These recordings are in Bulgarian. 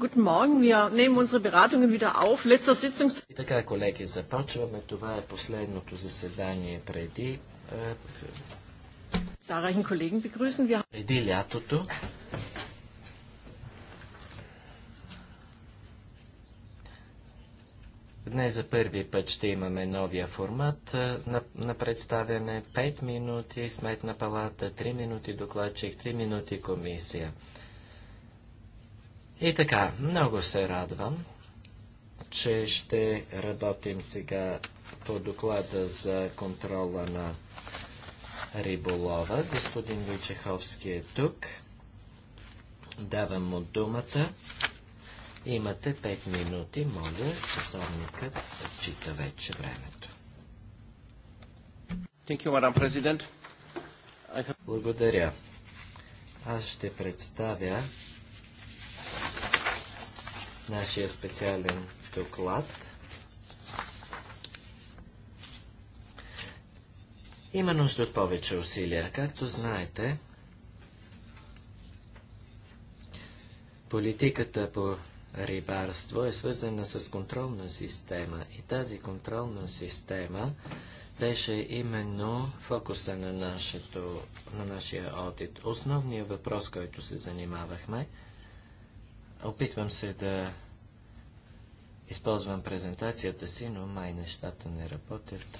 Guten Morgen, wir nehmen unsere Beratungen wieder auf. Letzter Sitzungs... И така, започваме. Това е последното заседание преди... Е, Zahlreichen Kollegen begrüßen wir. Преди лятото. Днес за първи път ще имаме новия формат е, на, на представяне. 5 минути сметна палата, 3 минути докладчик, 3 минути комисия. И така, много се радвам, че ще работим сега по доклада за контрола на риболова. Господин Вичеховски е тук. Давам му думата. Имате 5 минути. Моля, часовникът отчита вече времето. Благодаря. Аз ще представя нашия специален доклад. Има нужда от повече усилия. Както знаете, политиката по рибарство е свързана с контролна система и тази контролна система беше именно фокуса на, нашето, на нашия одит. Основният въпрос, който се занимавахме, Опитвам се да използвам презентацията си, но май нещата не работят.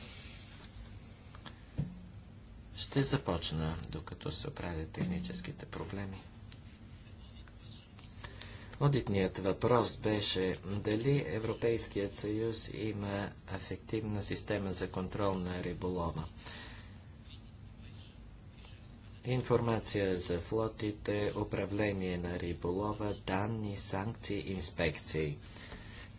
Ще започна, докато се оправят техническите проблеми. Одитният въпрос беше дали Европейският съюз има ефективна система за контрол на риболова. Информация за флотите, управление на риболова, данни, санкции, инспекции.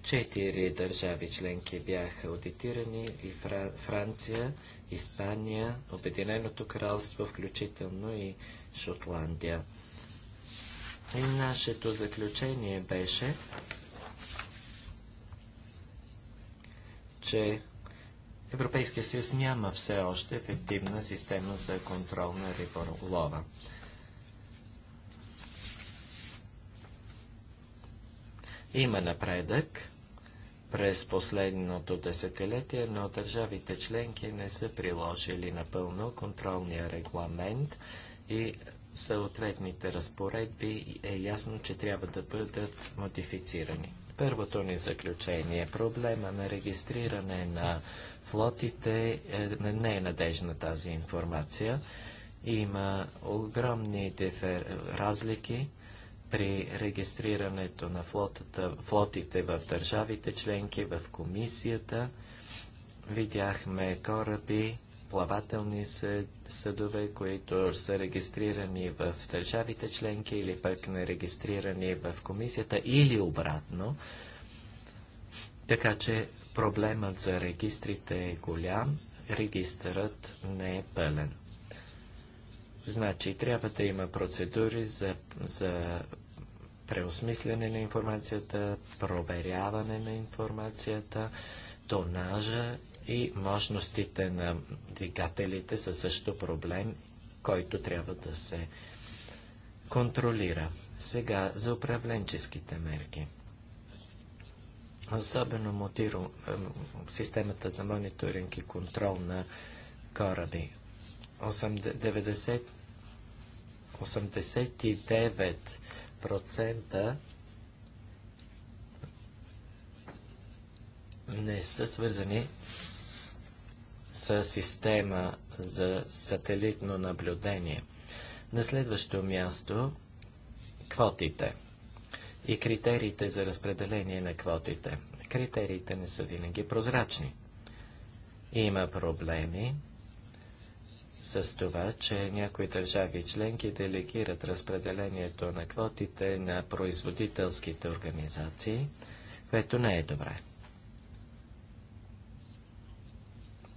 Четири държави членки бяха аудитирани и Франция, Испания, Обединеното кралство, включително и Шотландия. И нашето заключение беше, че Европейския съюз няма все още ефективна система за контрол на риболова. Има напредък през последното десетилетие, но държавите членки не са приложили напълно контролния регламент и съответните разпоредби е ясно, че трябва да бъдат модифицирани първото ни заключение. Проблема на регистриране на флотите е, не е надежна тази информация. Има огромни дифер... разлики при регистрирането на флотата, флотите в държавите членки, в комисията. Видяхме кораби, плавателни съдове, които са регистрирани в държавите членки или пък не регистрирани в комисията или обратно. Така че проблемът за регистрите е голям, регистърът не е пълен. Значи трябва да има процедури за, за преосмислене на информацията, проверяване на информацията, тонажа и мощностите на двигателите са също проблем, който трябва да се контролира. Сега за управленческите мерки. Особено мотиру, системата за мониторинг и контрол на кораби. 80, 89% не са свързани с система за сателитно наблюдение. На следващо място квотите и критериите за разпределение на квотите. Критериите не са винаги прозрачни. Има проблеми с това, че някои държави членки делегират разпределението на квотите на производителските организации, което не е добре.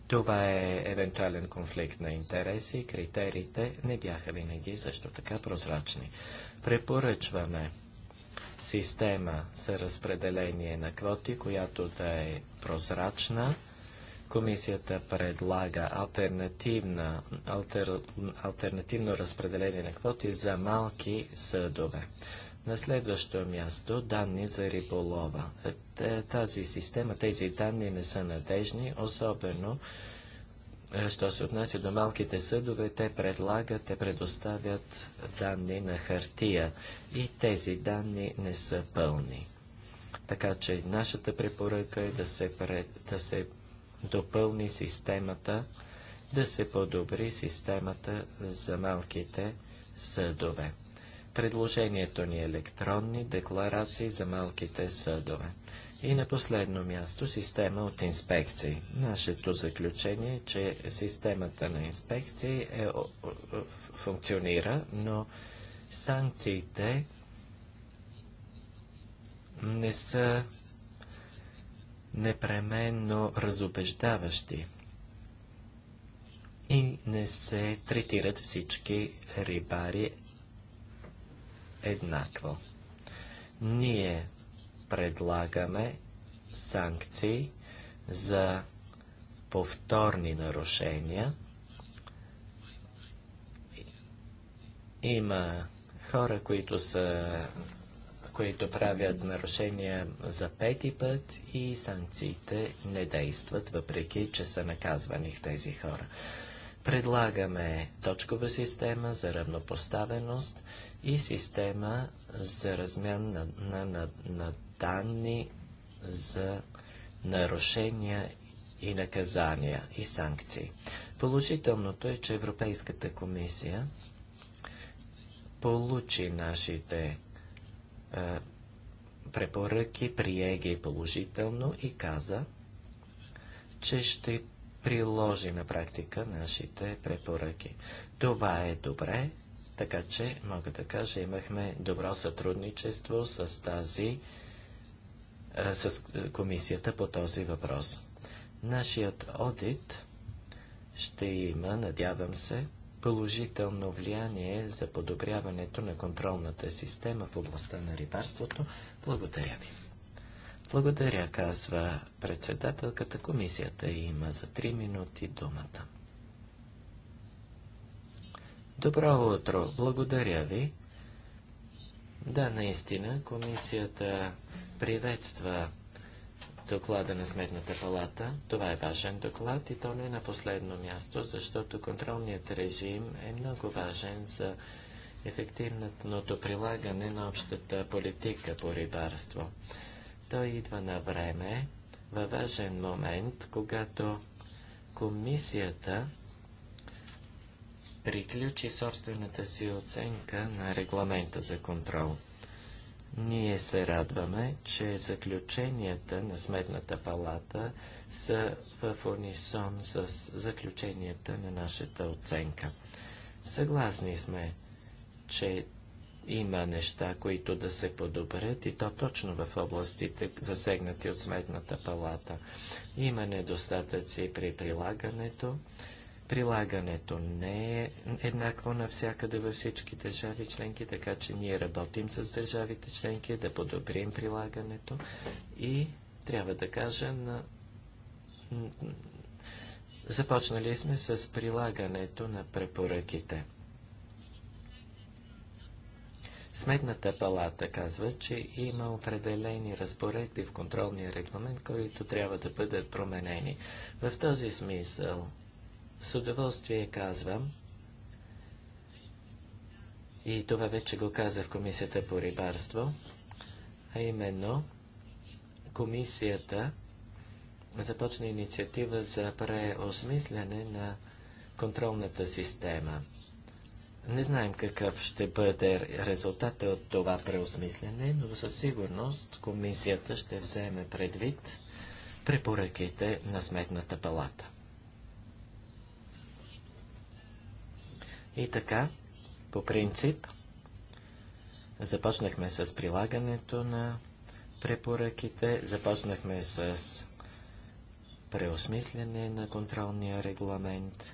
Това е евентуален конфликт на интереси. Критериите не бяха винаги също така прозрачни. Препоръчваме система за разпределение на квоти, която да е прозрачна. Комисията предлага альтернативна, альтер, альтернативно разпределение на квоти за малки съдове. На следващо място данни за риболова. Тази система, тези данни не са надежни, особено е, що се отнася до малките съдове, те предлагат, те предоставят данни на хартия и тези данни не са пълни. Така че нашата препоръка е да се, пред, да се допълни системата, да се подобри системата за малките съдове. Предложението ни електронни декларации за малките съдове. И на последно място система от инспекции. Нашето заключение е, че системата на инспекции е, функционира, но санкциите не са непременно разобеждаващи и не се третират всички рибари еднакво. Ние предлагаме санкции за повторни нарушения. Има хора, които са които правят нарушения за пети път и санкциите не действат, въпреки че са наказвани в тези хора. Предлагаме точкова система за равнопоставеност и система за размян на, на, на, на данни за нарушения и наказания и санкции. Положителното е, че Европейската комисия получи нашите е, препоръки, приеги положително и каза, че ще приложи на практика нашите препоръки. Това е добре, така че мога да кажа, имахме добро сътрудничество с тази, с комисията по този въпрос. Нашият одит ще има, надявам се, положително влияние за подобряването на контролната система в областта на рибарството. Благодаря ви. Благодаря, казва председателката. Комисията има за 3 минути думата. Добро утро! Благодаря ви. Да, наистина, комисията приветства доклада на Сметната палата. Това е важен доклад и то не е на последно място, защото контролният режим е много важен за ефективното прилагане на общата политика по рибарство. Той идва на време, във важен момент, когато комисията приключи собствената си оценка на регламента за контрол. Ние се радваме, че заключенията на Сметната палата са в унисон с заключенията на нашата оценка. Съгласни сме, че има неща, които да се подобрят и то точно в областите, засегнати от сметната палата. Има недостатъци при прилагането. Прилагането не е еднакво навсякъде във всички държави членки, така че ние работим с държавите членки да подобрим прилагането и трябва да кажа на Започнали сме с прилагането на препоръките. Сметната палата казва, че има определени разпоредби в контролния регламент, които трябва да бъдат променени. В този смисъл с удоволствие казвам, и това вече го каза в Комисията по рибарство, а именно Комисията започна инициатива за преосмисляне на контролната система – не знаем какъв ще бъде резултатът от това преосмислене, но със сигурност комисията ще вземе предвид препоръките на Сметната палата. И така, по принцип, започнахме с прилагането на препоръките, започнахме с преосмислене на контролния регламент –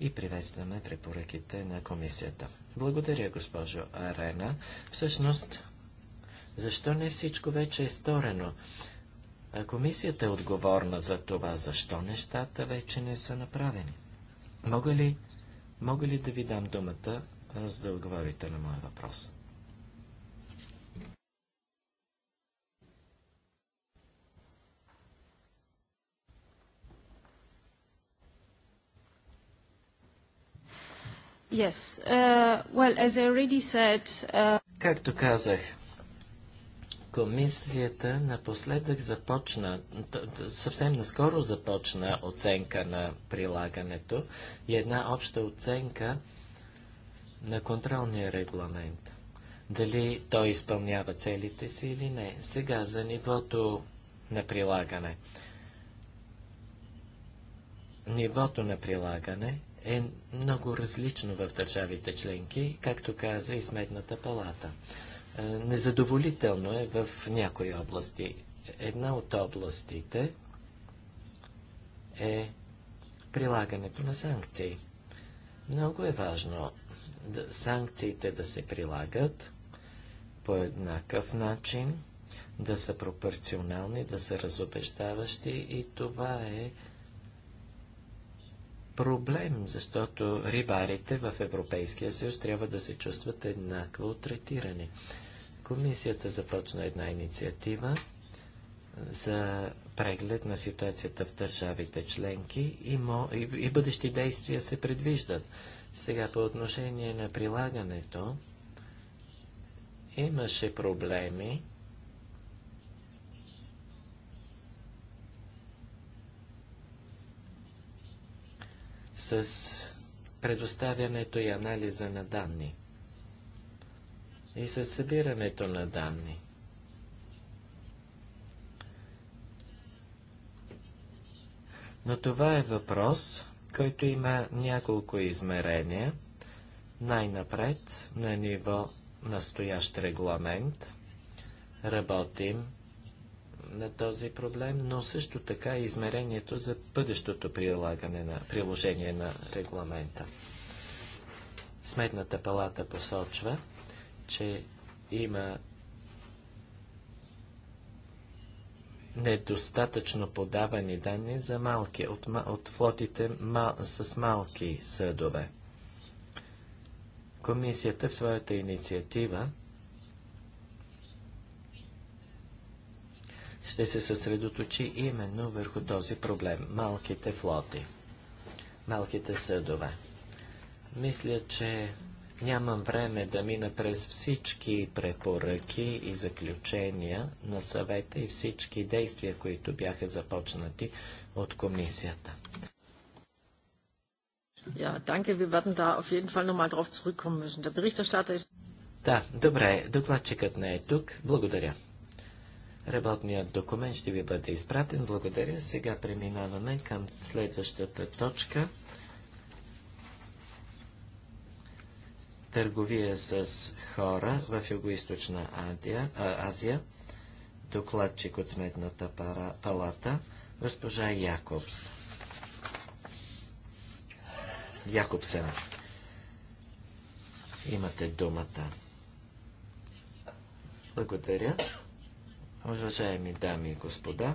и приветстваме препоръките на комисията. Благодаря, госпожо Арена. Всъщност, защо не всичко вече е сторено? Комисията е отговорна за това, защо нещата вече не са направени. Мога ли, мога ли да ви дам думата, за да отговорите на моя въпрос? Yes. Uh, well, as I already said, uh... Както казах, комисията напоследък започна, съвсем наскоро започна оценка на прилагането и една обща оценка на контролния регламент. Дали той изпълнява целите си или не. Сега за нивото на прилагане. Нивото на прилагане – е много различно в държавите членки, както каза и Сметната палата. Е, незадоволително е в някои области. Една от областите е прилагането на санкции. Много е важно да, санкциите да се прилагат по еднакъв начин, да са пропорционални, да са разобещаващи и това е проблем, защото рибарите в Европейския съюз трябва да се чувстват еднакво третирани. Комисията започна една инициатива за преглед на ситуацията в държавите членки и, мо... и, бъдещи действия се предвиждат. Сега по отношение на прилагането имаше проблеми с предоставянето и анализа на данни и с събирането на данни. Но това е въпрос, който има няколко измерения. Най-напред, на ниво настоящ регламент, работим на този проблем, но също така и измерението за бъдещото прилагане на, приложение на регламента. Сметната палата посочва, че има недостатъчно подавани данни за малки, от, от флотите мал, с малки съдове. Комисията в своята инициатива ще се съсредоточи именно върху този проблем – малките флоти, малките съдове. Мисля, че нямам време да мина през всички препоръки и заключения на съвета и всички действия, които бяха започнати от комисията. Ja, danke. Wir werden da auf jeden Fall nochmal drauf zurückkommen müssen. Der Berichterstatter ist... Да, добре. Докладчикът не е тук. Благодаря. Работният документ ще ви бъде изпратен. Благодаря. Сега преминаваме към следващата точка. Търговия с хора в Юго-Источна Азия. Докладчик от Сметната палата. Госпожа Якобс. Якобсен. Имате думата. Благодаря. Уважаеми дами и господа,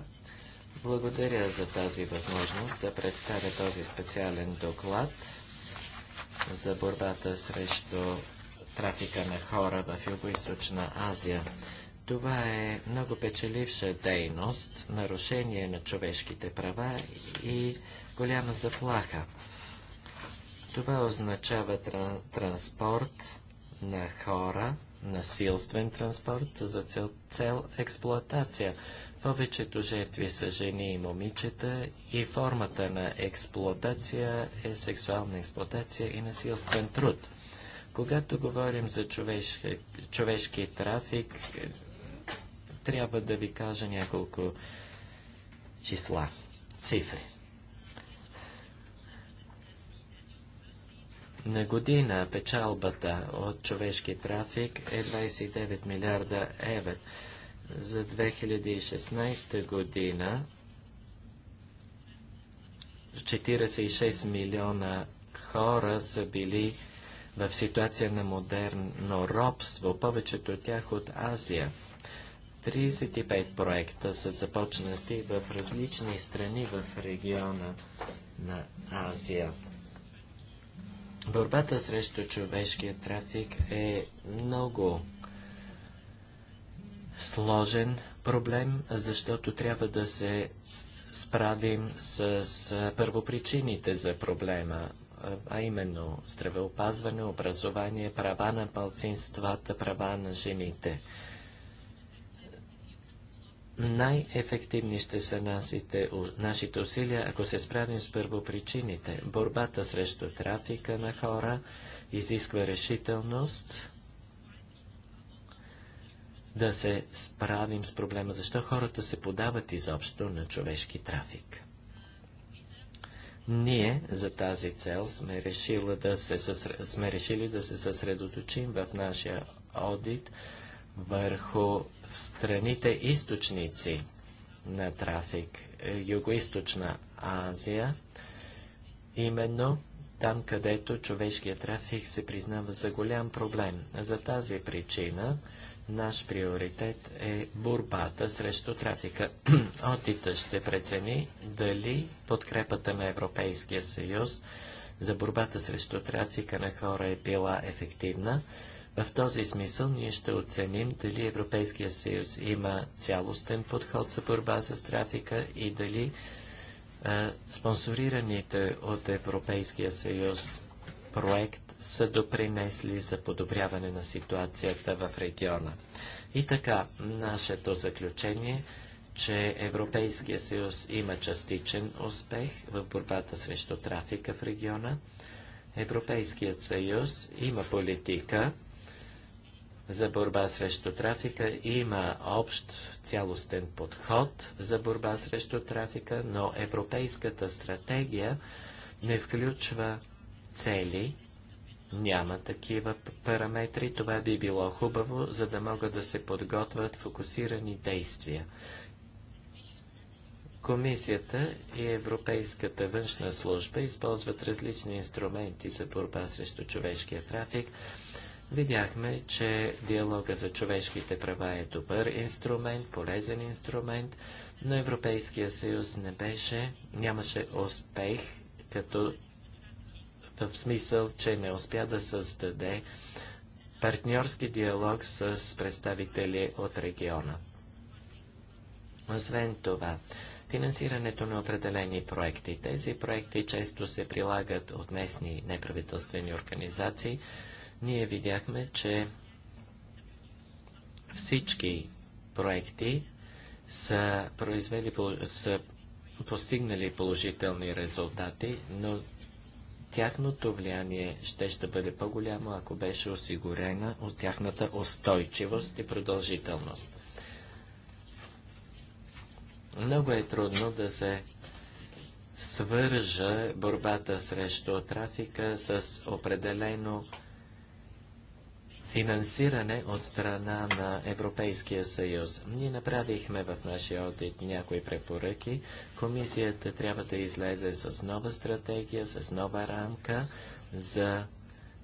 благодаря за тази възможност да представя този специален доклад за борбата срещу трафика на хора в Юго-Источна Азия. Това е много печеливша дейност, нарушение на човешките права и голяма заплаха. Това означава транспорт на хора, насилствен транспорт за цел, цел експлоатация. Повечето жертви са жени и момичета и формата на експлоатация е сексуална експлоатация и насилствен труд. Когато говорим за човешки, човешки трафик, трябва да ви кажа няколко числа, цифри. на година печалбата от човешки трафик е 29 милиарда евро. За 2016 година 46 милиона хора са били в ситуация на модерно робство, повечето от тях от Азия. 35 проекта са започнати в различни страни в региона на Азия. Борбата срещу човешкия трафик е много сложен проблем, защото трябва да се справим с, първопричините за проблема, а именно здравеопазване, образование, права на палцинствата, права на жените. Най-ефективни ще са нашите, нашите усилия, ако се справим с първопричините. Борбата срещу трафика на хора изисква решителност да се справим с проблема, защо хората се подават изобщо на човешки трафик. Ние за тази цел сме, да се, сме решили да се съсредоточим в нашия одит върху страните източници на трафик. Е, Юго-Источна Азия, именно там, където човешкият трафик се признава за голям проблем. За тази причина наш приоритет е борбата срещу трафика. Отита ще прецени дали подкрепата на Европейския съюз за борбата срещу трафика на хора е била ефективна в този смисъл ние ще оценим дали Европейския съюз има цялостен подход за борба с трафика и дали а, спонсорираните от Европейския съюз проект са допринесли за подобряване на ситуацията в региона. И така, нашето заключение, че Европейския съюз има частичен успех в борбата срещу трафика в региона. Европейският съюз има политика, за борба срещу трафика. Има общ цялостен подход за борба срещу трафика, но Европейската стратегия не включва цели, няма такива параметри. Това би било хубаво, за да могат да се подготвят фокусирани действия. Комисията и Европейската външна служба използват различни инструменти за борба срещу човешкия трафик. Видяхме, че диалога за човешките права е добър инструмент, полезен инструмент, но Европейския съюз не беше, нямаше успех, като в смисъл, че не успя да създаде партньорски диалог с представители от региона. Освен това, финансирането на определени проекти. Тези проекти често се прилагат от местни неправителствени организации, ние видяхме, че всички проекти са, произвели, са постигнали положителни резултати, но тяхното влияние ще ще бъде по-голямо, ако беше осигурена от тяхната устойчивост и продължителност. Много е трудно да се свържа борбата срещу трафика с определено финансиране от страна на Европейския съюз. Ние направихме в нашия одит някои препоръки. Комисията трябва да излезе с нова стратегия, с нова рамка за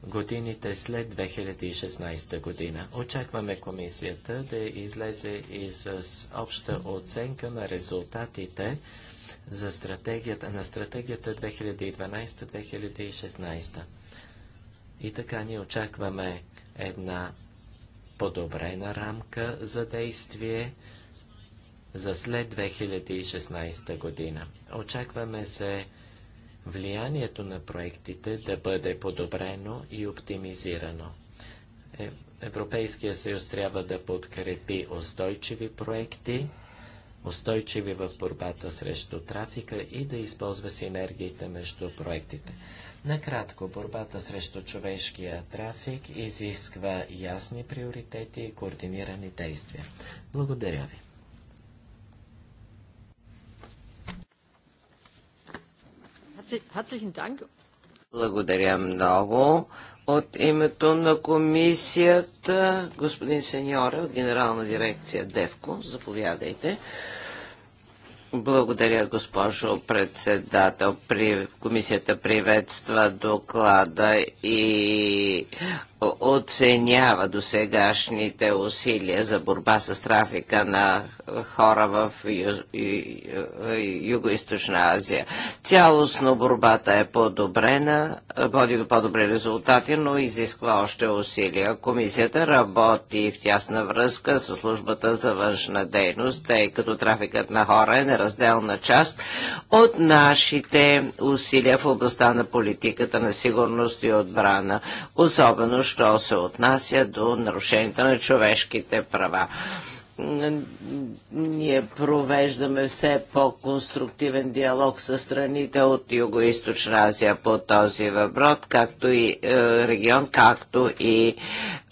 годините след 2016 година. Очакваме комисията да излезе и с обща оценка на резултатите за стратегията, на стратегията 2012-2016. И така ни очакваме една подобрена рамка за действие за след 2016 година. Очакваме се влиянието на проектите да бъде подобрено и оптимизирано. Е, Европейския съюз трябва да подкрепи устойчиви проекти, устойчиви в борбата срещу трафика и да използва синергиите между проектите. Накратко, борбата срещу човешкия трафик изисква ясни приоритети и координирани действия. Благодаря ви. Благодаря много. От името на комисията, господин сеньора от Генерална дирекция ДЕВКО, заповядайте. Благодаря, госпожо председател. При... Комисията приветства доклада и оценява досегашните усилия за борба с трафика на хора в Юго-Источна Азия. Цялостно борбата е подобрена, води до по-добри резултати, но изисква още усилия. Комисията работи в тясна връзка с службата за външна дейност, тъй като трафикът на хора е неразделна част от нашите усилия в областта на политиката на сигурност и отбрана, особено що се отнася до нарушенията на човешките права ние провеждаме все по-конструктивен диалог с страните от Юго-Источна Азия по този въпрос, както и е, регион, както и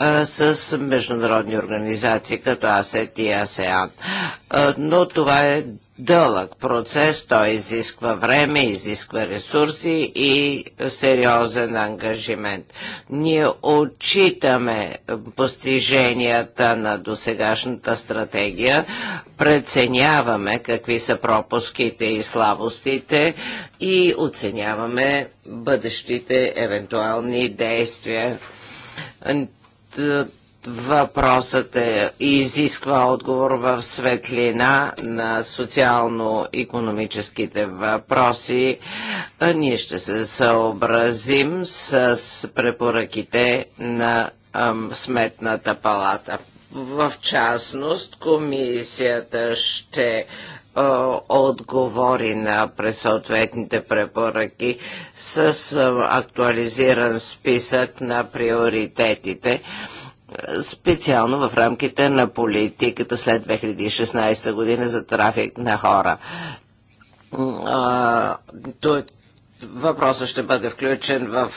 е, с международни организации, като АСЕТ и АСЕАН. Е, но това е дълъг процес, той изисква време, изисква ресурси и сериозен ангажимент. Ние отчитаме постиженията на досегашната стратегия, преценяваме какви са пропуските и слабостите и оценяваме бъдещите евентуални действия Въпросът е и изисква отговор в светлина на социално-економическите въпроси. Ние ще се съобразим с препоръките на ам, Сметната палата. В частност, комисията ще отговори на съответните препоръки с актуализиран списък на приоритетите специално в рамките на политиката след 2016 година за трафик на хора. Въпросът ще бъде включен в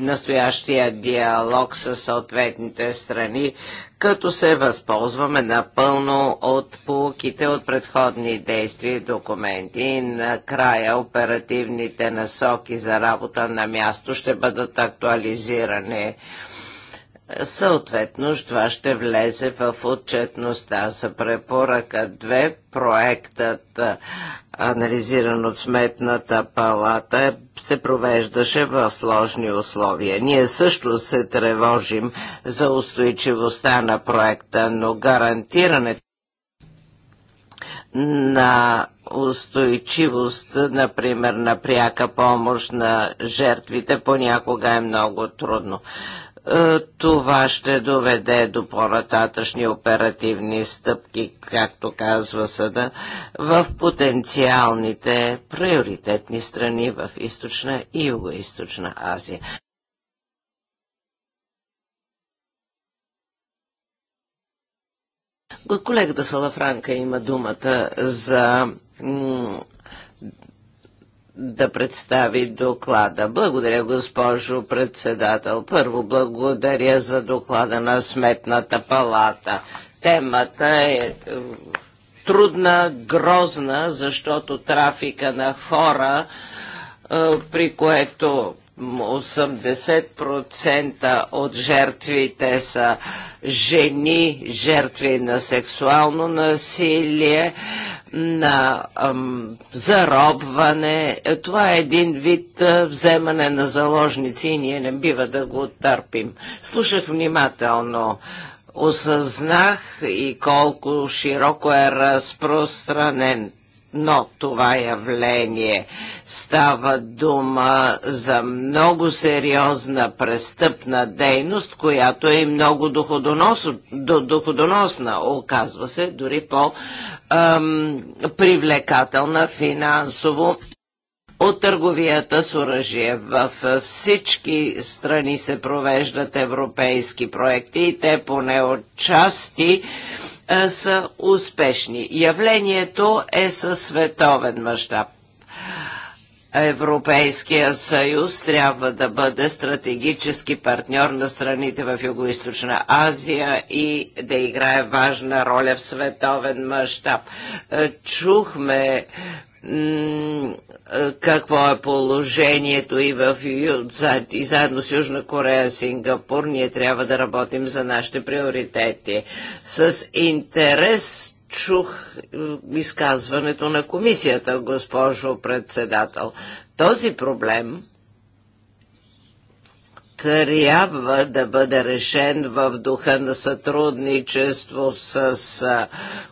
настоящия диалог с съответните страни, като се възползваме напълно от полуките от предходни действия и документи. И накрая оперативните насоки за работа на място ще бъдат актуализирани. Съответно, това ще влезе в отчетността за препоръка 2. Проектът, анализиран от Сметната палата, се провеждаше в сложни условия. Ние също се тревожим за устойчивостта на проекта, но гарантирането на устойчивост, например, на пряка помощ на жертвите понякога е много трудно. Е, това ще доведе до по-нататъчни оперативни стъпки, както казва съда, в потенциалните приоритетни страни в източна и югоизточна Азия. Колегата Салафранка има думата за да представи доклада. Благодаря, госпожо председател. Първо благодаря за доклада на Сметната палата. Темата е, е трудна, грозна, защото трафика на хора, е, при което 80% от жертвите са жени, жертви на сексуално насилие, на ам, заробване. Е, това е един вид а, вземане на заложници и ние не бива да го търпим. Слушах внимателно осъзнах и колко широко е разпространен но това явление. Става дума за много сериозна престъпна дейност, която е много доходоносна, оказва се дори по-привлекателна финансово от търговията с оръжие. В всички страни се провеждат европейски проекти и те поне от части е, са успешни. Явлението е със световен мащаб. Европейския съюз трябва да бъде стратегически партньор на страните в юго Азия и да играе важна роля в световен мащаб. Е, чухме какво е положението и, в, и заедно с Южна Корея, Сингапур, ние трябва да работим за нашите приоритети. С интерес чух изказването на комисията, госпожо председател. Този проблем трябва да бъде решен в духа на сътрудничество с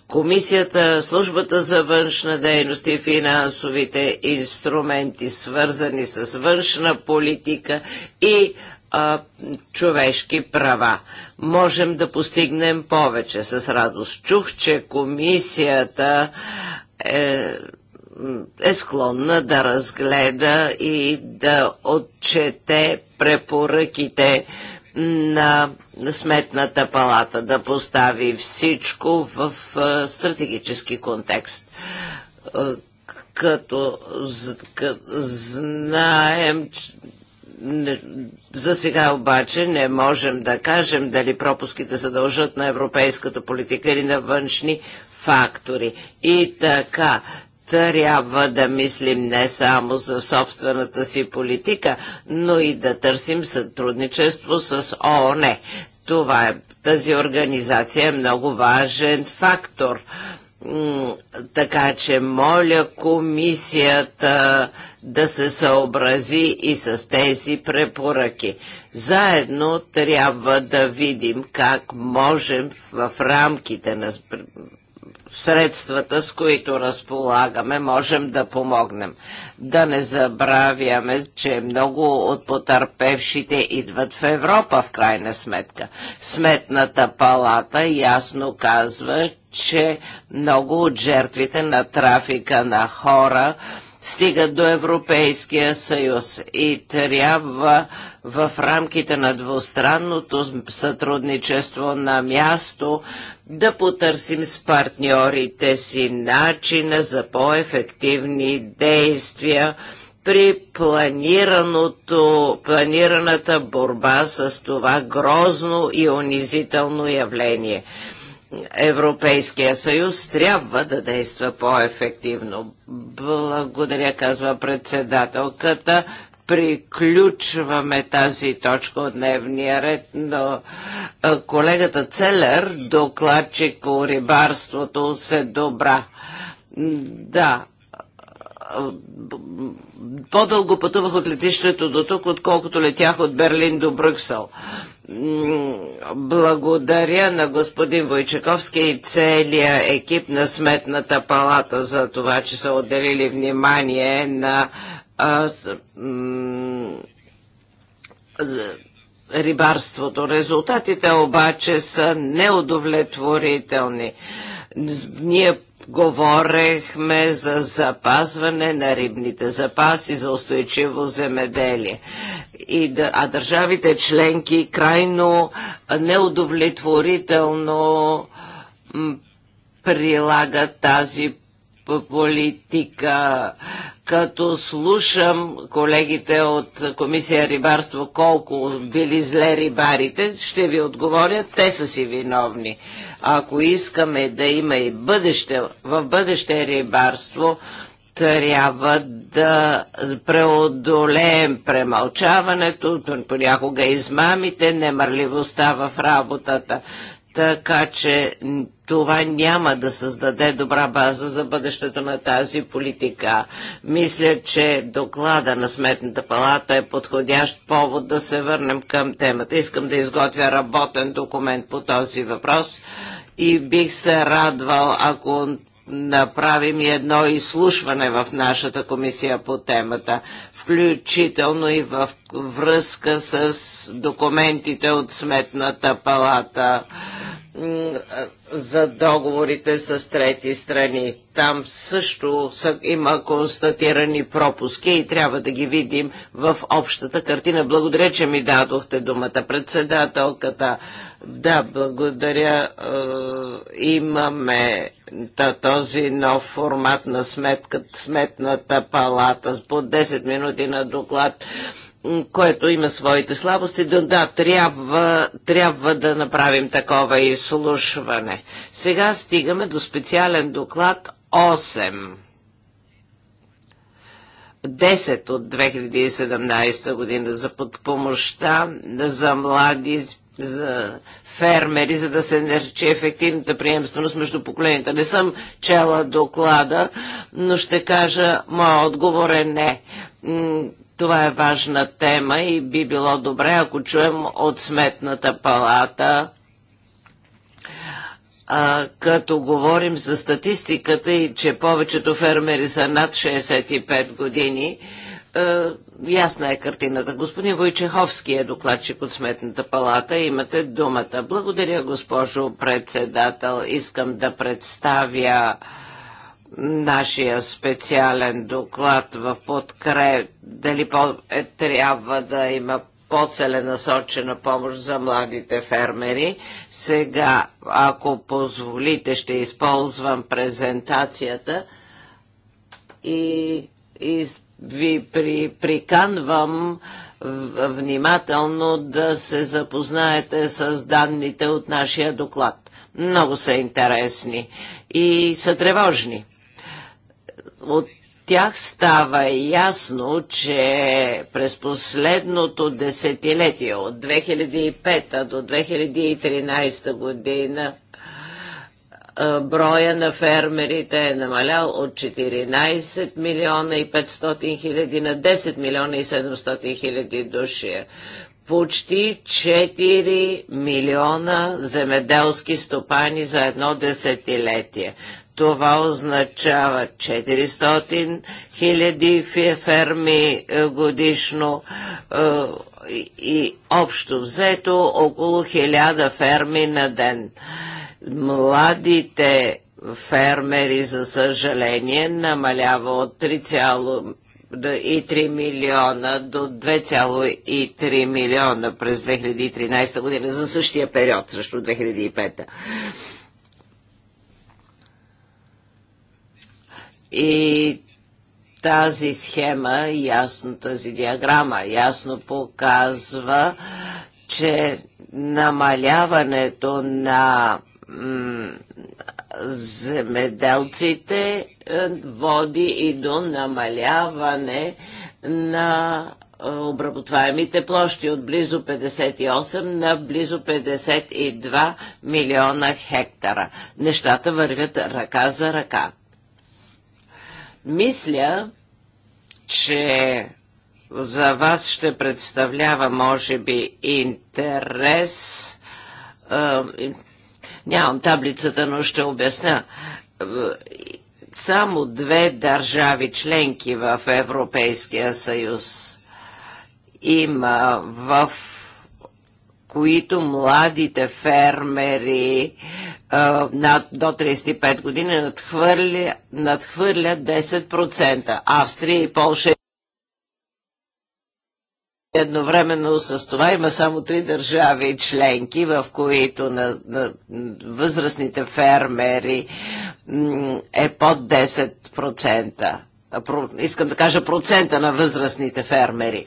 Комисията, Службата за външна дейност и финансовите инструменти, свързани с външна политика и а, човешки права. Можем да постигнем повече с радост. Чух, че комисията е, е склонна да разгледа и да отчете препоръките на Сметната палата, да постави всичко в стратегически контекст като, знаем, за сега обаче не можем да кажем дали пропуските се дължат на европейската политика или на външни фактори. И така, трябва да мислим не само за собствената си политика, но и да търсим сътрудничество с ООН. Това е, тази организация е много важен фактор. Така че моля комисията да се съобрази и с тези препоръки. Заедно трябва да видим как можем в рамките на средствата, с които разполагаме, можем да помогнем. Да не забравяме, че много от потърпевшите идват в Европа, в крайна сметка. Сметната палата ясно казва, че много от жертвите на трафика на хора – стигат до Европейския съюз и трябва в рамките на двустранното сътрудничество на място да потърсим с партньорите си начина за по-ефективни действия при планираното, планираната борба с това грозно и унизително явление – Европейския съюз трябва да действа по-ефективно. Благодаря, казва председателката. Приключваме тази точка от дневния ред, но колегата Целер, докладчик по рибарството, се добра. Да, по-дълго пътувах от летището до тук, отколкото летях от Берлин до Брюксел. Благодаря на господин Войчаковски и целия екип на Сметната палата за това, че са отделили внимание на а, рибарството. Резултатите обаче са неудовлетворителни. Ние Говорехме за запазване на рибните запаси, за устойчиво земеделие. И, а държавите членки крайно неудовлетворително прилагат тази политика. Като слушам колегите от Комисия Рибарство колко били зле рибарите, ще ви отговоря, те са си виновни. Ако искаме да има и бъдеще, в бъдеще рибарство, трябва да преодолеем премълчаването, понякога измамите, немърливостта в работата. Така че това няма да създаде добра база за бъдещето на тази политика. Мисля, че доклада на Сметната палата е подходящ повод да се върнем към темата. Искам да изготвя работен документ по този въпрос и бих се радвал, ако направим и едно изслушване в нашата комисия по темата, включително и в връзка с документите от Сметната палата за договорите с трети страни. Там също има констатирани пропуски и трябва да ги видим в общата картина. Благодаря, че ми дадохте думата председателката. Да, благодаря. Е, имаме този нов формат на сметка, сметната палата с по 10 минути на доклад което има своите слабости, да, да трябва, трябва да направим такова изслушване. Сега стигаме до специален доклад 8. 10 от 2017 година за подпомощта за млади за фермери, за да се нарече ефективната приемственост между поколенията. Не съм чела доклада, но ще кажа, моят отговор е не това е важна тема и би било добре, ако чуем от Сметната палата а, като говорим за статистиката и че повечето фермери са над 65 години, а, ясна е картината. Господин Войчеховски е докладчик от Сметната палата. Имате думата. Благодаря, госпожо председател. Искам да представя нашия специален доклад в подкреп, дали по, е, трябва да има по-целенасочена помощ за младите фермери. Сега, ако позволите, ще използвам презентацията и, и ви при, приканвам внимателно да се запознаете с данните от нашия доклад. Много са интересни и са тревожни от тях става ясно, че през последното десетилетие от 2005 до 2013 година броя на фермерите е намалял от 14 милиона и 500 хиляди на 10 милиона и 700 хиляди души. Почти 4 милиона земеделски стопани за едно десетилетие. Това означава 400 хиляди ферми е, годишно е, и общо взето около 1000 ферми на ден. Младите фермери, за съжаление, намалява от 3,3 милиона до 2,3 милиона през 2013 година за същия период срещу 2005. И тази схема, ясно, тази диаграма ясно показва, че намаляването на земеделците е, води и до намаляване на е, обработваемите площи от близо 58 на близо 52 милиона хектара. Нещата вървят ръка за ръка. Мисля, че за вас ще представлява, може би, интерес. нямам таблицата, но ще обясня. Само две държави членки в Европейския съюз има в които младите фермери а, до 35 години надхвърлят надхвърля 10%. Австрия и Польша Едновременно с това има само три държави членки, в които на, на възрастните фермери е под 10%. Искам да кажа процента на възрастните фермери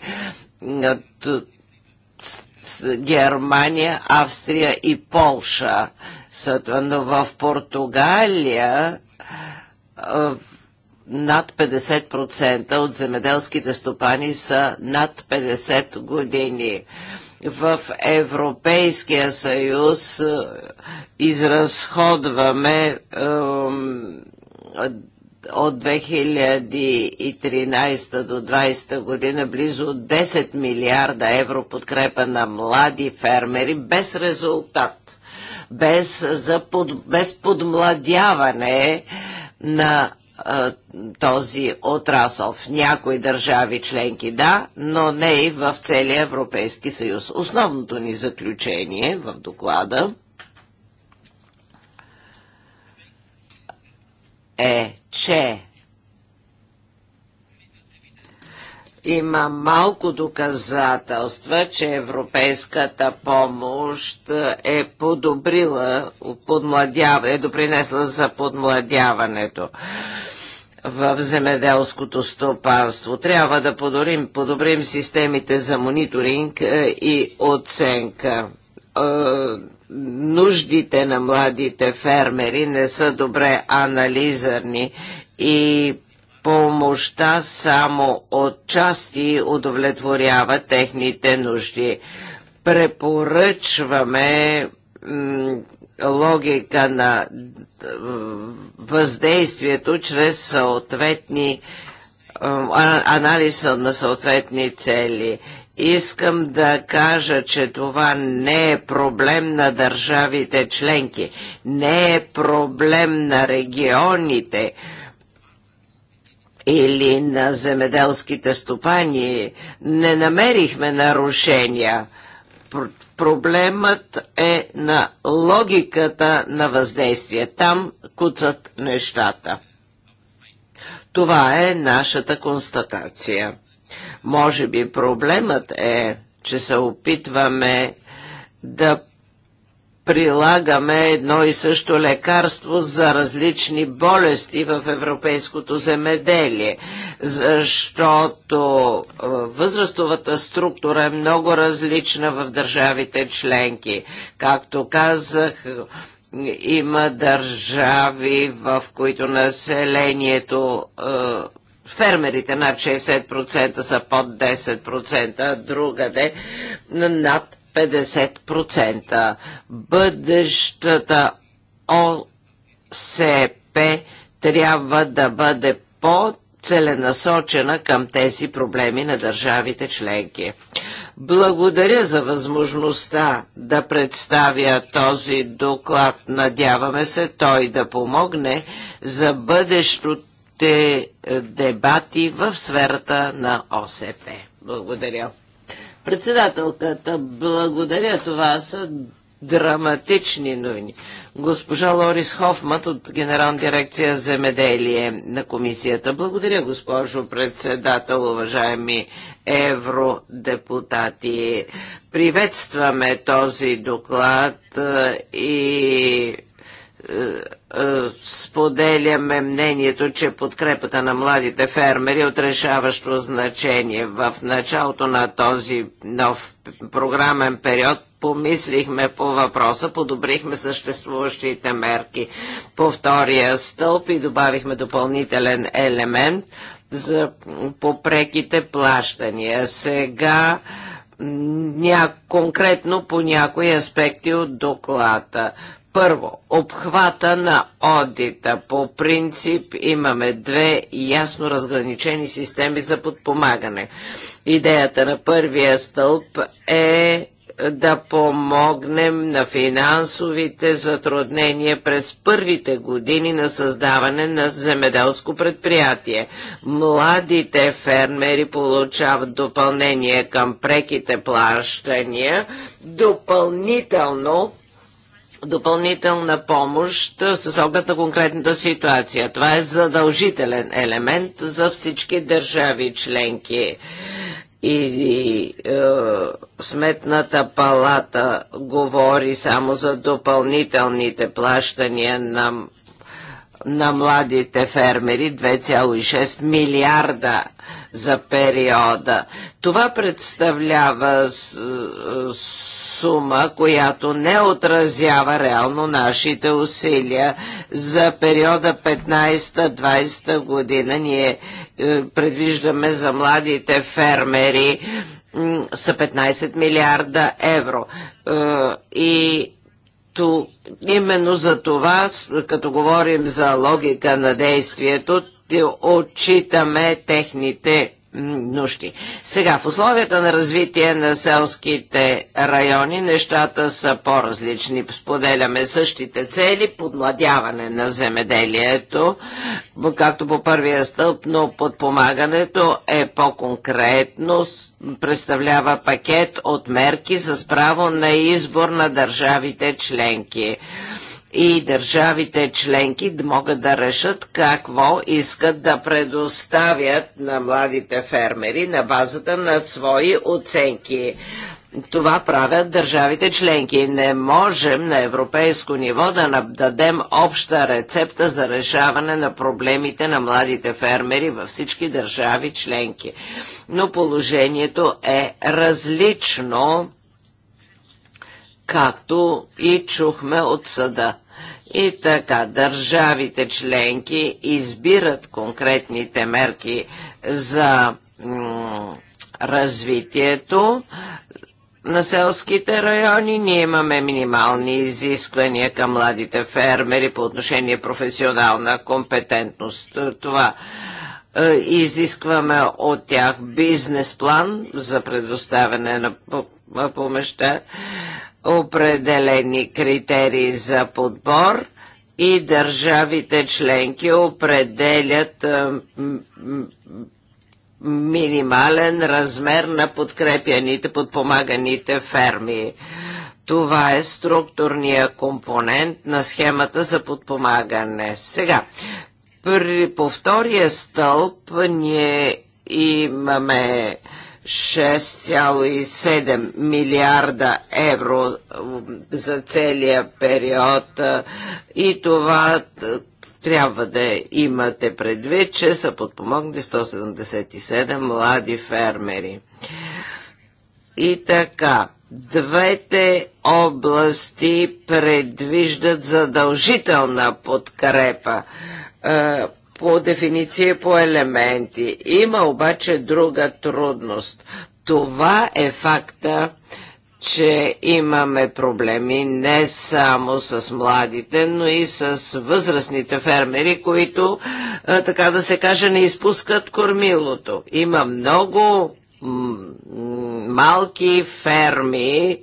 Германия, Австрия и Полша. Сътвано в Португалия над 50% от земеделските стопани са над 50 години. В Европейския съюз изразходваме от 2013 до 2020 година близо 10 милиарда евро подкрепа на млади фермери без резултат, без, за под, без подмладяване на а, този отрасъл в някои държави членки, да, но не и в целия Европейски съюз. Основното ни заключение в доклада е, че има малко доказателства, че европейската помощ е подобрила, подмладява, е допринесла за подмладяването в земеделското стопанство. Трябва да подорим, подобрим системите за мониторинг е, и оценка е, нуждите на младите фермери не са добре анализирани и помощта само от части удовлетворява техните нужди. Препоръчваме логика на въздействието чрез съответни анализа на съответни цели Искам да кажа, че това не е проблем на държавите членки, не е проблем на регионите или на земеделските стопани. Не намерихме нарушения. Проблемът е на логиката на въздействие. Там куцат нещата. Това е нашата констатация. Може би проблемът е, че се опитваме да прилагаме едно и също лекарство за различни болести в европейското земеделие, защото е, възрастовата структура е много различна в държавите членки. Както казах, има държави, в които населението е, фермерите над 60% са под 10%, а другаде над 50%. Бъдещата ОСП трябва да бъде по-целенасочена към тези проблеми на държавите членки. Благодаря за възможността да представя този доклад. Надяваме се той да помогне за бъдещото ще е, дебати в сферата на ОСП. Благодаря. Председателката, благодаря. Това са драматични новини. Госпожа Лорис Хофмат от Генерална дирекция земеделие на комисията. Благодаря, госпожо председател, уважаеми евродепутати. Приветстваме този доклад е, и е, е, споделяме мнението, че подкрепата на младите фермери е отрешаващо значение. В началото на този нов програмен период помислихме по въпроса, подобрихме съществуващите мерки по втория стълб и добавихме допълнителен елемент за попреките плащания. Сега ня... конкретно по някои аспекти от доклада първо, обхвата на одита. По принцип имаме две ясно разграничени системи за подпомагане. Идеята на първия стълб е да помогнем на финансовите затруднения през първите години на създаване на земеделско предприятие. Младите фермери получават допълнение към преките плащания, допълнително допълнителна помощ с оглед на конкретната ситуация. Това е задължителен елемент за всички държави членки И е, сметната палата говори само за допълнителните плащания на, на младите фермери 2,6 милиарда за периода. Това представлява с, с сума, която не отразява реално нашите усилия. За периода 15-20 година ние е, предвиждаме за младите фермери са 15 милиарда евро. Е, и то, именно за това, като говорим за логика на действието, отчитаме техните нужди. Сега, в условията на развитие на селските райони, нещата са по-различни. Споделяме същите цели, подладяване на земеделието, както по първия стълб, но подпомагането е по-конкретно, представлява пакет от мерки с право на избор на държавите членки и държавите членки могат да решат какво искат да предоставят на младите фермери на базата на свои оценки. Това правят държавите членки. Не можем на европейско ниво да дадем обща рецепта за решаване на проблемите на младите фермери във всички държави членки. Но положението е различно, както и чухме от съда. И така, държавите членки избират конкретните мерки за развитието на селските райони. Ние имаме минимални изисквания към младите фермери по отношение професионална компетентност. Това е, изискваме от тях бизнес план за предоставяне на помеща определени критерии за подбор и държавите членки определят е, минимален размер на подкрепяните, подпомаганите ферми. Това е структурния компонент на схемата за подпомагане. Сега, при, по втория стълб ние имаме 6,7 милиарда евро за целия период и това трябва да имате предвид, че са подпомогни 177 млади фермери. И така, двете области предвиждат задължителна подкрепа е, по дефиниция по елементи. Има обаче друга трудност. Това е факта, че имаме проблеми не само с младите, но и с възрастните фермери, които, така да се каже, не изпускат кормилото. Има много малки ферми,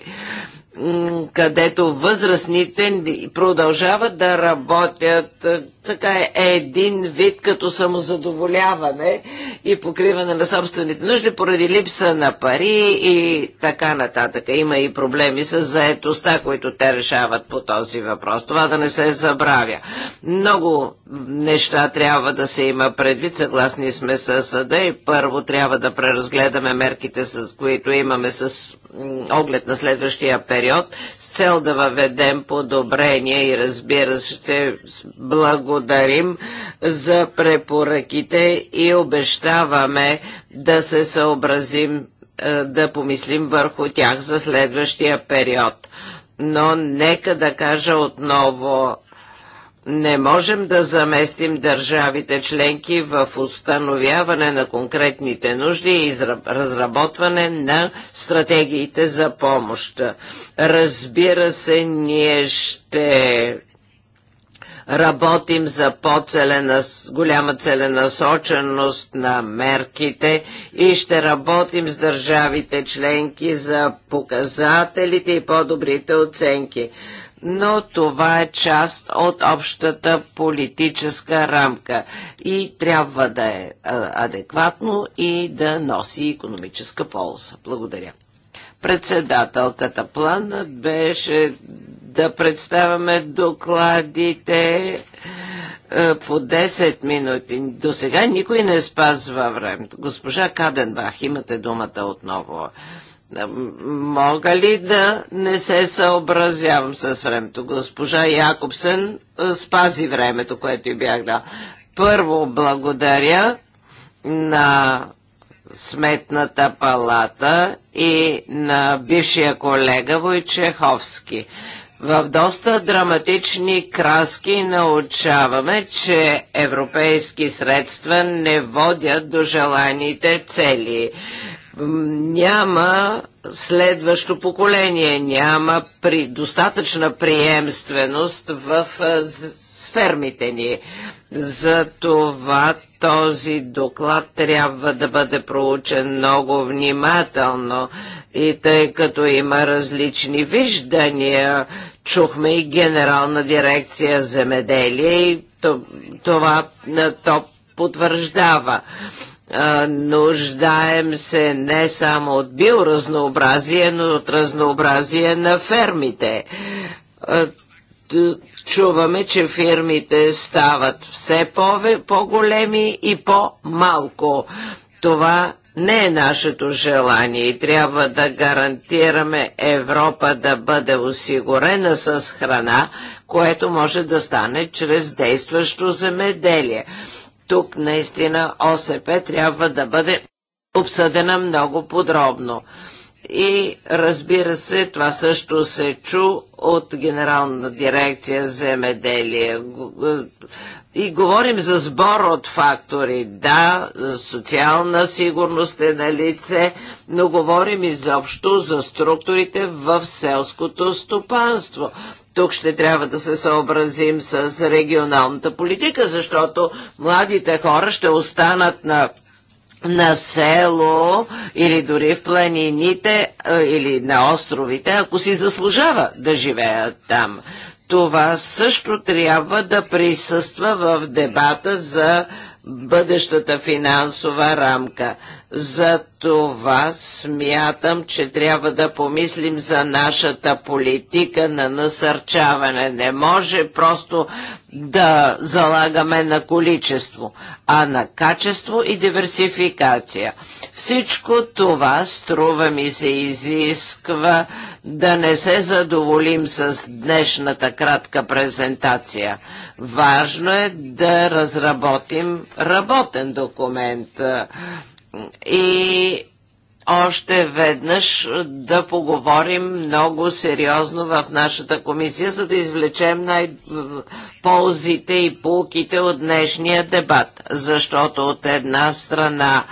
където възрастните продължават да работят така е един вид като самозадоволяване и покриване на собствените нужди поради липса на пари и така нататък. Има и проблеми с заетостта, които те решават по този въпрос. Това да не се забравя. Много неща трябва да се има предвид. Съгласни сме с съда и първо трябва да преразгледаме мерките, с които имаме с оглед на следващия период с цел да въведем подобрение и разбира се, ще благодарим за препоръките и обещаваме да се съобразим, е, да помислим върху тях за следващия период но нека да кажа отново, не можем да заместим държавите членки в установяване на конкретните нужди и разработване на стратегиите за помощ. Разбира се, ние ще работим за по-голяма целенасоченост на мерките и ще работим с държавите членки за показателите и по-добрите оценки но това е част от общата политическа рамка и трябва да е адекватно и да носи економическа полза. Благодаря. Председателката планът беше да представяме докладите е, по 10 минути. До сега никой не спазва времето. Госпожа Каденбах, имате думата отново. Мога ли да не се съобразявам с времето? Госпожа Якобсен спази времето, което и бях дал. Първо благодаря на Сметната палата и на бившия колега Войчеховски. В доста драматични краски научаваме, че европейски средства не водят до желаните цели няма следващо поколение, няма при, достатъчна приемственост в фермите ни. За това този доклад трябва да бъде проучен много внимателно и тъй като има различни виждания, чухме и генерална дирекция земеделие и това, то потвърждава нуждаем се не само от биоразнообразие, но от разнообразие на фермите. Чуваме, че фирмите стават все по-големи по и по-малко. Това не е нашето желание и трябва да гарантираме Европа да бъде осигурена с храна, което може да стане чрез действащо земеделие тук наистина ОСП трябва да бъде обсъдена много подробно. И разбира се, това също се чу от Генерална дирекция земеделие. И говорим за сбор от фактори. Да, социална сигурност е на лице, но говорим изобщо за структурите в селското стопанство. Тук ще трябва да се съобразим с регионалната политика, защото младите хора ще останат на на село или дори в планините или на островите, ако си заслужава да живеят там. Това също трябва да присъства в дебата за бъдещата финансова рамка. За това смятам, че трябва да помислим за нашата политика на насърчаване. Не може просто да залагаме на количество, а на качество и диверсификация. Всичко това, струва ми се, изисква да не се задоволим с днешната кратка презентация. Важно е да разработим работен документ и още веднъж да поговорим много сериозно в нашата комисия, за да извлечем най-ползите и полките от днешния дебат. Защото от една страна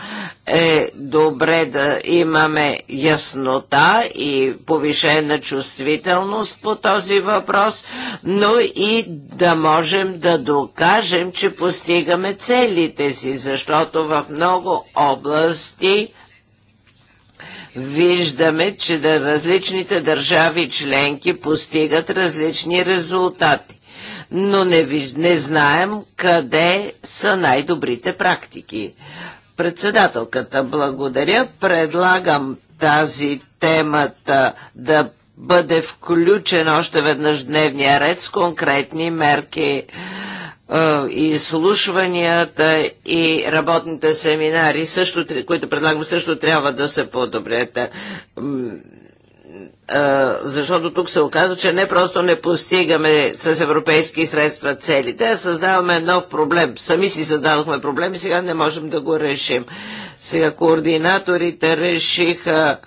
е добре да имаме яснота и повишена чувствителност по този въпрос, но и да можем да докажем, че постигаме целите си, защото в много области виждаме, че да различните държави членки постигат различни резултати, но не, не знаем къде са най-добрите практики. Председателката, благодаря. Предлагам тази темата да бъде включен още веднъж дневния ред с конкретни мерки. Е, изслушванията и работните семинари, също, които предлагам, също трябва да се подобрят. Е, защото тук се оказва, че не просто не постигаме с европейски средства целите, а създаваме нов проблем. Сами си създадохме проблем и сега не можем да го решим. Сега координаторите решиха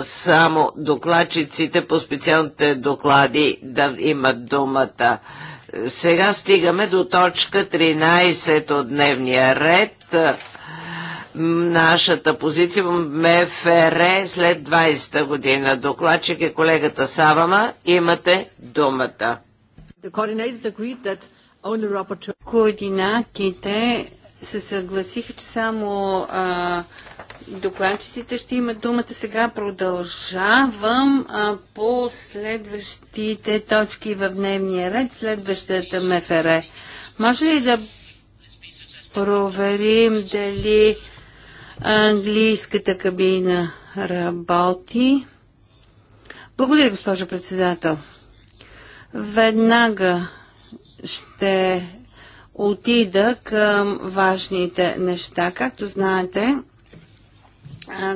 само докладчиците по специалните доклади да имат думата. Сега стигаме до точка 13 от дневния ред. Нашата позиция в МФР е след 20-та година. Докладчик е колегата Савама. Имате думата. Координатите се съгласиха, че само а, докладчиците ще имат думата. Сега продължавам а, по следващите точки в дневния ред, следващата МФР. Може ли да проверим дали английската кабина работи? Благодаря, госпожо председател. Веднага ще отида към важните неща. Както знаете,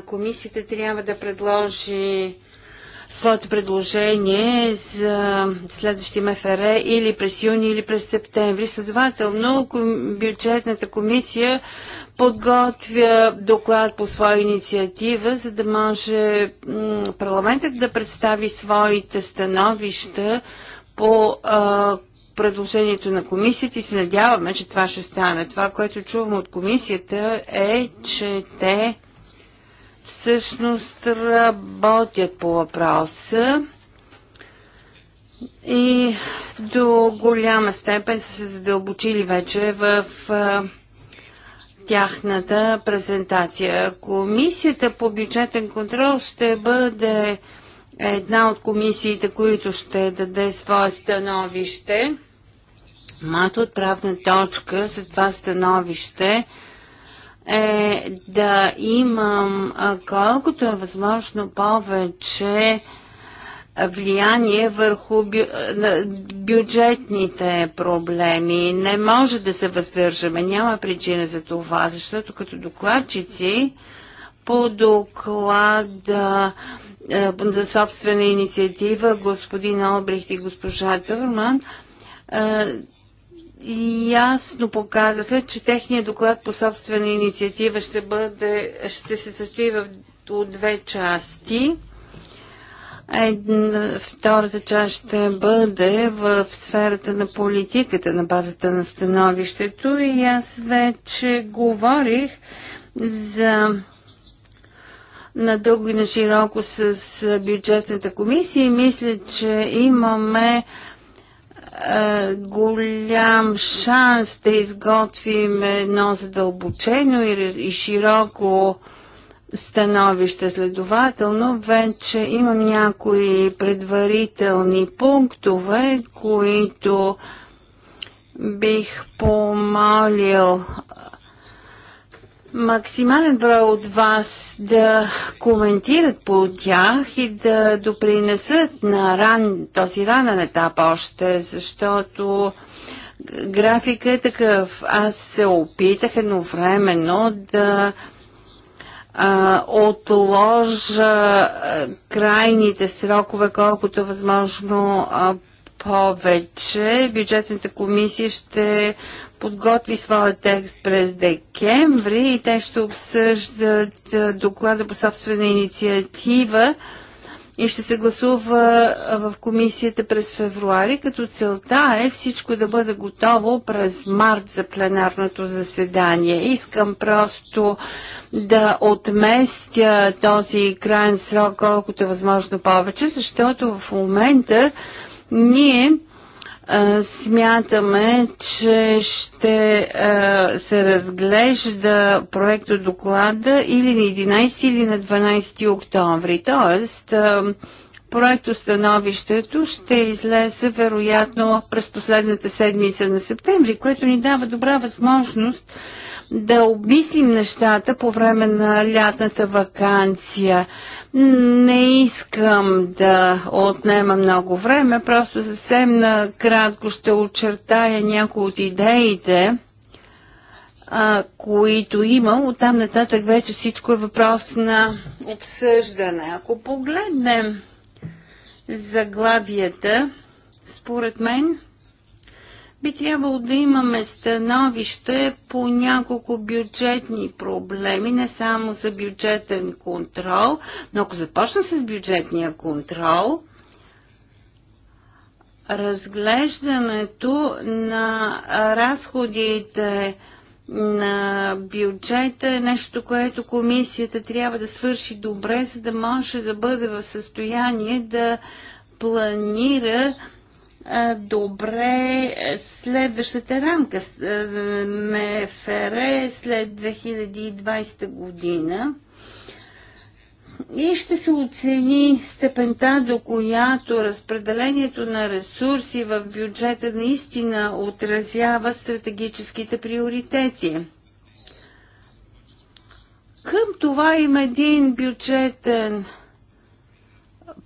комисията трябва да предложи своето предложение за следващия МФР или през юни, или през септември. Следователно, бюджетната комисия подготвя доклад по своя инициатива, за да може парламентът да представи своите становища по предложението на комисията и се надяваме, че това ще стане. Това, което чувам от комисията е, че те всъщност работят по въпроса и до голяма степен са се задълбочили вече в а, тяхната презентация. Комисията по бюджетен контрол ще бъде една от комисиите, които ще даде свое становище. мато отправна точка за това становище е да имам колкото е възможно повече влияние върху бюджетните проблеми. Не може да се въздържаме. Няма причина за това, защото като докладчици по доклада е, за собствена инициатива господин Олбрихт и госпожа Турман е, ясно показаха, че техният доклад по собствена инициатива ще, бъде, ще се състои в от две части. Една, втората част ще бъде в сферата на политиката, на базата на становището и аз вече говорих за надълго и на широко с бюджетната комисия и мисля, че имаме е, голям шанс да изготвим едно задълбочено и, и широко становище. Следователно, вече имам някои предварителни пунктове, които бих помолил максимален брой от вас да коментират по тях и да допринесат на ран, този ранен етап още, защото графика е такъв. Аз се опитах едновременно да а, отложа а, крайните срокове, колкото е възможно а, повече. Бюджетната комисия ще подготви своя текст през декември и те ще обсъждат доклада по собствена инициатива и ще се гласува в комисията през февруари, като целта е всичко да бъде готово през март за пленарното заседание. Искам просто да отместя този крайен срок колкото е възможно повече, защото в момента ние смятаме, че ще се разглежда проект от доклада или на 11 или на 12 октомври. Тоест, становището ще излезе вероятно през последната седмица на септември, което ни дава добра възможност да обмислим нещата по време на лятната вакансия. Не искам да отнема много време, просто съвсем накратко ще очертая някои от идеите, а, които имам. Оттам нататък вече всичко е въпрос на обсъждане. Ако погледнем заглавията, според мен би трябвало да имаме становище по няколко бюджетни проблеми, не само за бюджетен контрол, но ако започна с бюджетния контрол, разглеждането на разходите на бюджета е нещо, което комисията трябва да свърши добре, за да може да бъде в състояние да планира добре следващата рамка МФР е след 2020 година и ще се оцени степента, до която разпределението на ресурси в бюджета наистина отразява стратегическите приоритети. Към това има един бюджетен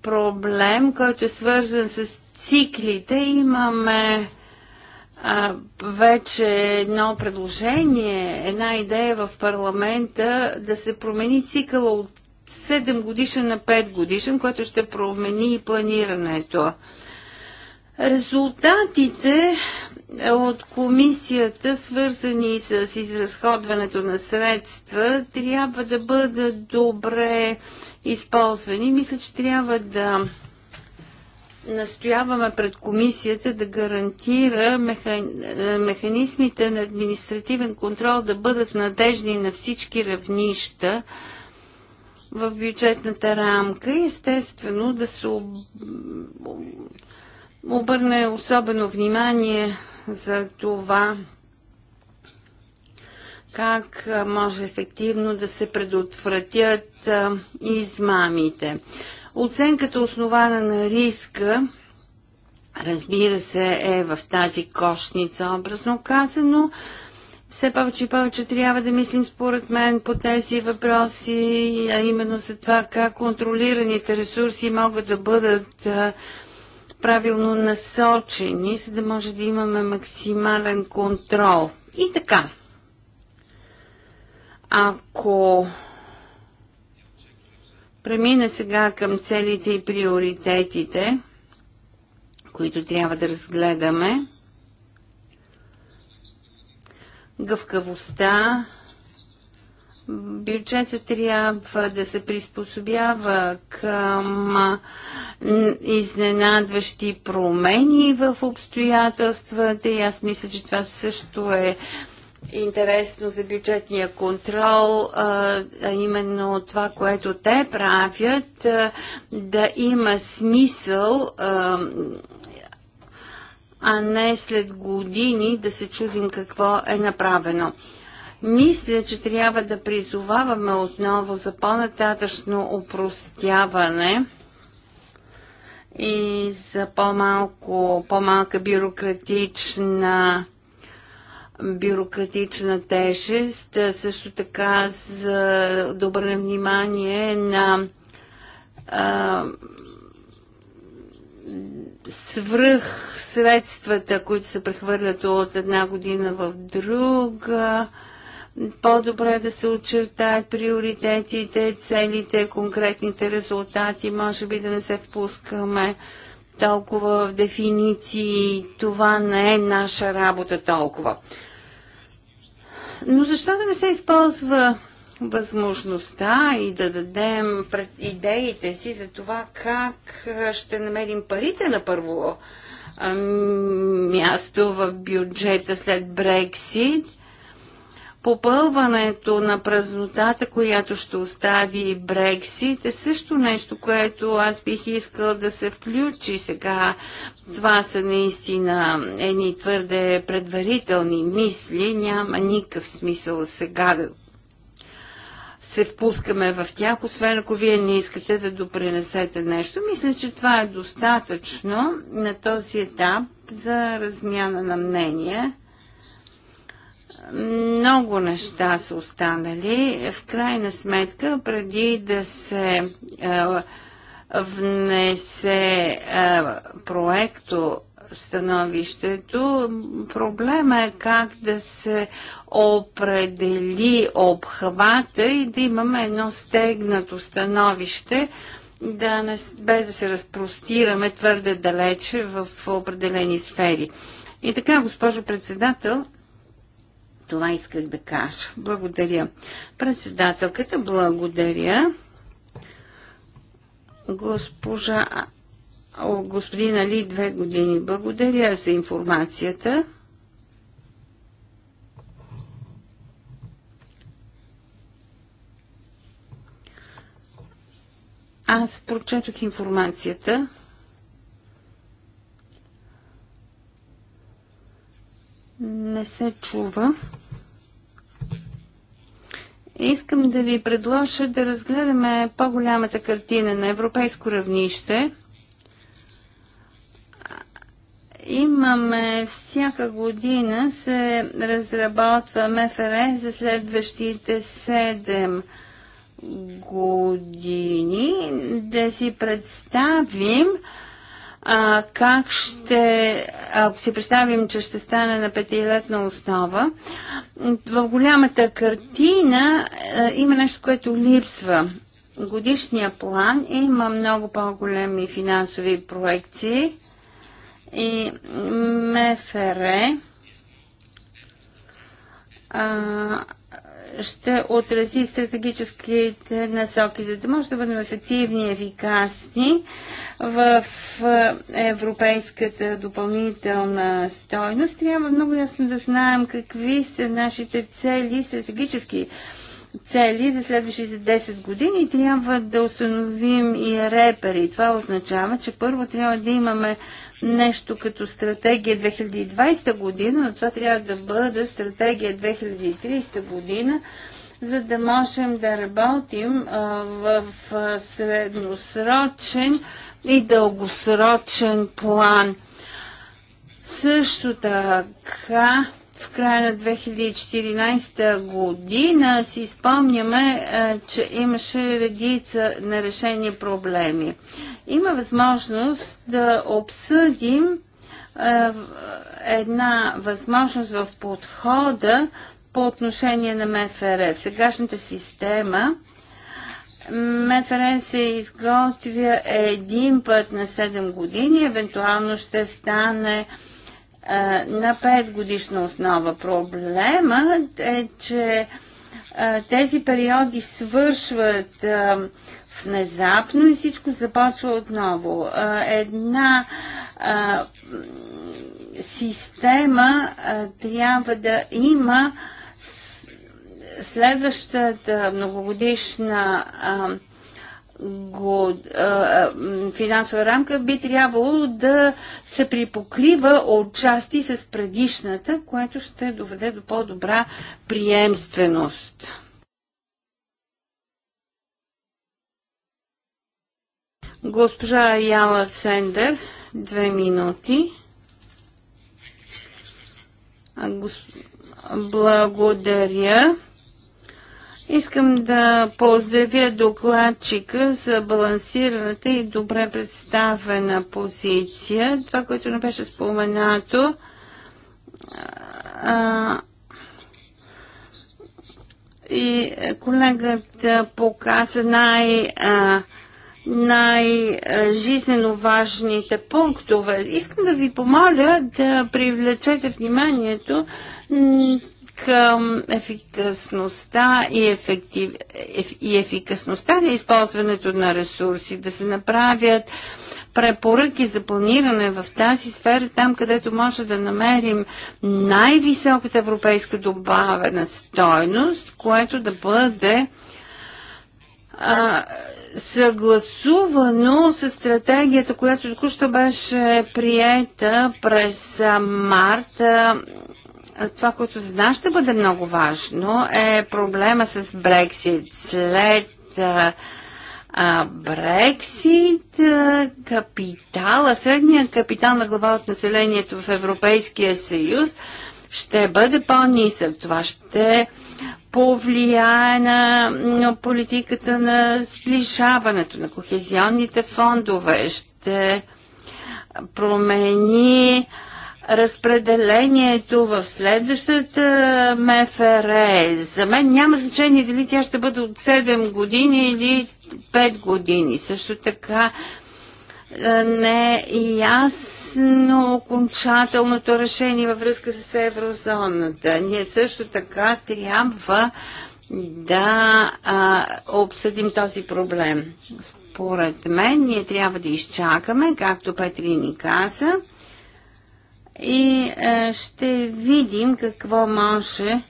проблем, който е свързан с циклите. Имаме а, вече едно предложение, една идея в парламента да се промени цикъла от 7 годишен на 5 годишен, което ще промени и планирането. Резултатите от комисията, свързани с изразходването на средства, трябва да бъдат добре използвани. Мисля, че трябва да настояваме пред комисията да гарантира е, механизмите на административен контрол да бъдат надежни на всички равнища в бюджетната рамка и естествено да се обърне особено внимание за това как е, може ефективно да се предотвратят е, измамите. Оценката основана на риска, разбира се, е в тази кошница, образно казано. Все повече и повече трябва да мислим, според мен, по тези въпроси, а именно за това как контролираните ресурси могат да бъдат правилно насочени, за да може да имаме максимален контрол. И така. Ако премина сега към целите и приоритетите, които трябва да разгледаме. Гъвкавостта, бюджета трябва да се приспособява към изненадващи промени в обстоятелствата и аз мисля, че това също е интересно за бюджетния контрол, а именно това, което те правят, да има смисъл, а не след години да се чудим какво е направено. Мисля, че трябва да призоваваме отново за по-нататъчно упростяване и за по-малко, по-малка бюрократична бюрократична тежест, също така за да обърнем внимание на а, свръх средствата, които се прехвърлят от една година в друга, по-добре да се очертаят приоритетите, целите, конкретните резултати, може би да не се впускаме толкова в дефиниции, това не е наша работа толкова. Но защо да не се използва възможността и да дадем пред идеите си за това как ще намерим парите на първо място в бюджета след Брексит попълването на празнотата, която ще остави Брексит, е също нещо, което аз бих искал да се включи сега. Това са наистина едни твърде предварителни мисли. Няма никакъв смисъл сега да се впускаме в тях, освен ако вие не искате да допренесете нещо. Мисля, че това е достатъчно на този етап за размяна на мнение много неща са останали. В крайна сметка, преди да се е, внесе е, проекто становището, проблема е как да се определи обхвата и да имаме едно стегнато становище, да не, без да се разпростираме твърде далече в определени сфери. И така, госпожо председател, това исках да кажа. Благодаря. Председателката, благодаря. Госпожа, о, господин Али, две години. Благодаря за информацията. Аз прочетох информацията. не се чува. Искам да ви предложа да разгледаме по-голямата картина на европейско равнище. Имаме всяка година се разработва МФР за следващите 7 години. Да си представим а, как ще, ако си представим, че ще стане на петилетна основа, в голямата картина а, е, има нещо, което липсва. Годишния план има много по-големи финансови проекции и МФР а, ще отрази стратегическите насоки, за да може да бъдем ефективни и ефикасни в европейската допълнителна стойност. Трябва много ясно да знаем какви са нашите цели, стратегически цели за следващите 10 години. Трябва да установим и репери. Това означава, че първо трябва да имаме нещо като стратегия 2020 година, но това трябва да бъде стратегия 2030 година, за да можем да работим в средносрочен и дългосрочен план. Също така в края на 2014 година си спомняме, е, че имаше редица нерешени проблеми. Има възможност да обсъдим е, една възможност в подхода по отношение на МФР. В сегашната система МФР се изготвя един път на 7 години, евентуално ще стане на 5 годишна основа. Проблемът е, че тези периоди свършват внезапно и всичко започва отново. Една система трябва да има следващата многогодишна год, а, финансова рамка би трябвало да се припокрива от части с предишната, което ще доведе до по-добра приемственост. Госпожа Яла Цендер, две минути. Госп... Благодаря. Искам да поздравя докладчика за балансираната и добре представена позиция. Това, което не беше споменато, а, и колегата показа най- а, най-жизнено важните пунктове. Искам да ви помоля да привлечете вниманието към ефикасността и, ефектив, еф, и ефикасността на използването на ресурси, да се направят препоръки за планиране в тази сфера, там където може да намерим най-високата европейска добавена стойност, което да бъде а, съгласувано с стратегията, която току-що беше приета през марта това, което за нас ще бъде много важно, е проблема с Брексит. След Брексит, капитала, средния капитал на глава от населението в Европейския съюз ще бъде по-нисък. Това ще повлияе на, политиката на сближаването, на кохезионните фондове, ще промени а, разпределението в следващата МФР. За мен няма значение дали тя ще бъде от 7 години или 5 години. Също така е, не е ясно окончателното решение във връзка с еврозоната. Ние също така трябва да а, обсъдим този проблем. Според мен ние трябва да изчакаме, както Петри ни каза, и а, е, ще видим какво може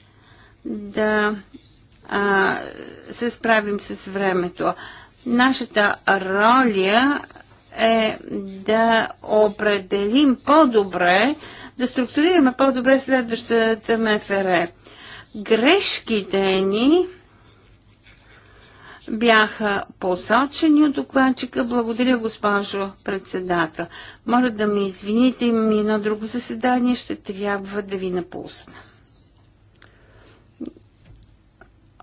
да а, се справим с времето. Нашата роля е да определим по-добре, да структурираме по-добре следващата МФР. Грешките ни бяха посочени от докладчика. Благодаря, госпожо председател. Моля да ме извините, имам едно друго заседание, ще трябва да ви напусна.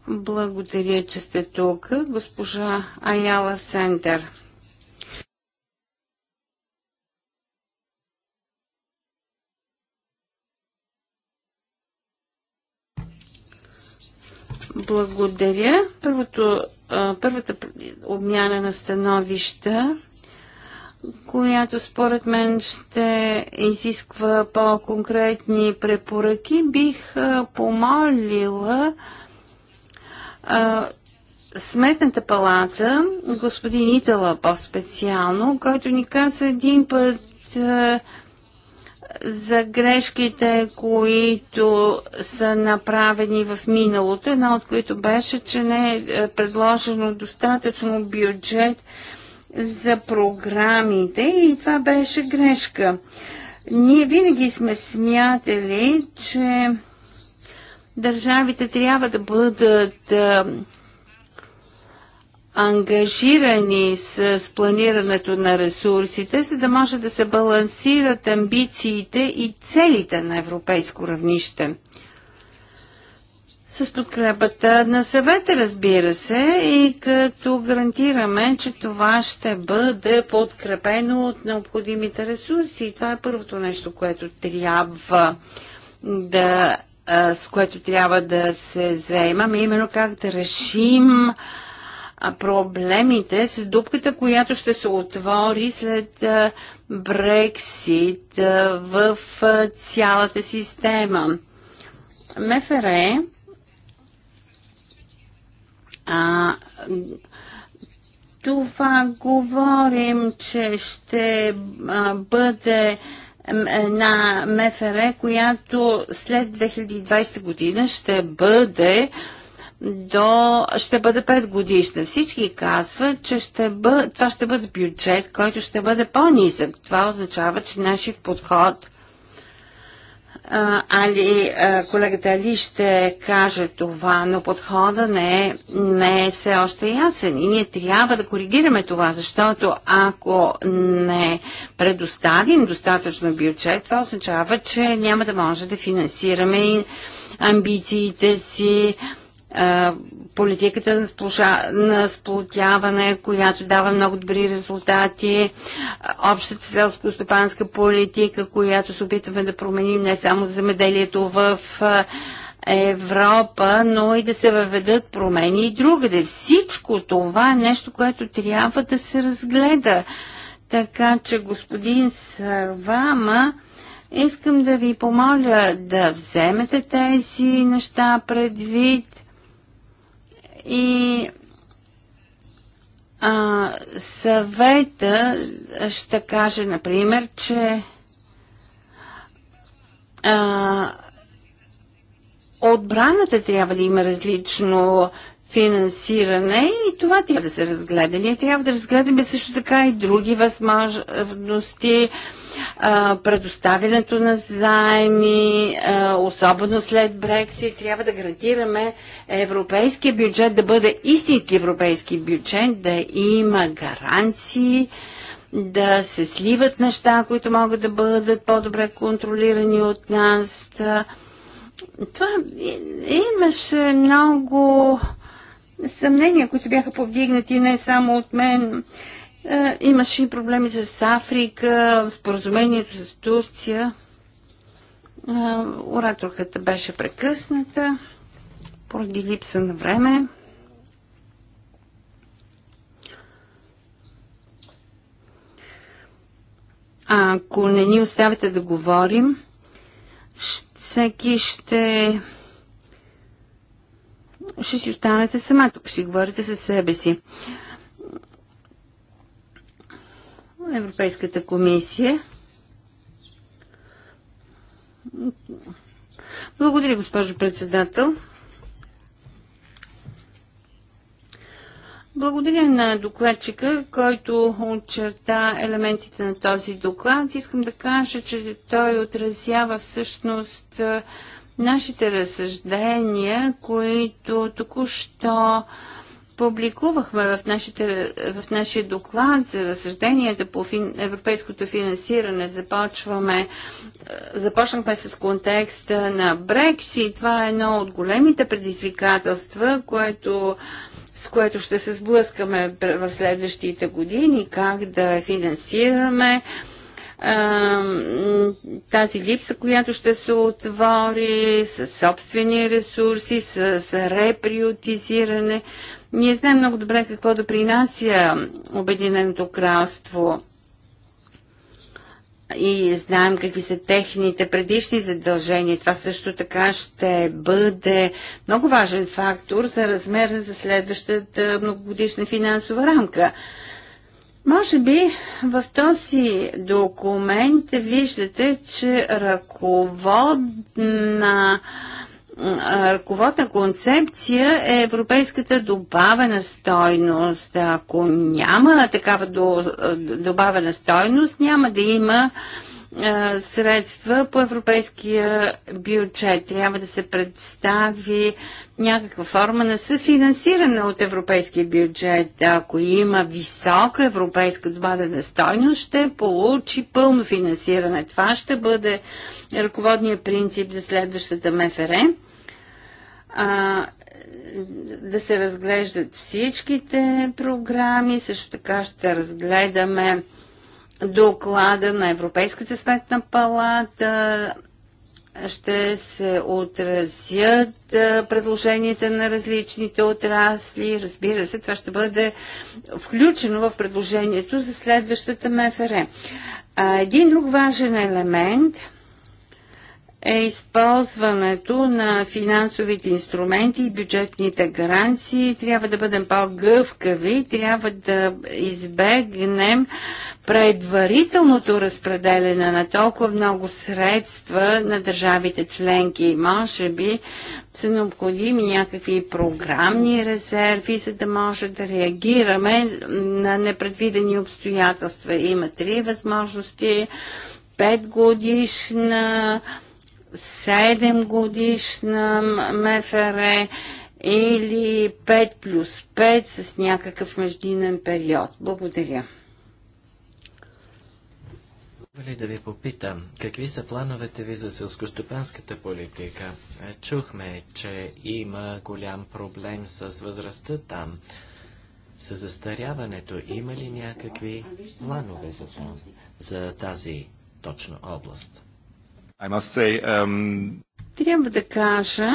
Благодаря, че сте тук, госпожа Аяла Сендер. Благодаря. Първото първата обмяна на становища, която според мен ще изисква по-конкретни препоръки, бих помолила Сметната палата, господин Итала по-специално, който ни каза един път а, за грешките, които са направени в миналото, една от които беше, че не е, е предложено достатъчно бюджет за програмите и това беше грешка. Ние винаги сме смятали, че държавите трябва да бъдат е, ангажирани с планирането на ресурсите, за да може да се балансират амбициите и целите на европейско равнище. С подкрепата на съвета, разбира се, и като гарантираме, че това ще бъде подкрепено от необходимите ресурси. И това е първото нещо, което трябва да, с което трябва да се заемаме, именно как да решим проблемите с дупката, която ще се отвори след Брексит в цялата система. МФР е, а, това говорим, че ще бъде на МФР, е, която след 2020 година ще бъде а, до, ще бъде 5 годишна. Всички казват, че ще бъ, това ще бъде бюджет, който ще бъде по-низък. Това означава, че нашият подход – Али, колегата Али ще каже това, но подхода не е, не е все още ясен. И ние трябва да коригираме това, защото ако не предоставим достатъчно бюджет, това означава, че няма да може да финансираме амбициите си, политиката на, сплоша, на сплотяване, която дава много добри резултати, общата селско-стопанска политика, която се опитваме да променим не само земеделието в Европа, но и да се въведат промени и другаде. Всичко това е нещо, което трябва да се разгледа. Така че, господин Сарвама, искам да ви помоля да вземете тези неща предвид и а, съвета ще каже, например, че а, отбраната трябва да има различно финансиране и това трябва да се разгледа. Ние трябва да разгледаме също така и други възможности, предоставянето на заеми, особено след Брексит. Трябва да гарантираме европейския бюджет да бъде истински европейски бюджет, да има гаранции да се сливат неща, които могат да бъдат по-добре контролирани от нас. Това имаше много съмнения, които бяха повдигнати не само от мен. Е, имаше и проблеми с Африка, споразумението с Турция. Е, ораторката беше прекъсната поради липса на време. Ако не ни оставите да говорим, всеки ще... Ще си останете сама, тук ще говорите със себе си. Европейската комисия. Благодаря, госпожо председател. Благодаря на докладчика, който очерта елементите на този доклад. Искам да кажа, че той отразява всъщност нашите разсъждения, които току-що публикувахме в, нашите, в нашия доклад за разсъжденията по фин, европейското финансиране. Започваме, е, започнахме с контекста на Брекси. Това е едно от големите предизвикателства, което с което ще се сблъскаме в следващите години, как да финансираме е, тази липса, която ще се отвори с собствени ресурси, с реприотизиране ние знаем много добре какво да принася Обединеното кралство и знаем какви са техните предишни задължения. Това също така ще бъде много важен фактор за размера за следващата многогодишна финансова рамка. Може би в този документ виждате, че ръководна ръководна концепция е европейската добавена стойност. Ако няма такава добавена стойност, няма да има средства по европейския бюджет. Трябва да се представи някаква форма на съфинансиране от европейския бюджет. Ако има висока европейска добавена стойност, ще получи пълно финансиране. Това ще бъде ръководният принцип за следващата МФР а, да се разглеждат всичките програми. Също така ще разгледаме доклада на Европейската сметна палата. Ще се отразят предложенията на различните отрасли. Разбира се, това ще бъде включено в предложението за следващата МФР. Един друг важен елемент – е използването на финансовите инструменти и бюджетните гаранции. Трябва да бъдем по-гъвкави, трябва да избегнем предварителното разпределение на толкова много средства на държавите членки. Може би са необходими някакви програмни резерви, за да може да реагираме на непредвидени обстоятелства. Има три възможности. 5 годишна 7 годишна МФР или 5 плюс 5 с някакъв междинен период. Благодаря. Вали да ви попитам, какви са плановете ви за селскостопанската политика? Е, чухме, че има голям проблем с възрастта там, с застаряването. Има ли някакви планове за, за тази точно област? Um, Трябва да кажа,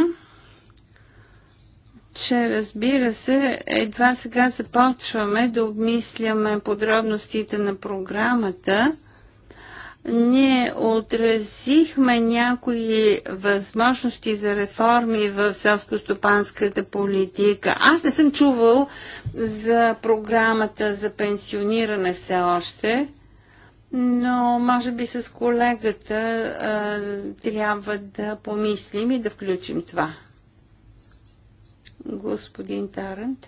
че разбира се, едва сега започваме да обмисляме подробностите на програмата. Ние отразихме някои възможности за реформи в селско-стопанската политика. Аз не съм чувал за програмата за пенсиониране все още но може би с колегата а, трябва да помислим и да включим това. Господин Тарант.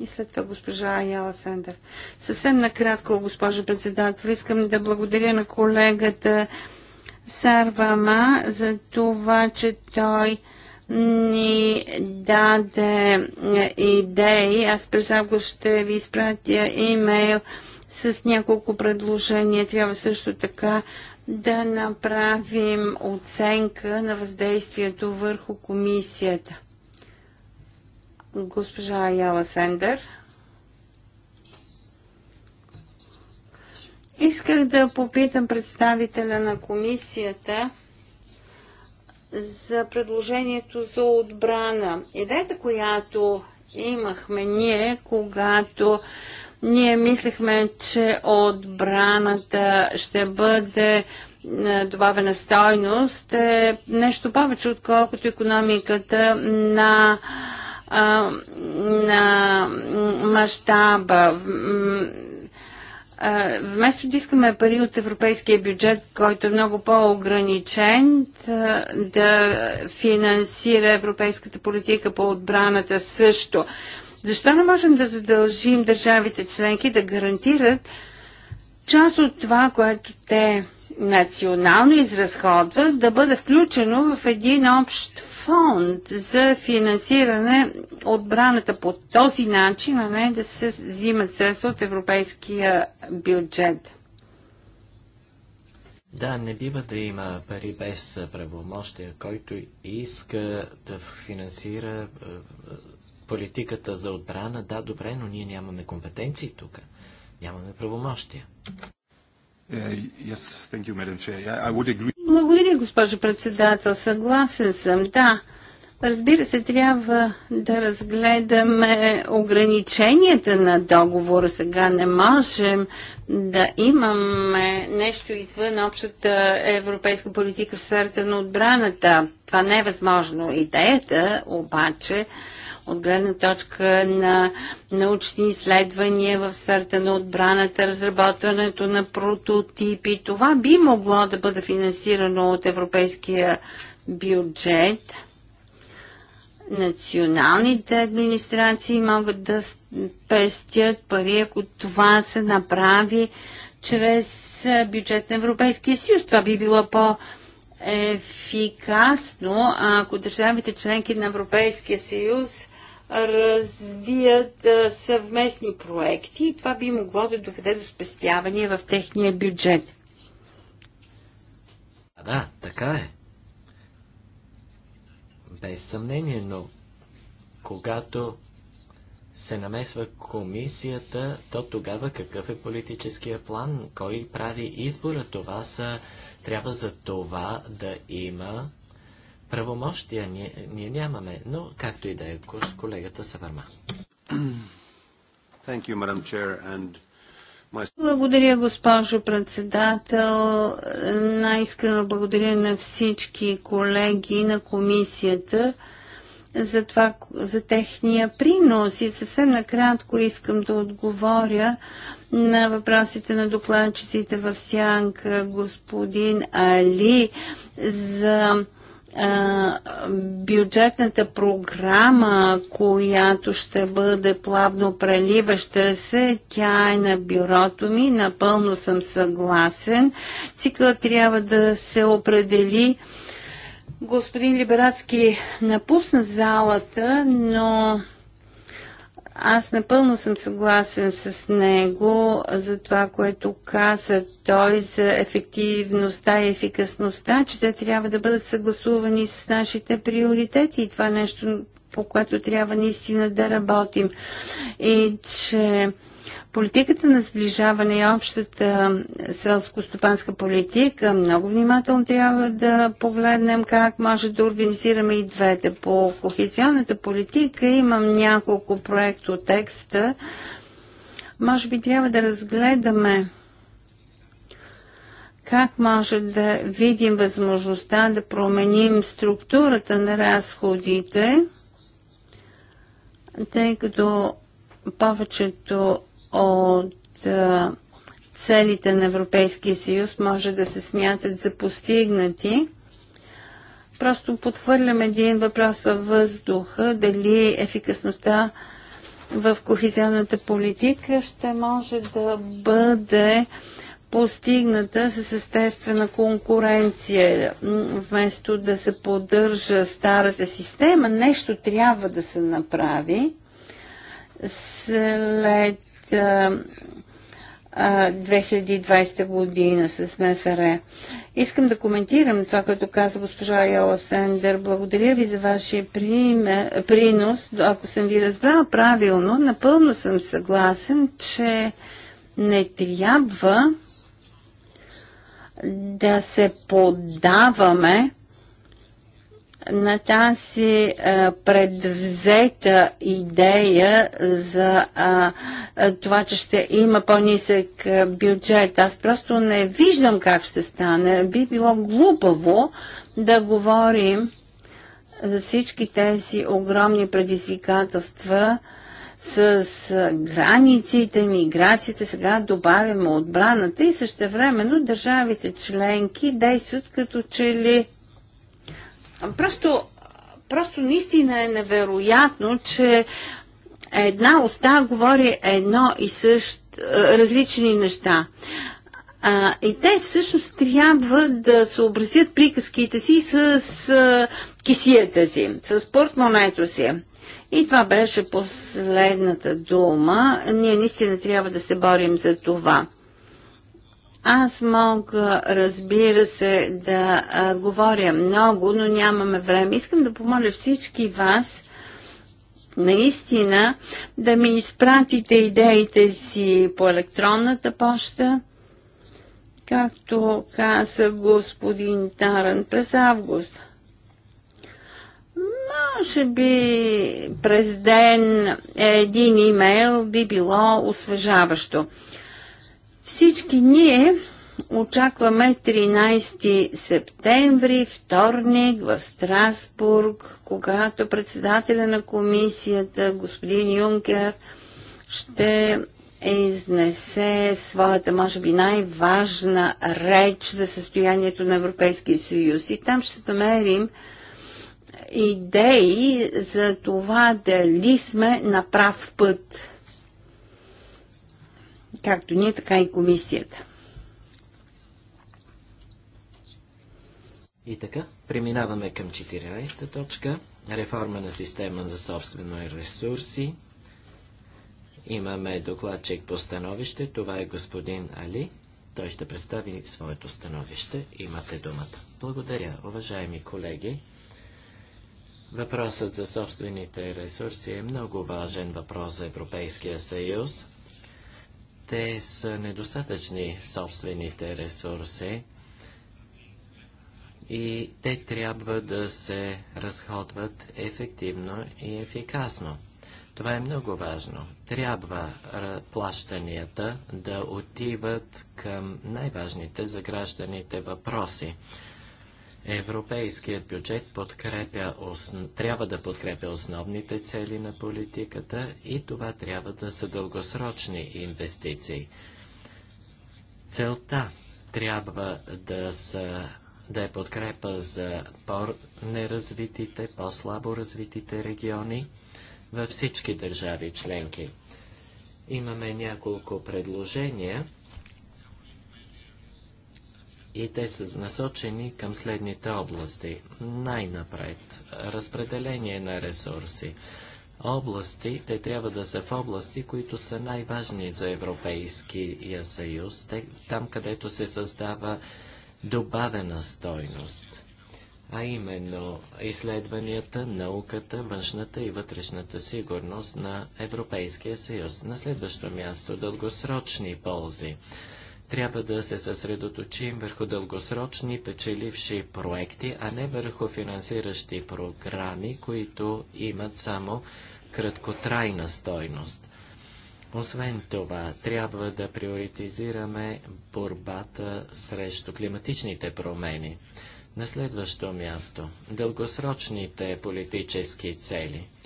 И след това госпожа Аяла Сендър. Съвсем накратко, госпожо председател, искам да благодаря на колегата Сарвама за това, че той ни даде идеи. Аз през август ще ви изпратя имейл с няколко предложения. Трябва също така да направим оценка на въздействието върху комисията. Госпожа Яла Сендер. Исках да попитам представителя на комисията за предложението за отбрана. Идеята, която имахме ние, когато ние мислехме, че отбраната ще бъде е, добавена стойност е нещо повече, отколкото економиката на на мащаба. Вместо да искаме пари от европейския бюджет, който е много по-ограничен, да финансира европейската политика по отбраната също. Защо не можем да задължим държавите членки да гарантират част от това, което те национално изразходват, да бъде включено в един общ фонд за финансиране отбраната по този начин, а не да се взимат средства от европейския бюджет. Да, не бива да има пари без правомощия, който иска да финансира политиката за отбрана, да, добре, но ние нямаме компетенции тук. Нямаме правомощия. Благодаря, госпожо председател. Съгласен съм, да. Разбира се, трябва да разгледаме ограниченията на договора. Сега не можем да имаме нещо извън общата европейска политика в сферата на отбраната. Това не е възможно. Идеята обаче от гледна точка на научни изследвания в сферата на отбраната, разработването на прототипи. Това би могло да бъде финансирано от европейския бюджет. Националните администрации могат да пестят пари, ако това се направи чрез бюджет на Европейския съюз. Това би било по- ефикасно, ако държавите членки на Европейския съюз развият съвместни проекти и това би могло да доведе до спестяване в техния бюджет. А, да, така е. Без съмнение, но когато се намесва комисията, то тогава какъв е политическия план? Кой прави избора? Това са... Трябва за това да има правомощия ние, ние нямаме, но както и да е колегата Саварма. благодаря, госпожо председател. Най-искрено благодаря на всички колеги на комисията за, това, за техния принос и съвсем накратко искам да отговоря на въпросите на докладчиците в Сянка, господин Али, за бюджетната програма, която ще бъде плавно преливаща се, тя е на бюрото ми, напълно съм съгласен. Цикъл трябва да се определи. Господин Либерацки напусна залата, но аз напълно съм съгласен с него за това, което каза той за ефективността и ефикасността, че те трябва да бъдат съгласувани с нашите приоритети и това е нещо, по което трябва наистина да работим. И че Политиката на сближаване и общата селско-стопанска политика много внимателно трябва да погледнем как може да организираме и двете. По кохезионната политика имам няколко проекто текста. Може би трябва да разгледаме как може да видим възможността да променим структурата на разходите, тъй като повечето от целите на Европейския съюз може да се смятат за постигнати. Просто подхвърлям един въпрос във въздуха, дали ефикасността в кохезионната политика ще може да бъде постигната с естествена конкуренция, вместо да се поддържа старата система, нещо трябва да се направи след 2020 година с МФР. Искам да коментирам това, което каза госпожа Йола Сендер. Благодаря ви за вашия принос. Ако съм ви разбрала правилно, напълно съм съгласен, че не трябва да се поддаваме на тази а, предвзета идея за а, това, че ще има по-нисък бюджет. Аз просто не виждам как ще стане. Би било глупаво да говорим за всички тези огромни предизвикателства с, с границите, миграцията, сега добавяме отбраната и същевременно държавите членки действат като че ли Просто, просто наистина е невероятно, че една уста говори едно и също е, различни неща. А, и те всъщност трябва да съобразят приказките си с а, е, кисията си, с портмонето си. И това беше последната дума. Ние наистина трябва да се борим за това. Аз мога, разбира се, да а, говоря много, но нямаме време. Искам да помоля всички вас наистина да ми изпратите идеите си по електронната поща. Както каза господин Таран през август. Може би през ден е един имейл би било освежаващо. Всички ние очакваме 13 септември, вторник в Страсбург, когато председателя на комисията, господин Юнкер, ще изнесе своята, може би, най-важна реч за състоянието на Европейския съюз. И там ще намерим идеи за това дали сме на прав път както ние, така и комисията. И така, преминаваме към 14 та точка. Реформа на система за собствено и ресурси. Имаме докладчик по становище. Това е господин Али. Той ще представи своето становище. Имате думата. Благодаря, уважаеми колеги. Въпросът за собствените ресурси е много важен въпрос за Европейския съюз те са недостатъчни собствените ресурси и те трябва да се разходват ефективно и ефикасно. Това е много важно. Трябва плащанията да отиват към най-важните за гражданите въпроси. Европейският бюджет подкрепя, осн... трябва да подкрепя основните цели на политиката и това трябва да са дългосрочни инвестиции. Целта трябва да, са, да е подкрепа за по-неразвитите, по-слабо развитите региони във всички държави членки. Имаме няколко предложения и те са насочени към следните области. Най-напред разпределение на ресурси. Области, те трябва да са в области, които са най-важни за Европейския съюз, те, там където се създава добавена стойност, а именно изследванията, науката, външната и вътрешната сигурност на Европейския съюз. На следващо място дългосрочни ползи. Трябва да се съсредоточим върху дългосрочни печеливши проекти, а не върху финансиращи програми, които имат само краткотрайна стойност. Освен това, трябва да приоритизираме борбата срещу климатичните промени. На следващо място – дългосрочните политически цели –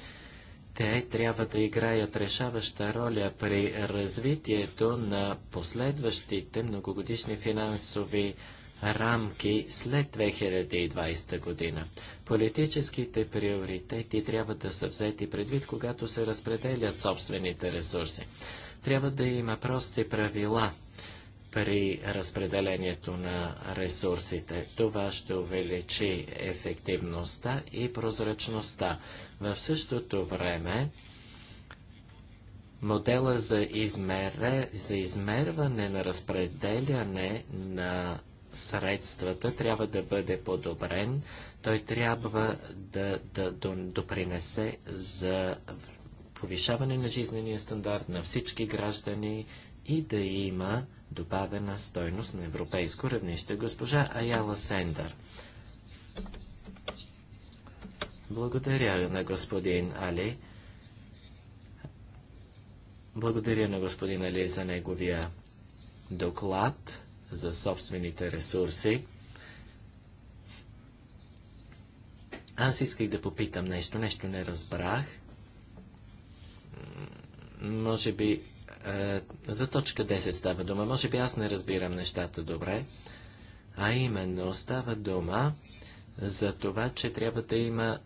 те трябва да играят решаваща роля при развитието на последващите многогодишни финансови рамки след 2020 година. Политическите приоритети трябва да са взети предвид, когато се разпределят собствените ресурси. Трябва да има прости правила при разпределението на ресурсите. Това ще увеличи ефективността и прозрачността. В същото време, модела за, измере, за измерване на разпределяне на средствата трябва да бъде подобрен. Той трябва да, да, да допринесе за повишаване на жизнения стандарт на всички граждани и да има добавена стойност на европейско равнище. Госпожа Аяла Сендър. Благодаря на господин Али. Благодаря на господин Али за неговия доклад за собствените ресурси. Аз исках да попитам нещо, нещо не разбрах. Може би е, за точка 10 става дума. Може би аз не разбирам нещата добре. А именно, става дума за това, че трябва да има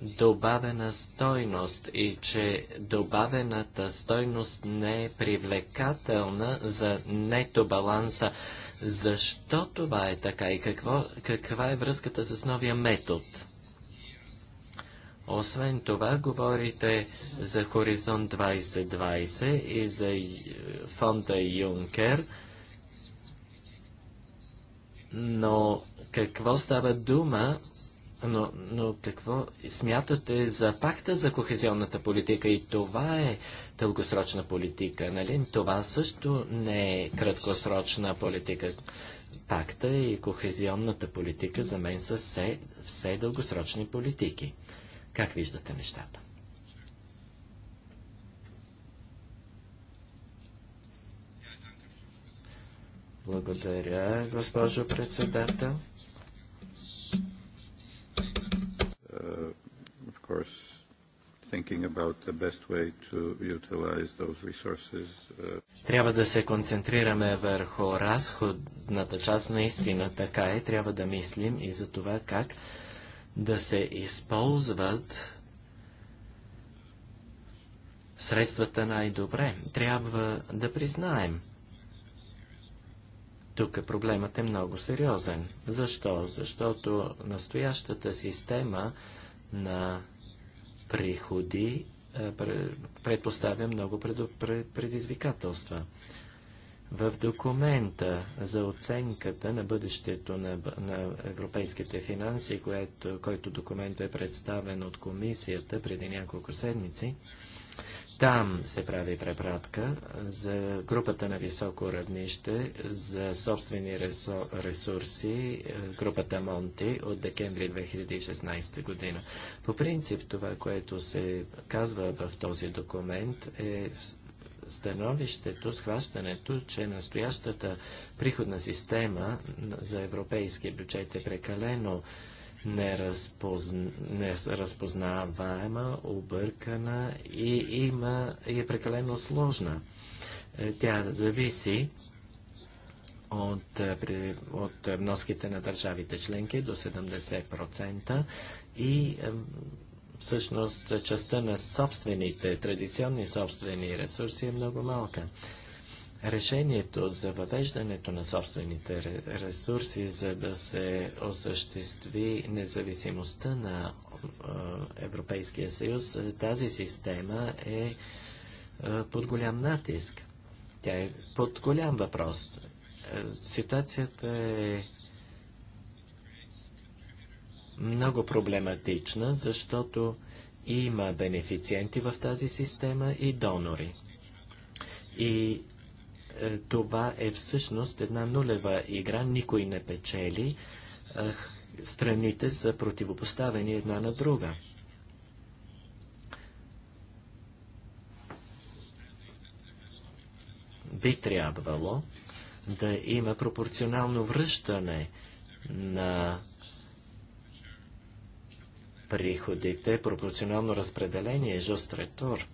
добавена стойност и че добавената стойност не е привлекателна за нето баланса. Защо това е така и какво, каква е връзката с новия метод? Освен това, говорите за Хоризонт 2020 и за фонда Юнкер, но какво става дума, но, но какво смятате за пакта за кохезионната политика и това е дългосрочна политика, нали? Това също не е краткосрочна политика. Пакта и кохезионната политика за мен са все, все дългосрочни политики. Как виждате нещата? Благодаря, госпожо председател. Uh, uh, трябва да се концентрираме върху разходната част, наистина така е. Трябва да мислим и за това как uh, да се използват средствата най-добре. Трябва да признаем. Тук проблемът е много сериозен. Защо? Защото настоящата система на приходи е, предпоставя много предизвикателства. В документа за оценката на бъдещето на, на европейските финанси, което, който документ е представен от комисията преди няколко седмици, там се прави препратка за групата на високо равнище за собствени ресурси, е, групата Монти от декември 2016 година. По принцип това, което се казва в този документ е становището, схващането, че настоящата приходна система за европейския бюджет е прекалено неразпознаваема, объркана и, има, е прекалено сложна. Е, тя зависи от, е, от вноските на държавите членки до 70% и всъщност частта на собствените, традиционни собствени ресурси е много малка. Решението за въвеждането на собствените ресурси, за да се осъществи независимостта на е, Европейския съюз, е, тази система е, е, под голям натиск. Тя е под голям въпрос. ситуацията е много проблематична, защото има бенефициенти в тази система и донори. И е, това е всъщност една нулева игра, никой не печели, е, страните са противопоставени една на друга. Би трябвало да има пропорционално връщане на приходите, пропорционално разпределение, е жостретор.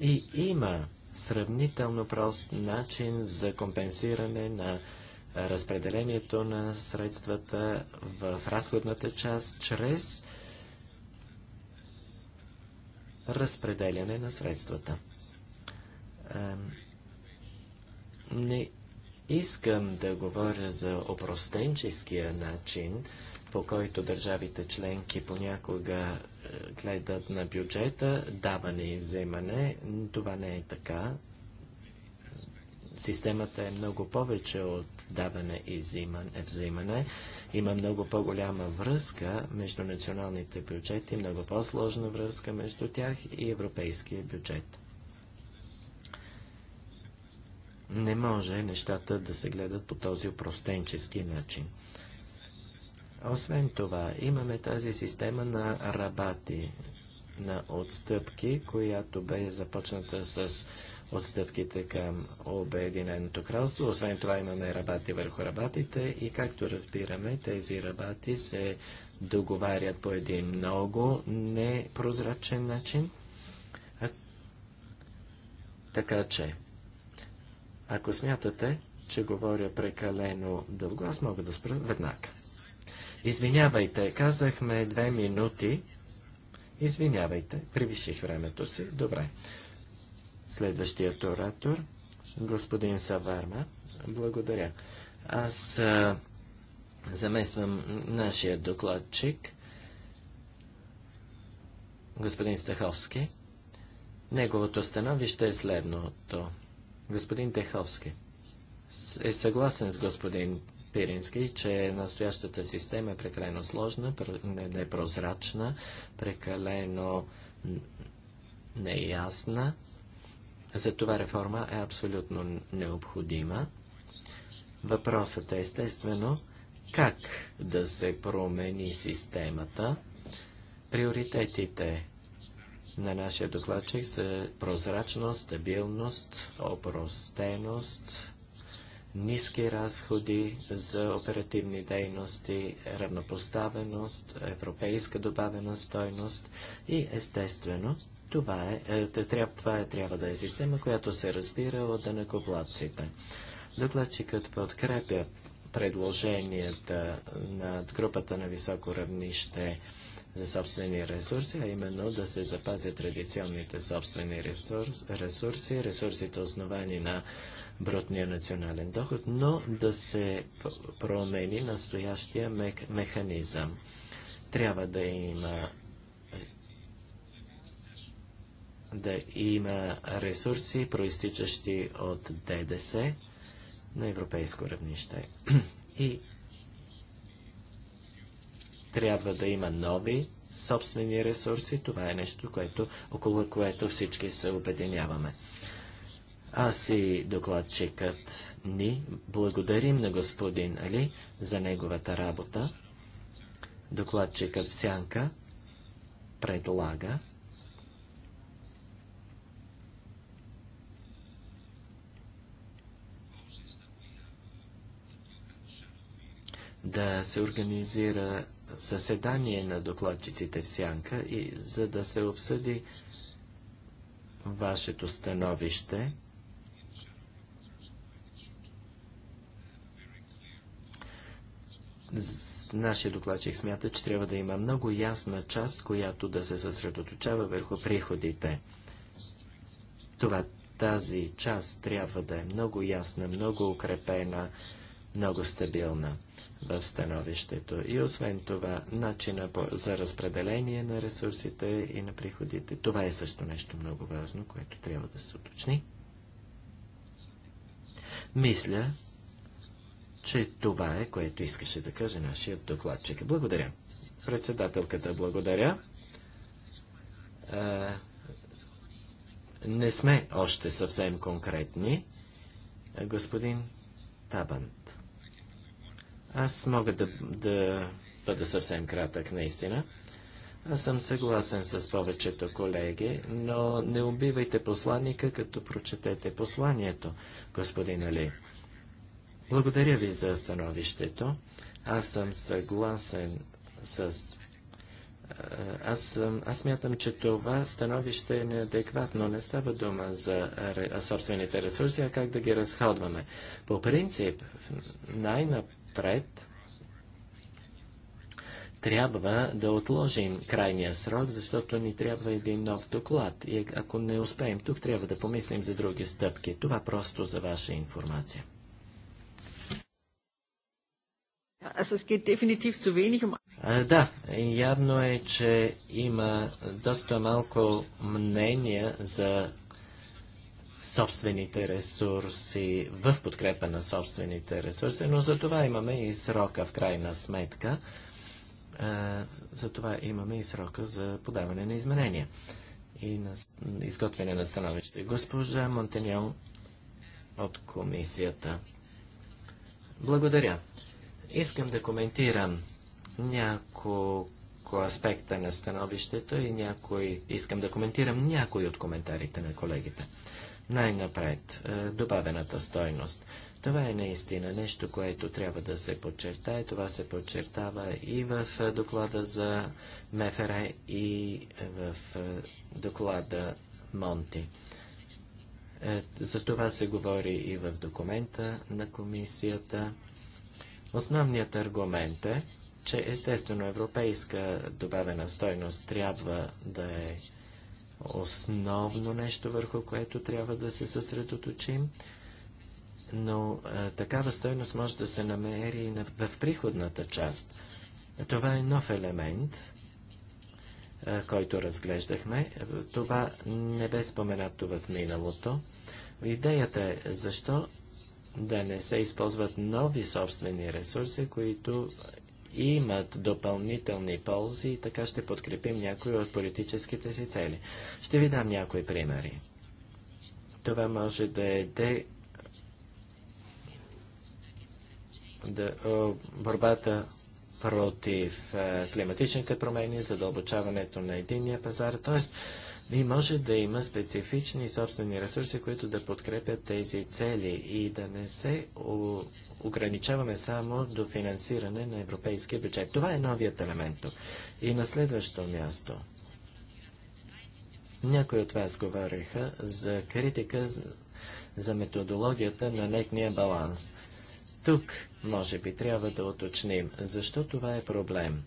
И има сравнително прост начин за компенсиране на разпределението на средствата в разходната част чрез разпределяне на средствата. Не искам да говоря за опростенческия начин по който държавите членки понякога е, гледат на бюджета, даване и вземане. Това не е така. Системата е много повече от даване и вземане. Има много по-голяма връзка между националните бюджети, много по-сложна връзка между тях и европейския бюджет. Не може нещата да се гледат по този упростенчески начин. Освен това, имаме тази система на рабати, на отстъпки, която бе започната с отстъпките към Обединеното кралство. Освен това имаме рабати върху рабатите и както разбираме, тези рабати се договарят по един много непрозрачен начин. А... Така че, ако смятате, че говоря прекалено дълго, аз мога да спра веднага. Извинявайте, казахме две минути. Извинявайте, превиших времето си. Добре. Следващият оратор, господин Саварма. Благодаря. Аз а, замествам нашия докладчик, господин Стаховски. Неговото становище е следното. Господин Теховски е съгласен с господин Пирински, че настоящата система е прекалено сложна, непрозрачна, е прекалено неясна. Затова реформа е абсолютно необходима. Въпросът е естествено как да се промени системата. Приоритетите на нашия докладчик са прозрачност, стабилност, опростеност, ниски разходи за оперативни дейности, равнопоставеност, европейска добавена стойност и естествено това е, е, трябва, това е, трябва да е система, която се разбира от данъкоплатците. Докладчикът подкрепя предложенията на групата на високо равнище за собствени ресурси, а именно да се запазят традиционните собствени ресурс, ресурси, ресурсите основани на брутния национален доход, но да се промени настоящия механизъм. Трябва да има да има ресурси, проистичащи от ДДС на европейско равнище. И трябва да има нови собствени ресурси. Това е нещо, което, около което всички се обединяваме. Аз и докладчикът ни благодарим на господин Али за неговата работа. Докладчикът в сянка предлага да се организира съседание на докладчиците в сянка и за да се обсъди вашето становище нашия докладчик смята, че трябва да има много ясна част, която да се съсредоточава върху приходите. Това тази част трябва да е много ясна, много укрепена, много стабилна в становището. И освен това, начина за разпределение на ресурсите и на приходите, това е също нещо много важно, което трябва да се уточни. Мисля, че това е, което искаше да каже нашия докладчик. Благодаря. Председателката, благодаря. А, не сме още съвсем конкретни. Господин Табант. Аз мога да, да бъда съвсем кратък, наистина. Аз съм съгласен с повечето колеги, но не убивайте посланника, като прочетете посланието, господин Али. Благодаря ви за становището. Аз съм съгласен с... Аз, аз смятам, че това становище е неадекватно. Не става дума за собствените ресурси, а как да ги разходваме. По принцип, най-напред трябва да отложим крайния срок, защото ни трябва един нов доклад. И е, ако не успеем тук, трябва да помислим за други стъпки. Това просто за ваша информация. Um- да, явно е, че има доста малко мнение за собствените ресурси, в подкрепа на собствените ресурси, но за това имаме и срока в крайна сметка. За това имаме и срока за подаване на изменения и на изготвяне на становище. Госпожа Монтеньон от комисията. Благодаря. Искам да коментирам няколко аспекта на становището и някой, искам да коментирам някои от коментарите на колегите. Най-напред, е, добавената стойност. Това е наистина нещо, което трябва да се подчертае. Това се подчертава и в е, доклада за МФР и в е, доклада Монти. За това се говори и в документа на комисията. Основният аргумент е, че естествено европейска добавена стойност трябва да е основно нещо, върху което трябва да се съсредоточим, но а, такава стойност може да се намери и в приходната част. Това е нов елемент, а, който разглеждахме. Това не бе споменато в миналото. Идеята е защо да не се използват нови собствени ресурси, които имат допълнителни ползи и така ще подкрепим някои от политическите си цели. Ще ви дам някои примери. Това може да е де... да, о, борбата против е, климатичните промени, задълбочаването на единния пазар, т.е. И може да има специфични собствени ресурси, които да подкрепят тези цели и да не се ограничаваме само до финансиране на европейския бюджет. Това е новият елемент. И на следващо място. Някои от вас говориха за критика за методологията на нетния баланс. Тук, може би, трябва да уточним, защо това е проблем.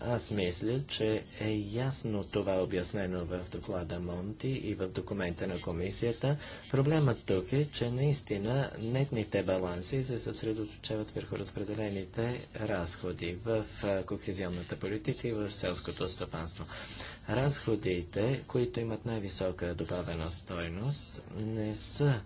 Аз мисля, че е ясно това обяснено в доклада Монти и в документа на комисията. Проблемът тук е, че наистина нетните баланси се съсредоточават върху разпределените разходи в кохезионната политика и в селското стопанство. Разходите, които имат най-висока добавена стойност, не са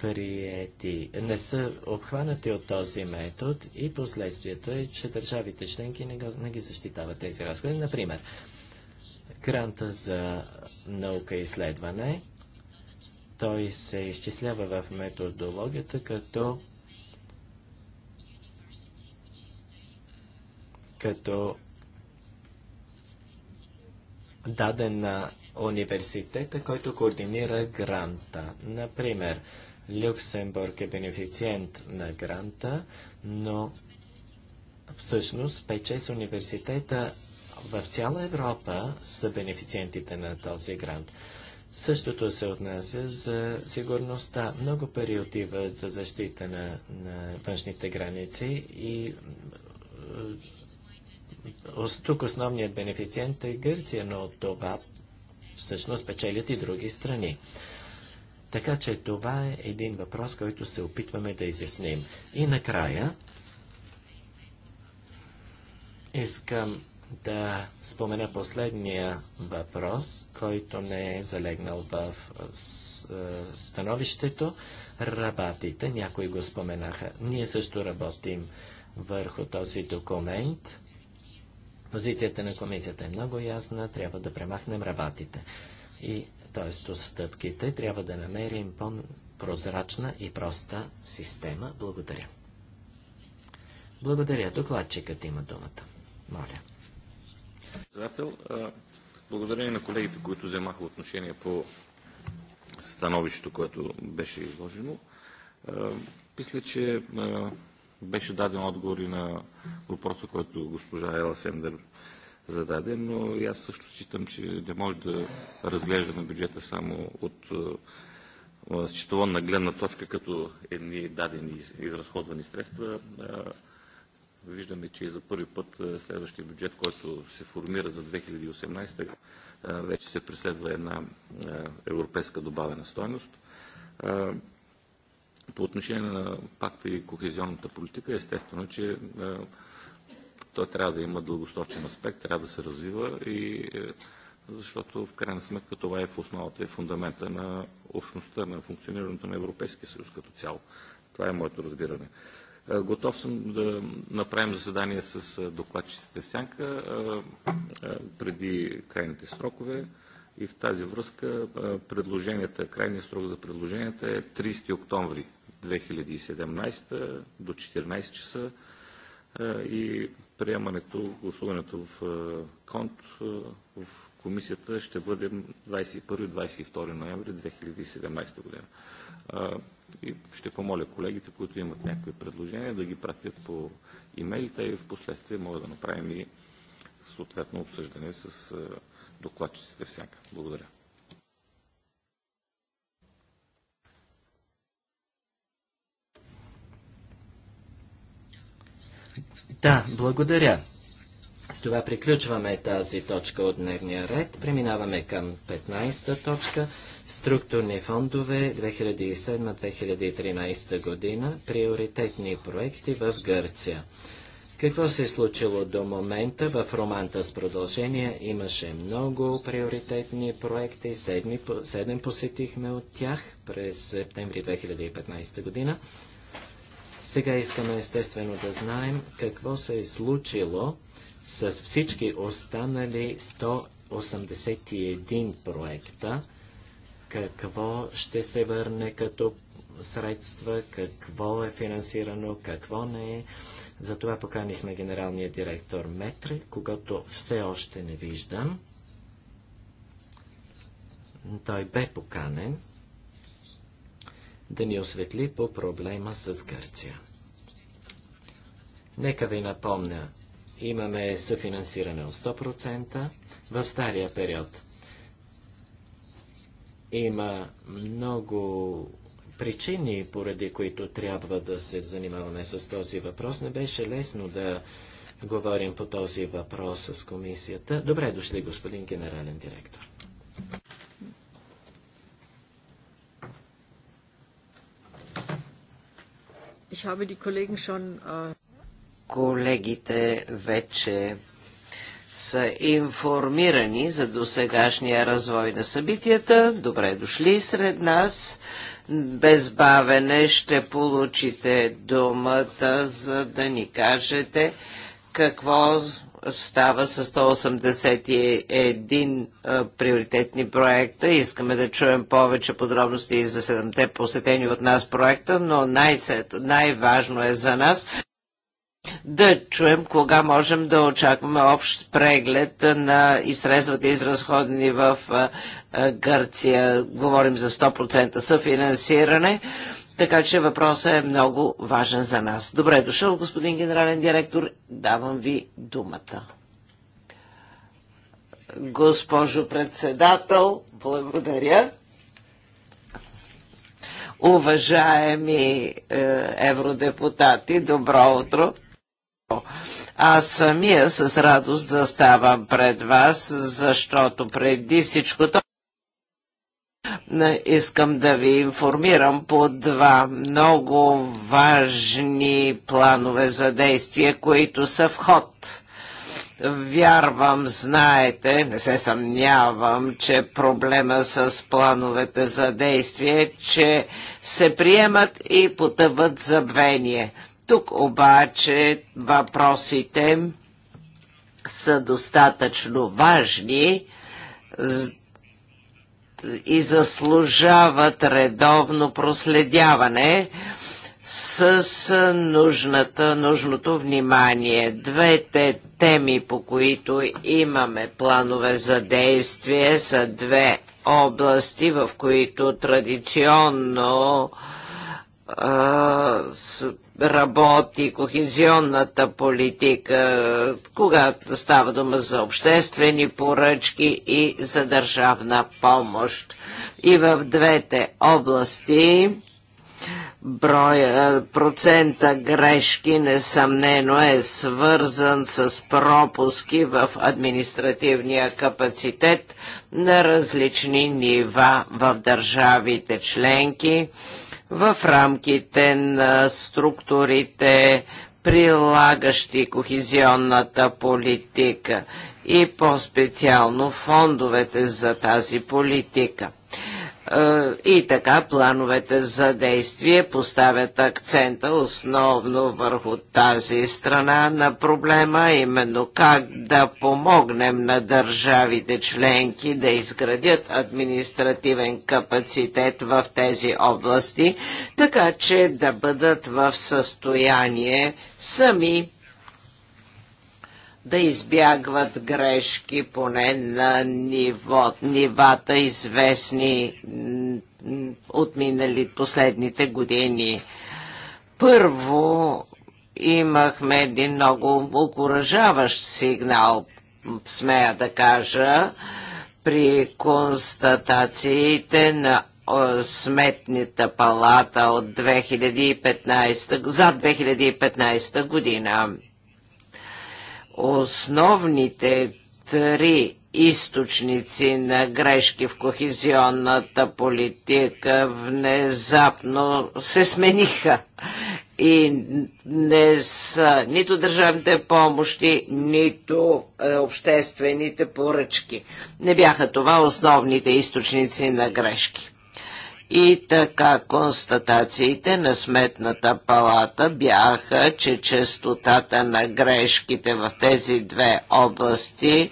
приети, не са обхванати от този метод и последствието е, че държавите членки не, го, не ги защитават тези разходи. Например, гранта за наука и изследване, той се изчислява в методологията като като даден на университета, който координира гранта. Например, Люксембург е бенефициент на гранта, но всъщност 5-6 университета в цяла Европа са бенефициентите на този грант. Същото се отнася за сигурността. Много пари отиват за защита на, на външните граници и е, тук основният бенефициент е Гърция, но от това всъщност печелят и други страни. Така че това е един въпрос, който се опитваме да изясним. И накрая искам да спомена последния въпрос, който не е залегнал в е, е, становището. Работите, някои го споменаха. Ние също работим върху този документ. Позицията на комисията е много ясна, трябва да премахнем работите. И т.е. отстъпките, трябва да намерим по-прозрачна и проста система. Благодаря. Благодаря. Докладчикът има думата. Моля. Председател, благодаря и на колегите, които вземаха отношение по становището, което беше изложено. Мисля, че беше даден отговор и на въпроса, който госпожа Ела Сендер зададен, но и аз също считам, че не може да разглеждаме бюджета само от счетоводна гледна точка като едни дадени изразходвани средства. Виждаме, че и за първи път следващия бюджет, който се формира за 2018, вече се преследва една европейска добавена стойност. По отношение на пакта и кохезионната политика, естествено, че той трябва да има дългосрочен аспект, трябва да се развива и е, защото в крайна сметка това е в основата и фундамента на общността, на функционирането на Европейския съюз като цяло. Това е моето разбиране. Е, готов съм да направим заседание с е, докладчиците в Сянка преди крайните срокове и в тази връзка предложенията, крайният срок за предложенията е 30 октомври 2017 до 14 часа и приемането, гласуването в КОНТ в комисията ще бъде 21-22 ноември 2017 година. И ще помоля колегите, които имат някакви предложения, да ги пратят по имейлите и в последствие мога да направим и съответно обсъждане с докладчиците всяка. Благодаря. Да, благодаря. С това приключваме тази точка от дневния ред. Преминаваме към 15-та точка. Структурни фондове 2007-2013 година. Приоритетни проекти в Гърция. Какво се е случило до момента? В романта с продължение имаше много приоритетни проекти. Седми, седем посетихме от тях през септември 2015 година. Сега искаме естествено да знаем какво се е случило с всички останали 181 проекта, какво ще се върне като средства, какво е финансирано, какво не е. Затова поканихме генералния директор Метри, когато все още не виждам. Той бе поканен да ни осветли по проблема с Гърция. Нека ви напомня, имаме съфинансиране от 100% в стария период. Има много причини, поради които трябва да се занимаваме с този въпрос. Не беше лесно да говорим по този въпрос с комисията. Добре дошли, господин генерален директор. Äh, Колегите вече са информирани за досегашния развой на събитията. Добре дошли сред нас. Без бавене ще получите думата, за да ни кажете какво става с 181 а, приоритетни проекта. Искаме да чуем повече подробности и за седемте посетени от нас проекта, но най-важно е за нас да чуем кога можем да очакваме общ преглед на изсредствата изразходени в а, а, Гърция. Говорим за 100% съфинансиране. финансиране така че въпросът е много важен за нас. Добре е дошъл, господин генерален директор. Давам ви думата. Госпожо председател, благодаря. Уважаеми е, евродепутати, добро утро. Аз самия с радост заставам пред вас, защото преди всичко това. Искам да ви информирам по два много важни планове за действие, които са в ход. Вярвам, знаете, не се съмнявам, че проблема с плановете за действие, че се приемат и потъват забвение. Тук обаче въпросите са достатъчно важни, и заслужават редовно проследяване с нужната, нужното внимание. Двете теми, по които имаме планове за действие, са две области, в които традиционно работи кохезионната политика, когато става дума за обществени поръчки и за държавна помощ. И в двете области броя, процента грешки несъмнено е свързан с пропуски в административния капацитет на различни нива в държавите членки в рамките на структурите, прилагащи кохезионната политика и по-специално фондовете за тази политика. Е, и така плановете за действие поставят акцента основно върху тази страна на проблема, именно как да помогнем на държавите членки да изградят административен капацитет в тези области, така че да бъдат в състояние сами да избягват грешки поне на ниво, нивата, известни от минали последните години. Първо имахме един много окоръжаващ сигнал, смея да кажа, при констатациите на Сметната палата от 2015, за 2015 година. Основните три източници на грешки в кохезионната политика внезапно се смениха и не са нито държавните помощи, нито е, обществените поръчки. Не бяха това основните източници на грешки. И така констатациите на Сметната палата бяха, че частотата на грешките в тези две области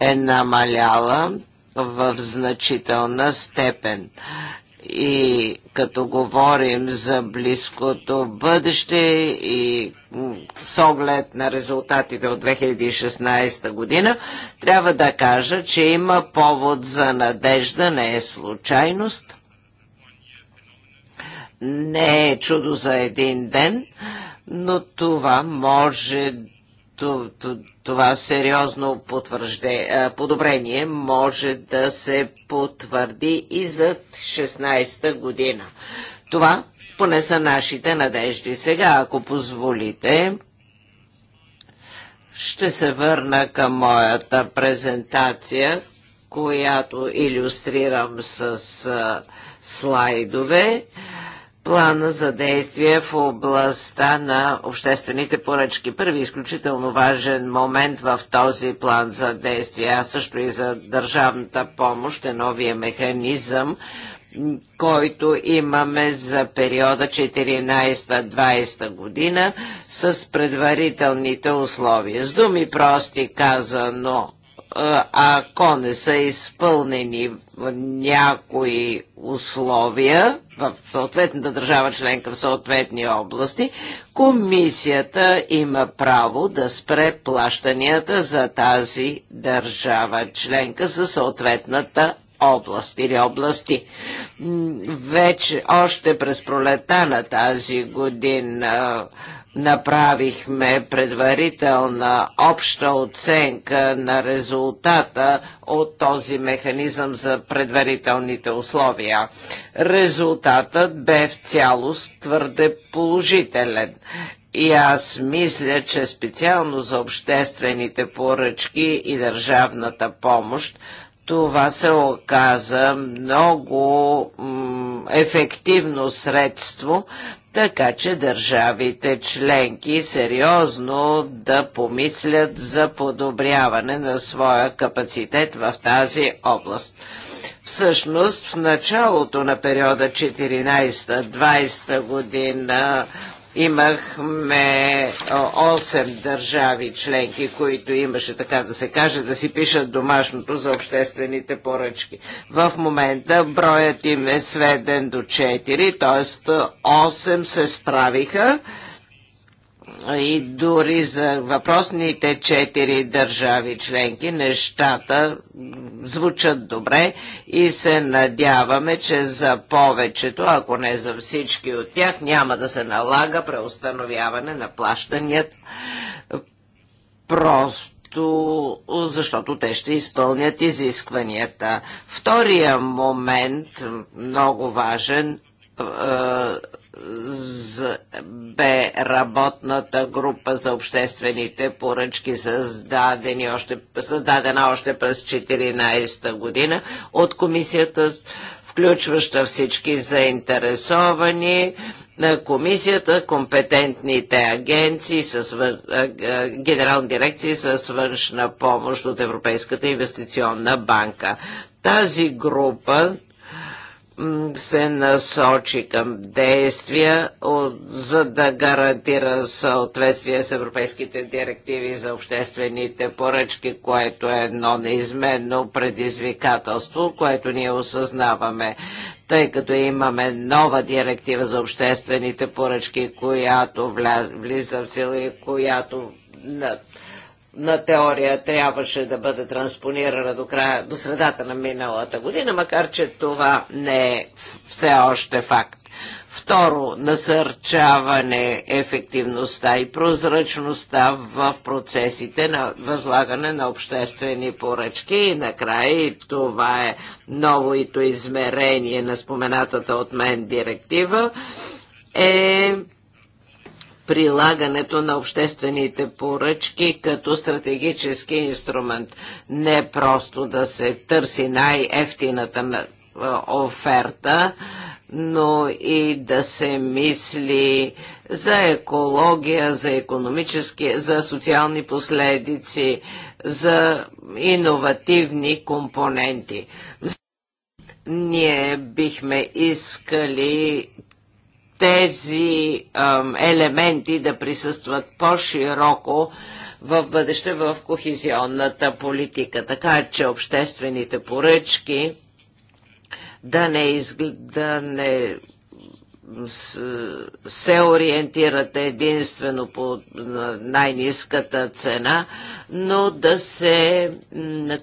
е намаляла в значителна степен. И като говорим за близкото бъдеще и с оглед на резултатите от 2016 година, трябва да кажа, че има повод за надежда, не е случайност – не е чудо за един ден, но това може това сериозно подобрение може да се потвърди и за 16-та година. Това поне са нашите надежди. Сега, ако позволите, ще се върна към моята презентация, която иллюстрирам с слайдове плана за действие в областта на обществените поръчки. Първи изключително важен момент в този план за действие, а също и за държавната помощ е новия механизъм, който имаме за периода 14-20 година с предварителните условия. С думи прости казано, ако не са изпълнени някои условия, в съответната държава членка в съответни области, комисията има право да спре плащанията за тази държава членка за съответната област или области. Вече още през пролета на тази година направихме предварителна обща оценка на резултата от този механизъм за предварителните условия. Резултатът бе в цялост твърде положителен. И аз мисля, че специално за обществените поръчки и държавната помощ това се оказа много ефективно средство, така че държавите членки сериозно да помислят за подобряване на своя капацитет в тази област. Всъщност в началото на периода 14-20 година Имахме 8 държави членки, които имаше така да се каже да си пишат домашното за обществените поръчки. В момента броят им е сведен до 4, т.е. 8 се справиха и дори за въпросните четири държави членки нещата звучат добре и се надяваме, че за повечето, ако не за всички от тях, няма да се налага преустановяване на плащанията. Просто просто защото те ще изпълнят изискванията. Втория момент, много важен, е, бе работната група за обществените поръчки създадени още, създадена още през 14 година от комисията включваща всички заинтересовани, на комисията, компетентните агенции, с, генерални дирекции с външна помощ от Европейската инвестиционна банка. Тази група се насочи към действия, за да гарантира съответствие с европейските директиви за обществените поръчки, което е едно неизменно предизвикателство, което ние осъзнаваме, тъй като имаме нова директива за обществените поръчки, която влиза в сила и която на теория трябваше да бъде транспонирана до, края, до средата на миналата година, макар че това не е все още факт. Второ, насърчаване ефективността и прозрачността в процесите на възлагане на обществени поръчки. И накрая и това е новото измерение на споменатата от мен директива е прилагането на обществените поръчки като стратегически инструмент. Не просто да се търси най-ефтината оферта, но и да се мисли за екология, за економически, за социални последици, за иновативни компоненти. Ние бихме искали тези елементи да присъстват по-широко в бъдеще в кохизионната политика. Така че обществените поръчки да не, изгл... да не се ориентирате единствено по най-низката цена, но да се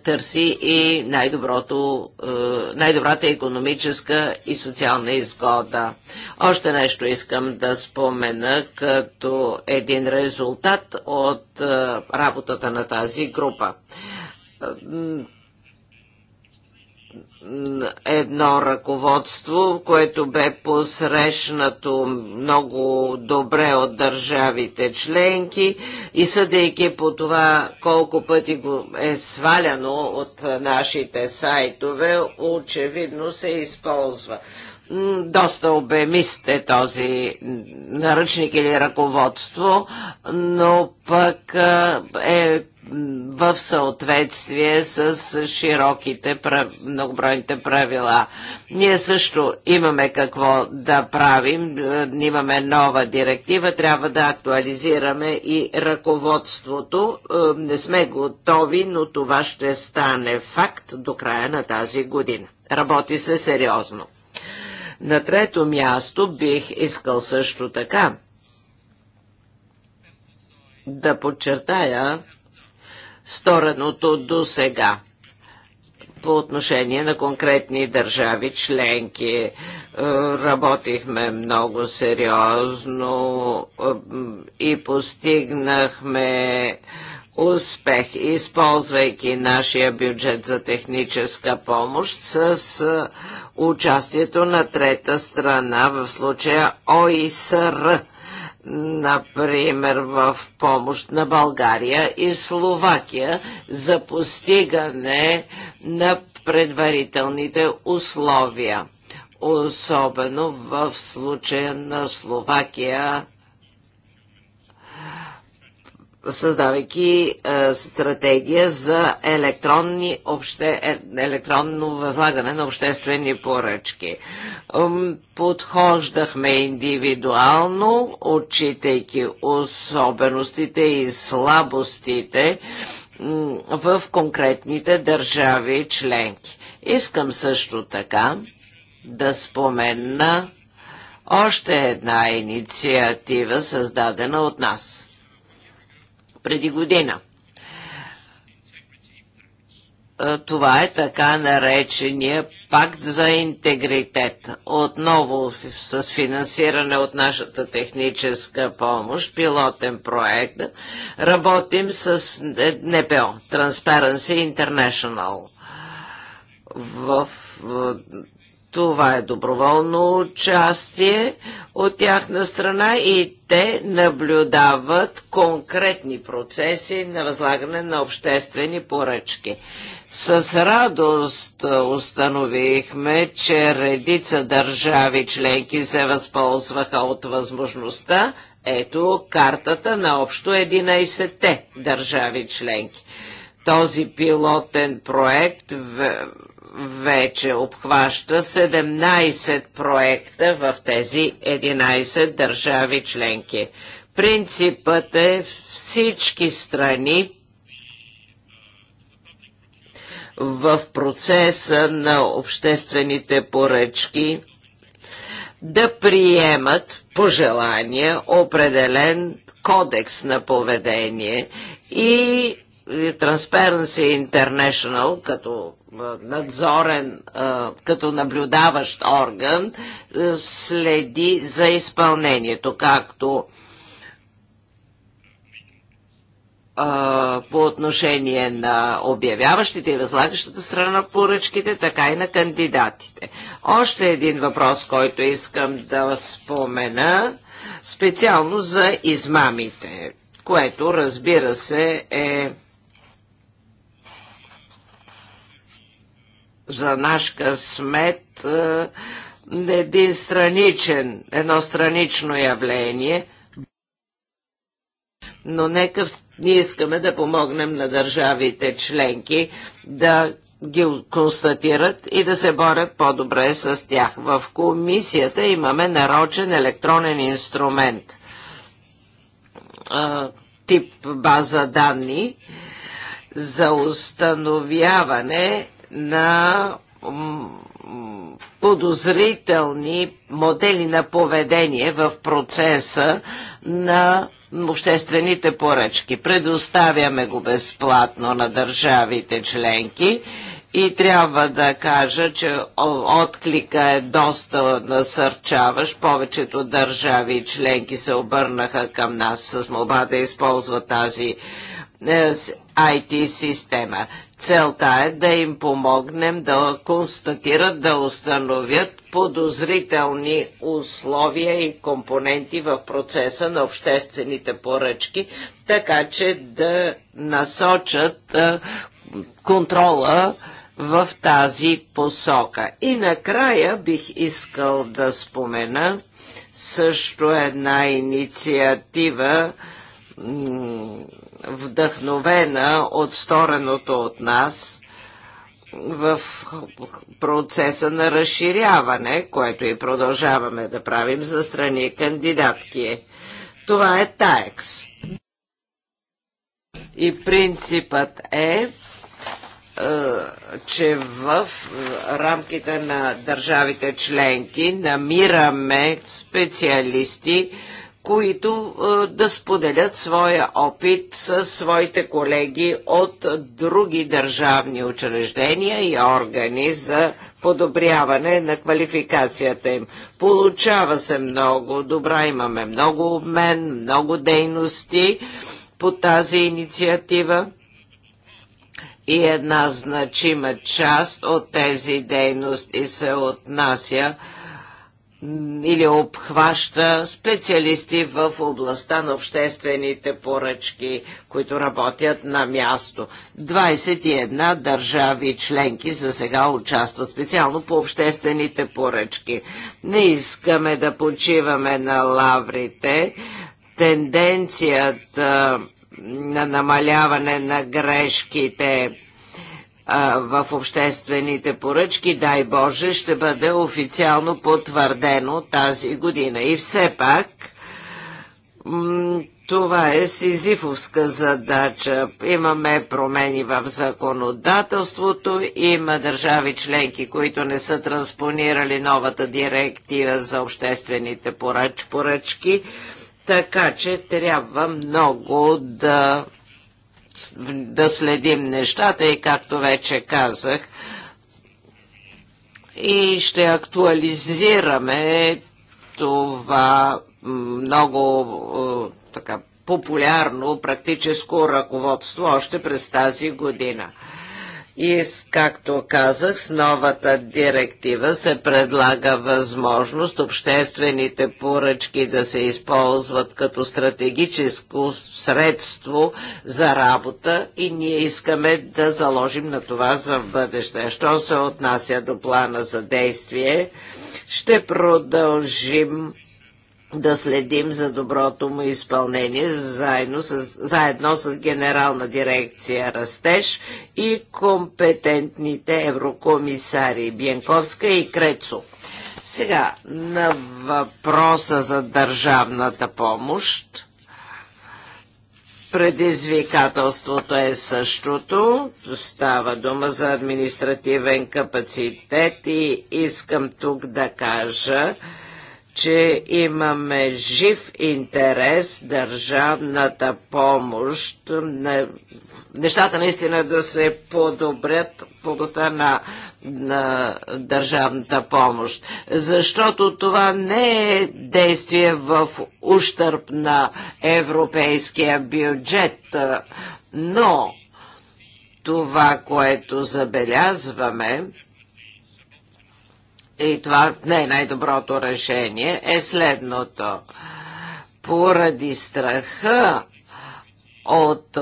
търси и най-доброто, е, най-добрата економическа и социална изгода. Още нещо искам да спомена като един резултат от е, работата на тази група е, едно ръководство, което бе посрещнато много добре от държавите членки и съдейки по това колко пъти го е сваляно от нашите сайтове, очевидно се използва. Доста обемист е този наръчник или ръководство, но пък е в съответствие с широките, многобройните правила. Ние също имаме какво да правим, е, имаме нова директива, трябва да актуализираме и ръководството. Е, не сме готови, но това ще стане факт до края на тази година. Работи се сериозно. На трето място бих искал също така да подчертая, стореното до сега по отношение на конкретни държави членки. Е, работихме много сериозно е, и постигнахме успех, използвайки нашия бюджет за техническа помощ с е, участието на трета страна, в случая ОИСР например в помощ на България и Словакия за постигане на предварителните условия особено в случая на Словакия създавайки е, стратегия за електронни обще, е, електронно възлагане на обществени поръчки. Подхождахме индивидуално, отчитайки особеностите и слабостите в конкретните държави членки. Искам също така да спомена още една инициатива, създадена от нас – преди година. Това е така наречения пакт за интегритет. Отново с финансиране от нашата техническа помощ, пилотен проект, работим с НПО, Transparency International. В това е доброволно участие от тяхна страна и те наблюдават конкретни процеси на възлагане на обществени поръчки. С радост установихме, че редица държави членки се възползваха от възможността. Ето картата на общо 11-те държави членки. Този пилотен проект в вече обхваща 17 проекта в тези 11 държави членки. Принципът е всички страни в процеса на обществените поръчки да приемат пожелания определен кодекс на поведение и Transparency International като надзорен, като наблюдаващ орган следи за изпълнението, както по отношение на обявяващите и възлагащата страна на поръчките, така и на кандидатите. Още един въпрос, който искам да спомена, специално за измамите, което разбира се е за наш късмет е, един страничен, едно странично явление, но нека ние искаме да помогнем на държавите членки да ги констатират и да се борят по-добре с тях. В комисията имаме нарочен електронен инструмент е, тип база данни за установяване на подозрителни модели на поведение в процеса на обществените поръчки. Предоставяме го безплатно на държавите членки и трябва да кажа, че отклика е доста насърчаващ. Повечето държави и членки се обърнаха към нас с молба да използват тази IT е, система. Целта е да им помогнем да констатират, да установят подозрителни условия и компоненти в процеса на обществените поръчки, така че да насочат контрола в тази посока. И накрая бих искал да спомена също една инициатива вдъхновена от стореното от нас в процеса на разширяване, което и продължаваме да правим за страни кандидатки. Това е ТАЕКС. И принципът е, е че в рамките на държавите членки намираме специалисти, които е, да споделят своя опит с своите колеги от други държавни учреждения и органи за подобряване на квалификацията им. Получава се много добра, имаме много обмен, много дейности по тази инициатива и една значима част от тези дейности се отнася или обхваща специалисти в областта на обществените поръчки, които работят на място. 21 държави членки за сега участват специално по обществените поръчки. Не искаме да почиваме на лаврите. Тенденцията на намаляване на грешките в обществените поръчки, дай Боже, ще бъде официално потвърдено тази година. И все пак това е сизифовска задача. Имаме промени в законодателството, има държави членки, които не са транспонирали новата директива за обществените поръч, поръчки, така че трябва много да да следим нещата и както вече казах, и ще актуализираме това много е, така популярно практическо ръководство още през тази година. И, както казах, с новата директива се предлага възможност обществените поръчки да се използват като стратегическо средство за работа и ние искаме да заложим на това за бъдеще. Що се отнася до плана за действие, ще продължим да следим за доброто му изпълнение заедно с, заедно с Генерална дирекция Растеж и компетентните еврокомисари Бенковска и Крецо. Сега на въпроса за държавната помощ. Предизвикателството е същото. Става дума за административен капацитет и искам тук да кажа, че имаме жив интерес държавната помощ, нещата наистина да се подобрят в областта на, на държавната помощ. Защото това не е действие в ущърп на европейския бюджет, но това, което забелязваме, и това не е най-доброто решение, е следното. Поради страха от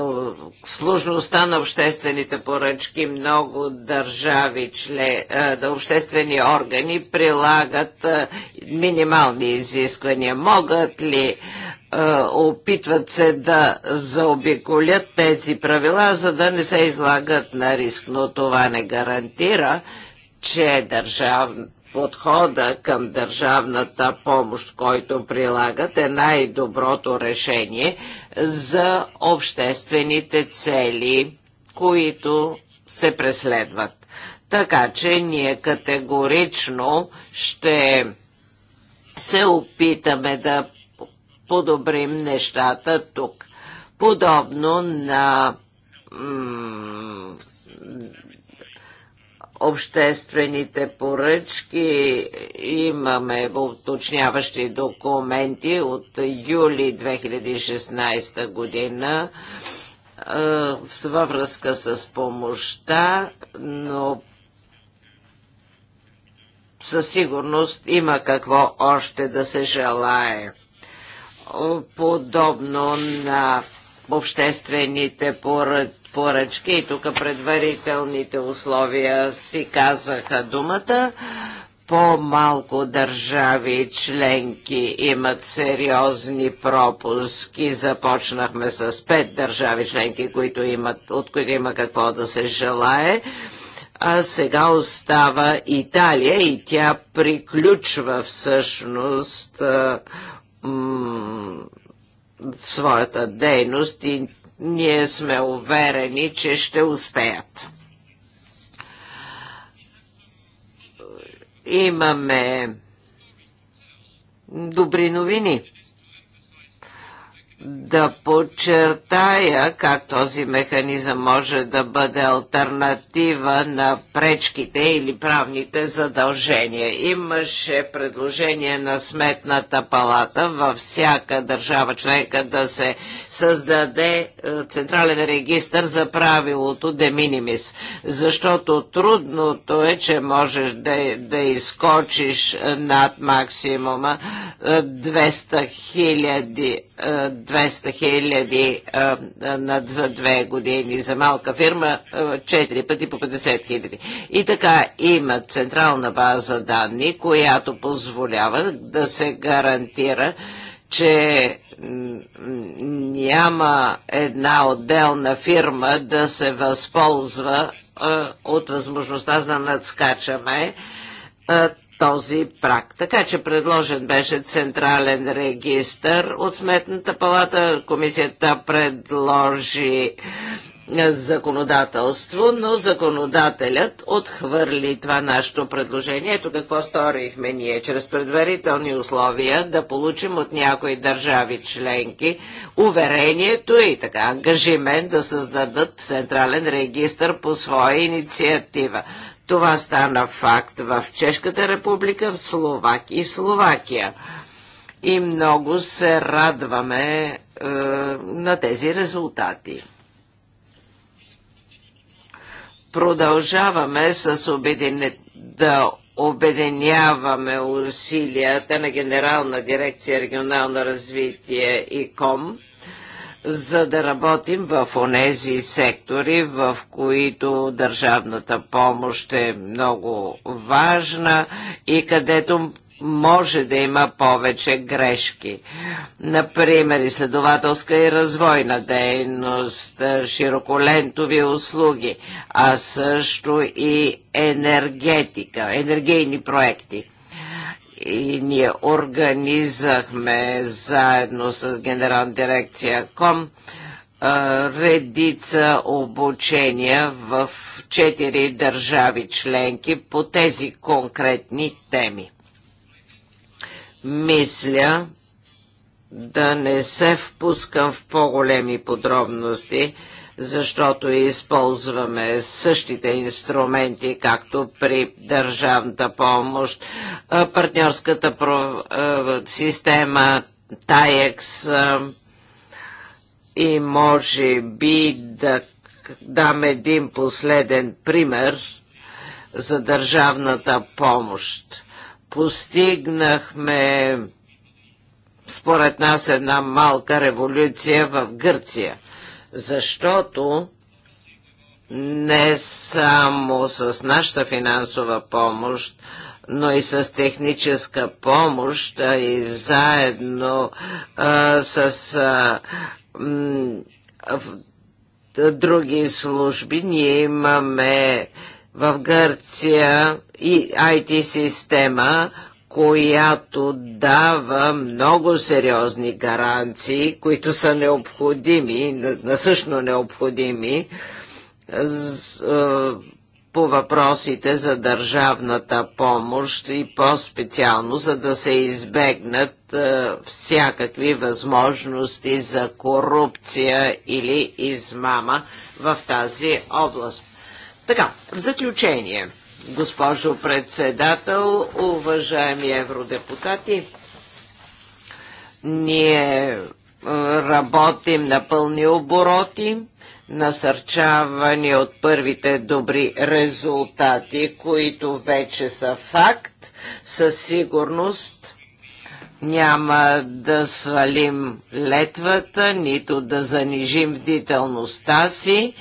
сложността на обществените поръчки много държави, чле, да обществени органи прилагат минимални изисквания. Могат ли опитват се да заобиколят тези правила, за да не се излагат на риск, но това не гарантира, че държав подхода към държавната помощ, който прилагат, е най-доброто решение за обществените цели, които се преследват. Така че ние категорично ще се опитаме да подобрим нещата тук. Подобно на обществените поръчки. Имаме уточняващи документи от юли 2016 година във връзка с помощта, но със сигурност има какво още да се желае. Подобно на обществените поръчки поръчки и тук предварителните условия си казаха думата. По-малко държави членки имат сериозни пропуски. Започнахме с пет държави членки, които имат, от които има какво да се желае а сега остава Италия и тя приключва всъщност своята дейност и ние сме уверени, че ще успеят. Имаме добри новини да подчертая как този механизъм може да бъде альтернатива на пречките или правните задължения. Имаше предложение на Сметната палата във всяка държава членка да се създаде е, централен регистр за правилото de minimis, защото трудното е, че можеш да, да изкочиш над максимума 200 е, хиляди 200 хиляди за две години, за малка фирма 4 пъти по 50 хиляди. И така има централна база данни, която позволява да се гарантира, че няма една отделна фирма да се възползва от възможността за надскачане този прак. Така че предложен беше централен регистр от Сметната палата. Комисията предложи законодателство, но законодателят отхвърли това нашето предложение. Ето какво сторихме ние. Чрез предварителни условия да получим от някои държави членки уверението и така ангажимент да създадат централен регистр по своя инициатива. Това стана факт в Чешката република, в Словакия и в Словакия. И много се радваме е, на тези резултати. Продължаваме с обедине, да обединяваме усилията на Генерална дирекция регионално развитие и КОМ за да работим в онези сектори, в които държавната помощ е много важна и където може да има повече грешки. Например, изследователска и развойна дейност, широколентови услуги, а също и енергетика, енергийни проекти и ние организахме заедно с генерална дирекция КОМ редица обучения в четири държави членки по тези конкретни теми. Мисля да не се впускам в по-големи подробности, защото използваме същите инструменти, както при държавната помощ, партньорската система, ТАЕКС и може би да дам един последен пример за държавната помощ. Постигнахме според нас една малка революция в Гърция – защото не само с нашата финансова помощ, но и с техническа помощ а и заедно а, с а, м, в, други служби ние имаме в Гърция и IT система, която дава много сериозни гаранции, които са необходими, насъщно необходими, е, по въпросите за държавната помощ и по-специално, за да се избегнат е, всякакви възможности за корупция или измама в тази област. Така, в заключение – госпожо председател, уважаеми евродепутати. Ние е, работим на пълни обороти, насърчавани от първите добри резултати, които вече са факт. Със сигурност няма да свалим летвата, нито да занижим бдителността си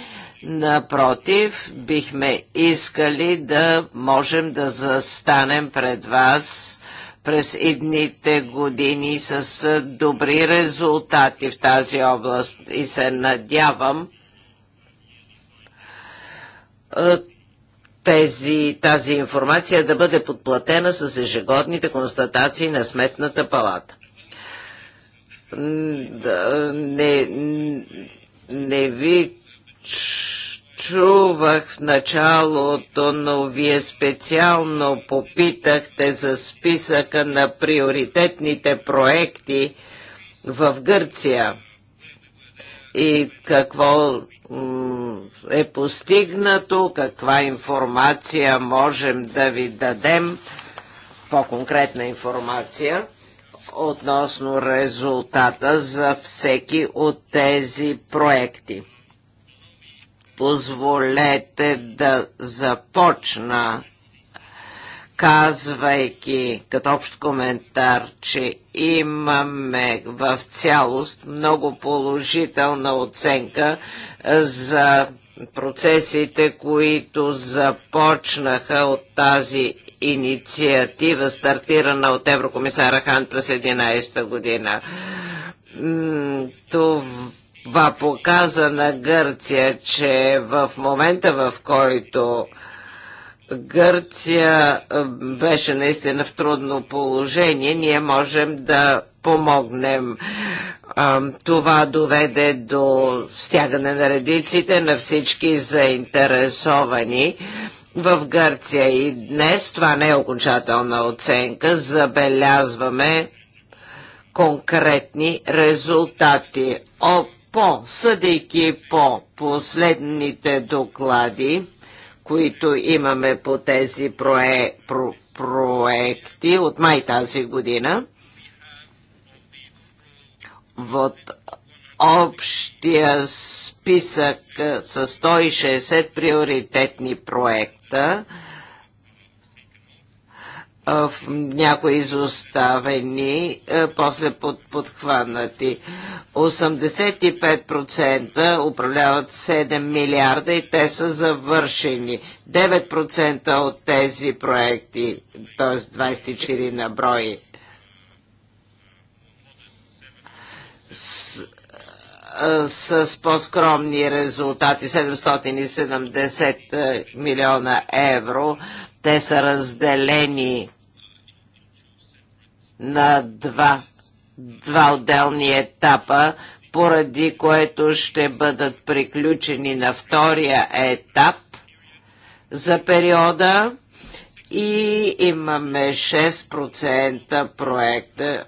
Напротив, бихме искали да можем да застанем пред вас през идните години с добри резултати в тази област и се надявам тези, тази информация да бъде подплатена с ежегодните констатации на Сметната палата. Не, не ви чувах в началото, но вие специално попитахте за списъка на приоритетните проекти в Гърция и какво е постигнато, каква информация можем да ви дадем, по-конкретна информация относно резултата за всеки от тези проекти. Позволете да започна казвайки като общ коментар, че имаме в цялост много положителна оценка за процесите, които започнаха от тази инициатива, стартирана от Еврокомисара Хан през 11-та година. Това това показа на Гърция, че в момента в който Гърция беше наистина в трудно положение, ние можем да помогнем. Това доведе до стягане на редиците на всички заинтересовани в Гърция. И днес, това не е окончателна оценка, забелязваме конкретни резултати. Оп по, съдейки по последните доклади, които имаме по тези прое, про, проекти от май тази година, в общия списък с 160 приоритетни проекта, в някои изоставени, после под, подхванати. 85% управляват 7 милиарда и те са завършени. 9% от тези проекти, т.е. 24 на брои, с, с по-скромни резултати 770 милиона евро. Те са разделени на два, два отделни етапа, поради което ще бъдат приключени на втория етап за периода и имаме 6% проекта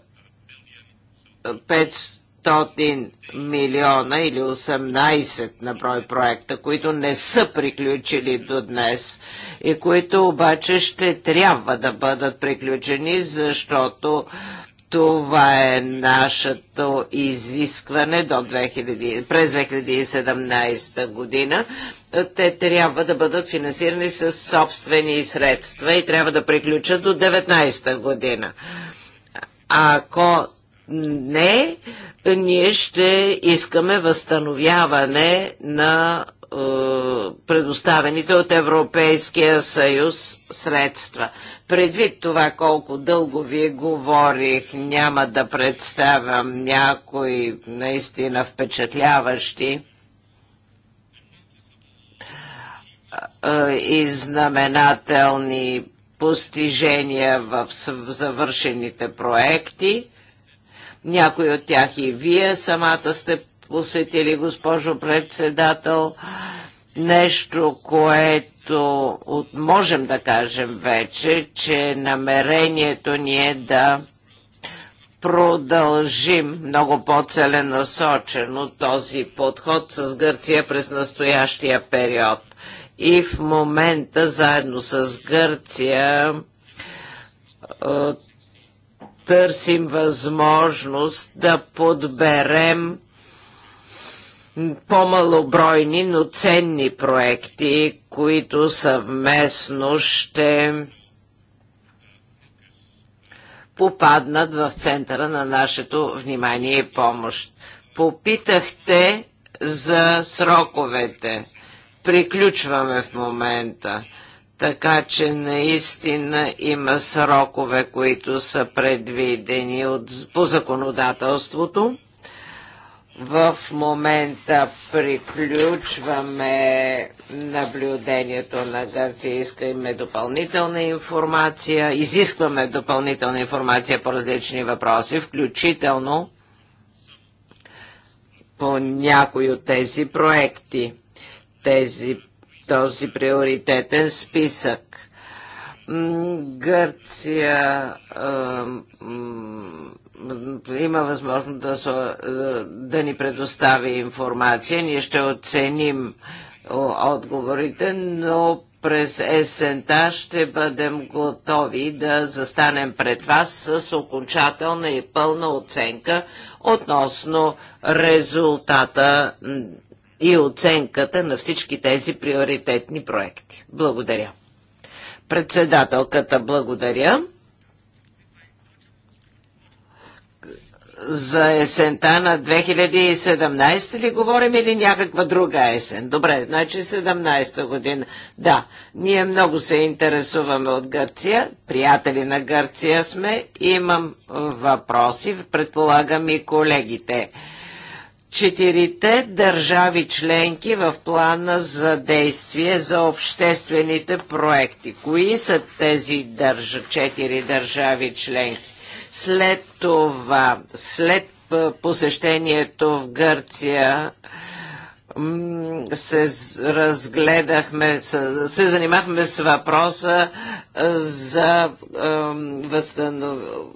500 милиона или 18 на брой проекта, които не са приключили до днес и които обаче ще трябва да бъдат приключени, защото това е нашето изискване до 2000, през 2017 година. Те трябва да бъдат финансирани с собствени средства и трябва да приключат до 2019 година. Ако не, ние ще искаме възстановяване на е, предоставените от Европейския съюз средства. Предвид това колко дълго ви говорих, няма да представям някои наистина впечатляващи е, и знаменателни постижения в завършените проекти. Някой от тях и вие самата сте посетили, госпожо председател, нещо, което от, можем да кажем вече, че намерението ни е да продължим много по-целенасочено този подход с Гърция през настоящия период. И в момента заедно с Гърция е, търсим възможност да подберем по-малобройни, но ценни проекти, които съвместно ще попаднат в центъра на нашето внимание и помощ. Попитахте за сроковете. Приключваме в момента. Така че наистина има срокове, които са предвидени от, по законодателството. В момента приключваме наблюдението на Гърция. Искаме допълнителна информация. Изискваме допълнителна информация по различни въпроси, включително по някои от тези проекти. Тези този приоритетен списък. Гърция има възможност да, да ни предостави информация. Ние ще оценим отговорите, но през есента ще бъдем готови да застанем пред вас с окончателна и пълна оценка относно резултата и оценката на всички тези приоритетни проекти. Благодаря. Председателката благодаря. За есента на 2017 ли говорим или някаква друга есен? Добре, значи 17 та година. Да, ние много се интересуваме от Гърция, приятели на Гърция сме, имам въпроси, предполагам и колегите четирите държави членки в плана за действие за обществените проекти. Кои са тези държ... четири държави членки? След това, след посещението в Гърция, се разгледахме, се занимахме с въпроса за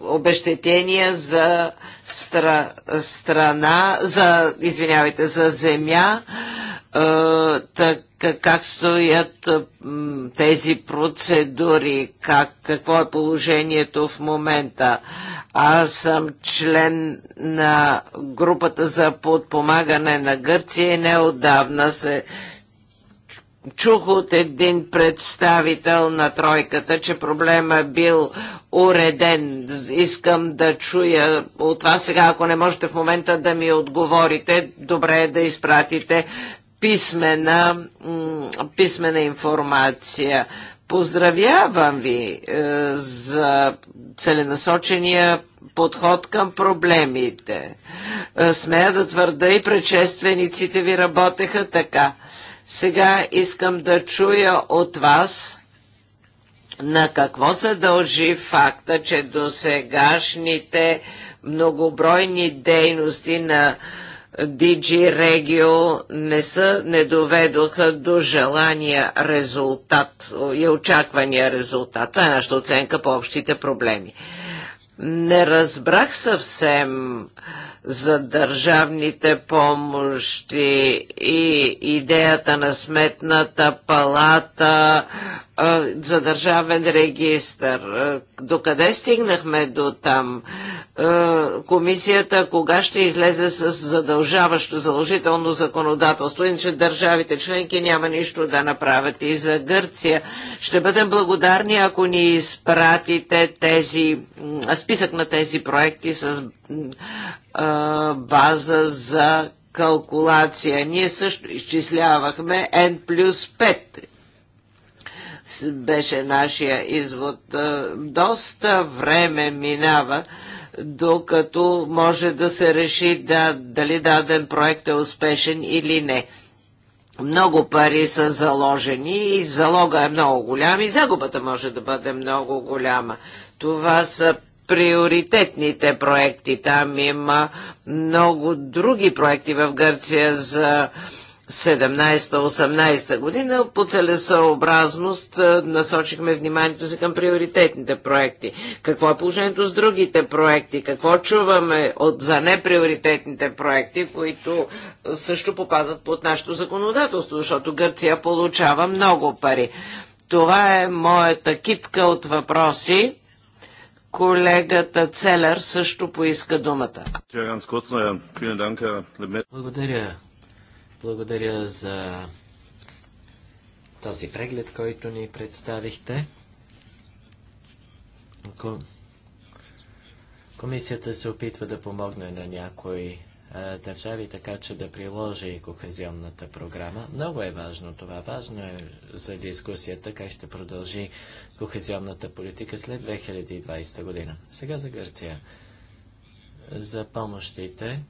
обещетения за стра... страна, за, извинявайте, за земя, так как стоят тези процедури, как, какво е положението в момента. Аз съм член на групата за подпомагане на Гърция и неодавна се чух от един представител на тройката, че проблема е бил уреден. Искам да чуя от вас сега, ако не можете в момента да ми отговорите, добре е да изпратите писмена, писмена информация. Поздравявам ви е, за целенасочения подход към проблемите. Е, смея да твърда и предшествениците ви работеха така. Сега искам да чуя от вас на какво се дължи факта, че до сегашните многобройни дейности на DG Regio не са, не доведоха до желания резултат и очаквания резултат. Това е нашата оценка по общите проблеми. Не разбрах съвсем за държавните помощи и идеята на сметната палата за държавен регистр. Докъде стигнахме до там? Комисията кога ще излезе с задължаващо, заложително законодателство, иначе държавите членки няма нищо да направят. И за Гърция ще бъдем благодарни, ако ни изпратите тези, списък на тези проекти с а, база за калкулация. Ние също изчислявахме N плюс 5 беше нашия извод. Доста време минава, докато може да се реши да, дали даден проект е успешен или не. Много пари са заложени и залога е много голям и загубата може да бъде много голяма. Това са приоритетните проекти. Там има много други проекти в Гърция за 17-18 година по целесообразност насочихме вниманието си към приоритетните проекти. Какво е положението с другите проекти? Какво чуваме от, за неприоритетните проекти, които също попадат под нашето законодателство, защото Гърция получава много пари. Това е моята китка от въпроси Колегата Целер също поиска думата. Е е, Благодаря. Благодаря за този преглед, който ни представихте. Комисията се опитва да помогне на някои държави, така че да приложи и кохезионната програма. Много е важно това. Важно е за дискусията как ще продължи кохезионната политика след 2020 година. Сега за Гърция. За помощите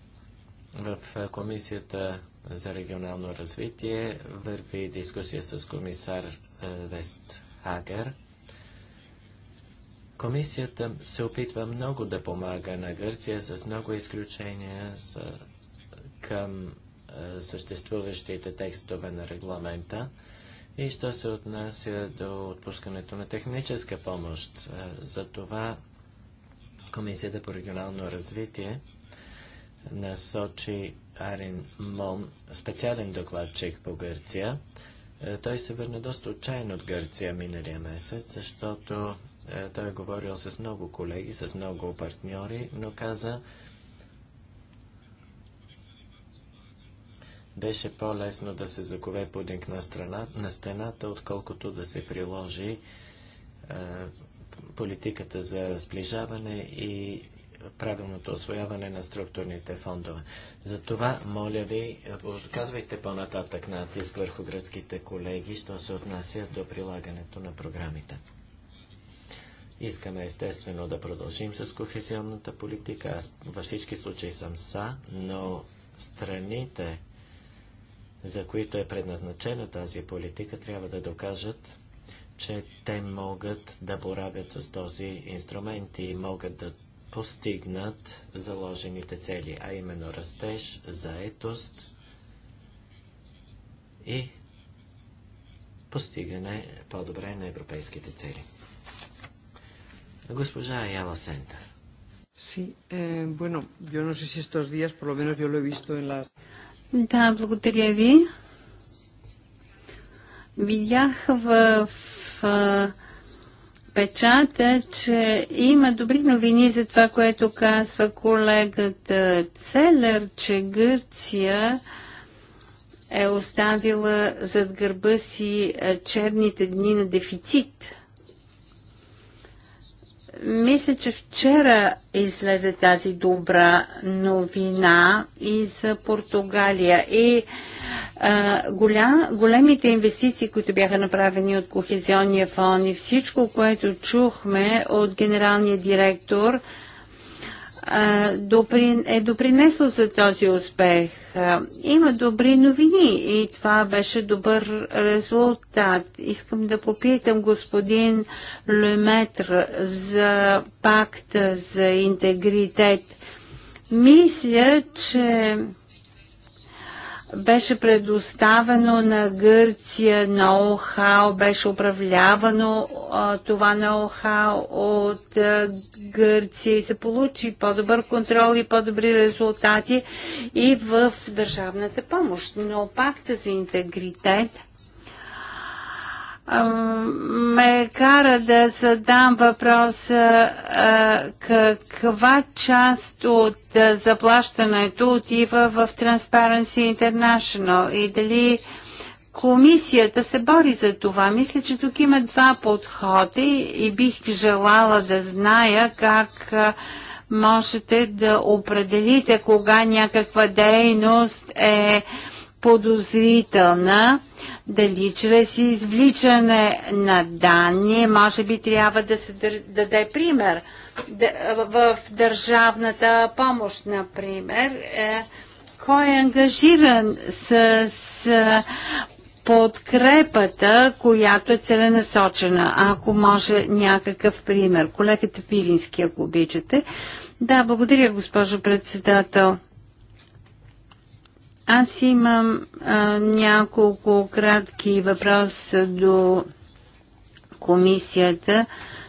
в Комисията за регионално развитие върви дискусия с комисар Вест Агър. Комисията се опитва много да помага на Гърция с много изключения с, към е, съществуващите текстове на регламента. И що се отнася до отпускането на техническа помощ, е, за това Комисията по регионално развитие насочи Арин Мон, специален докладчик по Гърция. Е, той се върна доста отчаян от Гърция миналия месец, защото е, той е говорил с много колеги, с много партньори, но каза, беше по-лесно да се закове пудинг на, страна, на стената, отколкото да се приложи а, е, политиката за сближаване и правилното освояване на структурните фондове. Затова, моля ви, отказвайте по-нататък натиск върху гръцките колеги, що се отнася до прилагането на програмите. Искаме естествено да продължим с кохезионната политика. Аз във всички случаи съм са, но страните, за които е предназначена тази политика, трябва да докажат, че те могат да боравят с този инструмент и могат да постигнат заложените цели, а именно растеж, заетост и постигане по-добре на европейските цели. Госпожа Аяла Сентър. Sí, eh, bueno, yo no sé si estos días, por lo menos yo lo he visto en las... Да, благодаря ви. Видях в, в печата, че има добри новини за това, което казва колегата Целер, че Гърция е оставила зад гърба си черните дни на дефицит. Мисля, че вчера излезе тази добра новина и за Португалия. И а, голям, големите инвестиции, които бяха направени от Кохезионния фонд и всичко, което чухме от генералния директор, е допринесло за този успех. Има добри новини и това беше добър резултат. Искам да попитам господин Леметр за пакта за интегритет. Мисля, че беше предоставено на Гърция ноу-хау, беше управлявано а, това ноу-хау от а, Гърция и се получи по-добър контрол и по-добри резултати и в държавната помощ. Но пакта за интегритет ме кара да задам въпроса каква част от заплащането отива в Transparency International и дали комисията се бори за това. Мисля, че тук има два подхода и, бих желала да зная как можете да определите кога някаква дейност е подозрителна, дали чрез извличане на данни, може би трябва да се даде пример. В държавната помощ, например, е, кой е ангажиран с, с подкрепата, която е целенасочена. Ако може някакъв пример. Колегата Пилински, ако обичате. Да, благодаря, госпожо председател. Аз имам а, няколко кратки въпроса до комисията.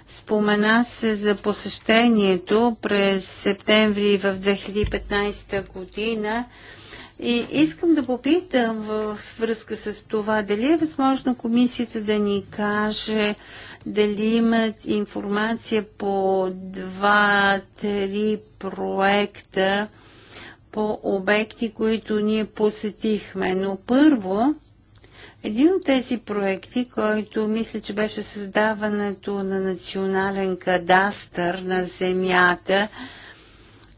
Спомена се за посещението през септември в 2015 година. И искам да попитам във връзка с това, дали е възможно комисията да ни каже дали имат информация по два-три проекта, по обекти, които ние посетихме. Но първо, един от тези проекти, който мисля, че беше създаването на национален кадастър на земята,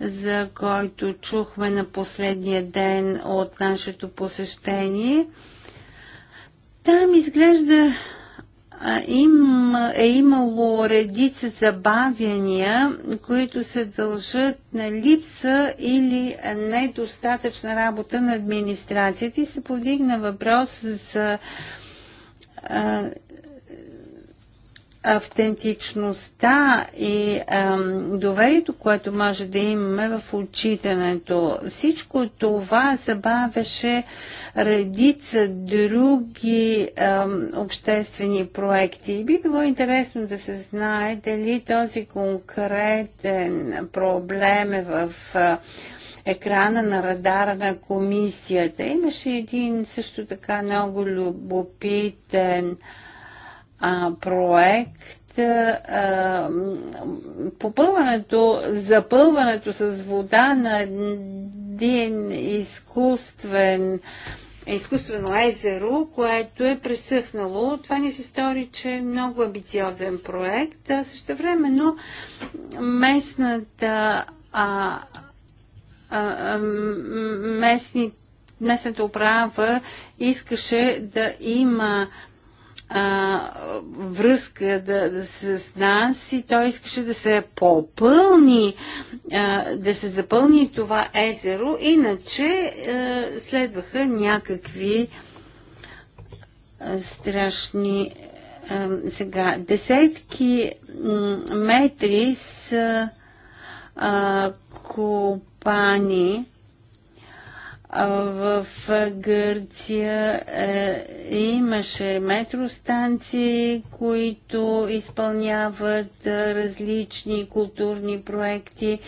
за който чухме на последния ден от нашето посещение, там изглежда им е имало редица забавяния, които се дължат на липса или недостатъчна работа на администрацията и се повдигна въпрос за автентичността и ам, доверието, което може да имаме в отчитането. Всичко това забавяше редица други ам, обществени проекти. И би било интересно да се знае дали този конкретен проблем е в а, екрана на радара на комисията. Имаше един също така много любопитен а, проект а, попълването, запълването с вода на един изкуствен изкуствено езеро, което е пресъхнало. Това ни се стори, че е много амбициозен проект. Също времено местната а, а, местни, местната управа искаше да има а, връзка да, да с нас и той искаше да се попълни, а, да се запълни това езеро, иначе а, следваха някакви а, страшни а, сега десетки метри с а, купани в Гърция е, имаше метростанции, които изпълняват различни културни проекти.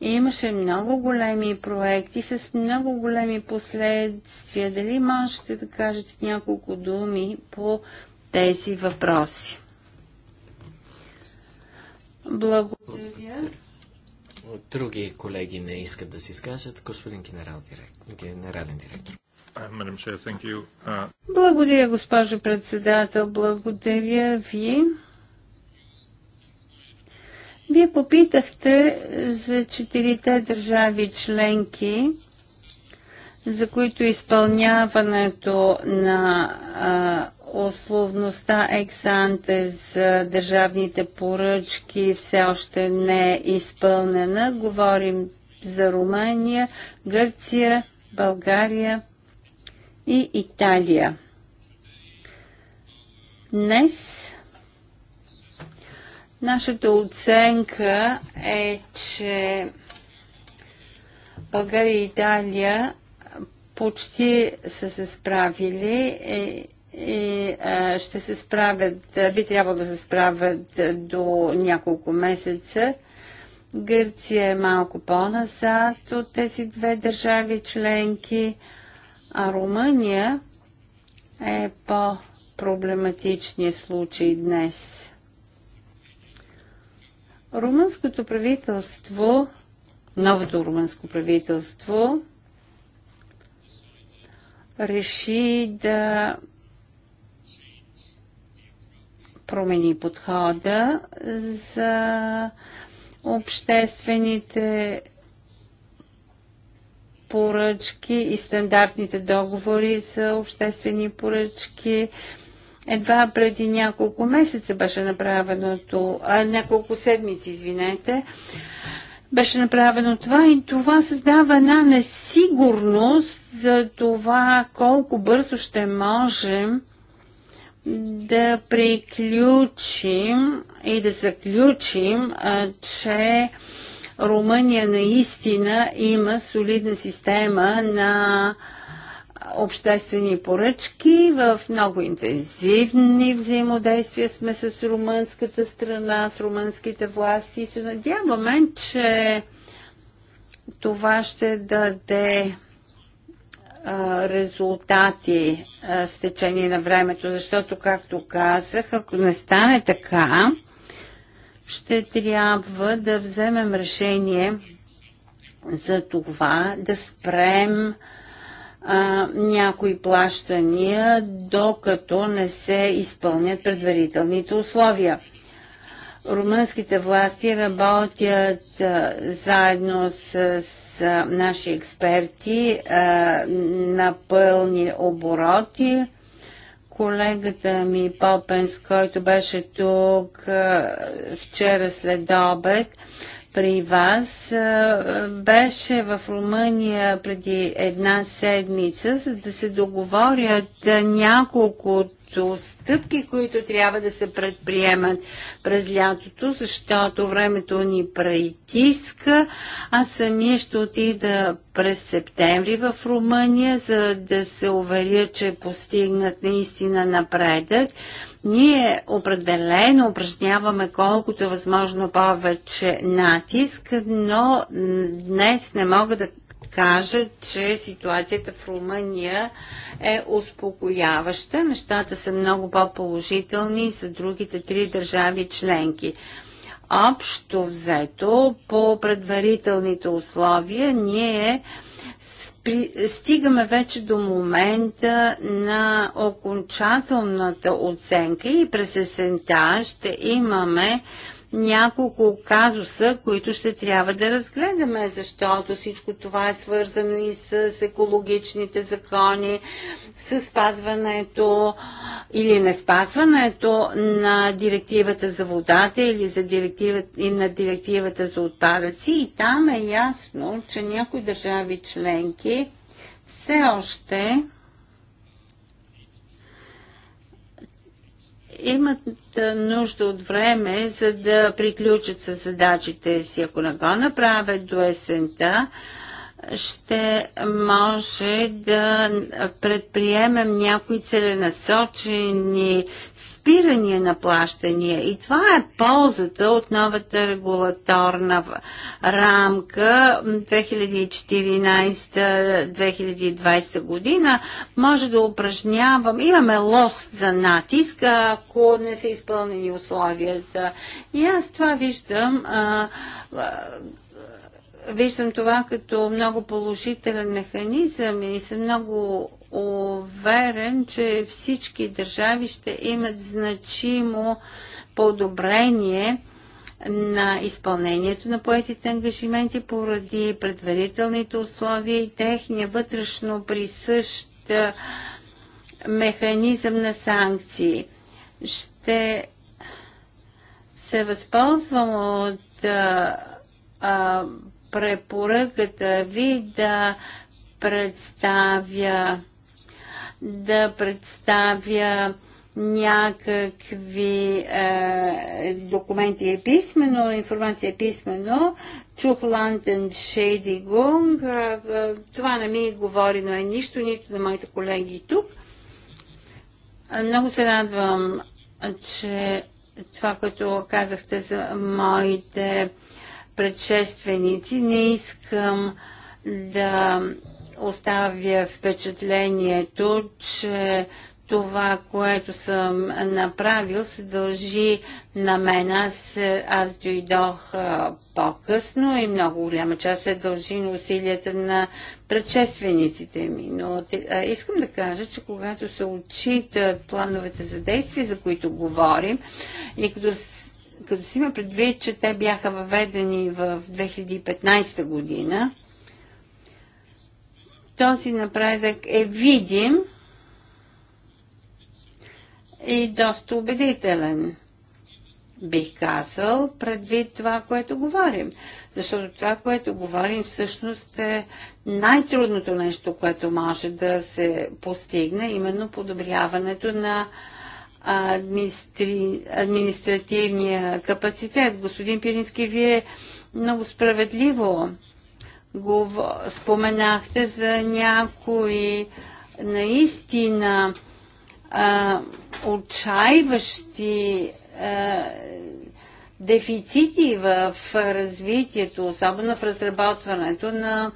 Имаше много големи проекти с много големи последствия. Дали можете да кажете няколко думи по тези въпроси? Благодаря. Други колеги не искат да се изкажат. Господин генерал директ, генерален директор. Uh, uh, Благодаря, госпожо председател. Благодаря ви. Вие попитахте за четирите държави членки за които изпълняването на а, условността ексанте за държавните поръчки все още не е изпълнена. Говорим за Румъния, Гърция, България и Италия. Днес нашата оценка е, че България и Италия почти са се справили и, и а, ще се справят, би трябвало да се справят до няколко месеца. Гърция е малко по-назад от тези две държави членки, а Румъния е по-проблематичният случай днес. Румънското правителство, новото румънско правителство, реши да промени подхода за обществените поръчки и стандартните договори за обществени поръчки. Едва преди няколко месеца беше направеното, а, няколко седмици, извинете, беше направено това и това създава една несигурност за това колко бързо ще можем да приключим и да заключим, че Румъния наистина има солидна система на обществени поръчки. В много интензивни взаимодействия сме с румънската страна, с румънските власти и се надяваме, че това ще даде резултати с течение на времето, защото, както казах, ако не стане така, ще трябва да вземем решение за това да спрем а, някои плащания, докато не се изпълнят предварителните условия. Румънските власти работят а, заедно с, с наши експерти а, на пълни обороти. Колегата ми Попенс, който беше тук а, вчера след обед, а, при вас беше в Румъния преди една седмица, за да се договорят от стъпки, които трябва да се предприемат през лятото, защото времето ни притиска. Аз самия ще отида през септември в Румъния, за да се уверя, че постигнат наистина напредък. Ние определено упражняваме колкото е възможно повече натиск, но днес не мога да кажа, че ситуацията в Румъния е успокояваща. Нещата са много по-положителни за другите три държави членки. Общо взето, по предварителните условия, ние при, стигаме вече до момента на окончателната оценка и през есента ще имаме няколко казуса, които ще трябва да разгледаме, защото всичко това е свързано и с екологичните закони, с спазването или не спазването на директивата за водата или, за директивата, и на директивата за отпадъци. И там е ясно, че някои държави членки все още имат нужда от време, за да приключат с задачите си. Ако не го направят до есента, ще може да предприемем някои целенасочени спирания на плащания. И това е ползата от новата регулаторна рамка 2014-2020 година. Може да упражнявам, имаме лост за натиск, ако не са изпълнени условията. И аз това виждам а, виждам това като много положителен механизъм и съм много уверен, че всички държави ще имат значимо подобрение на изпълнението на поетите ангажименти поради предварителните условия и техния вътрешно присъщ механизъм на санкции. Ще се възползвам от а, препоръката ви да представя да представя някакви е, документи е писмено, информация е писмено. Чух Лантен Шейди Гунг. Е, е, това не ми говори, но е нищо, нито на моите колеги тук. Е, много се радвам, че това, което казахте за моите предшественици. Не искам да оставя впечатлението, че това, което съм направил, се дължи на мен. Аз, аз дойдох по-късно и много голяма част се дължи на усилията на предшествениците ми. Но а, искам да кажа, че когато се отчитат плановете за действие, за които говорим, и като като си има предвид, че те бяха въведени в 2015 година, този напредък е видим и доста убедителен, бих казал, предвид това, което говорим. Защото това, което говорим, всъщност е най-трудното нещо, което може да се постигне, именно подобряването на администри... административния капацитет. Господин Пирински, вие много справедливо го споменахте за някои наистина а, отчаиващи а, дефицити в развитието, особено в разработването на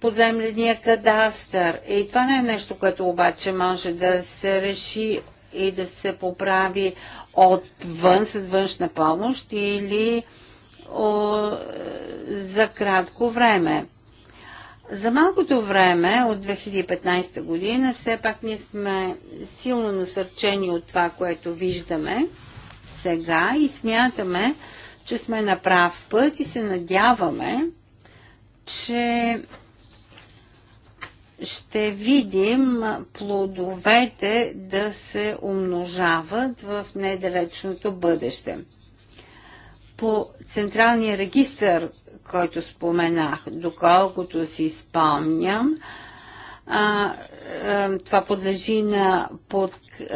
подземления кадастър. И това не е нещо, което обаче може да се реши и да се поправи отвън с външна помощ или о, за кратко време. За малкото време от 2015 година все пак ние сме силно насърчени от това, което виждаме сега и смятаме, че сме на прав път и се надяваме, че ще видим плодовете да се умножават в недалечното бъдеще. По централния регистр, който споменах, доколкото си спомням, това подлежи на, под,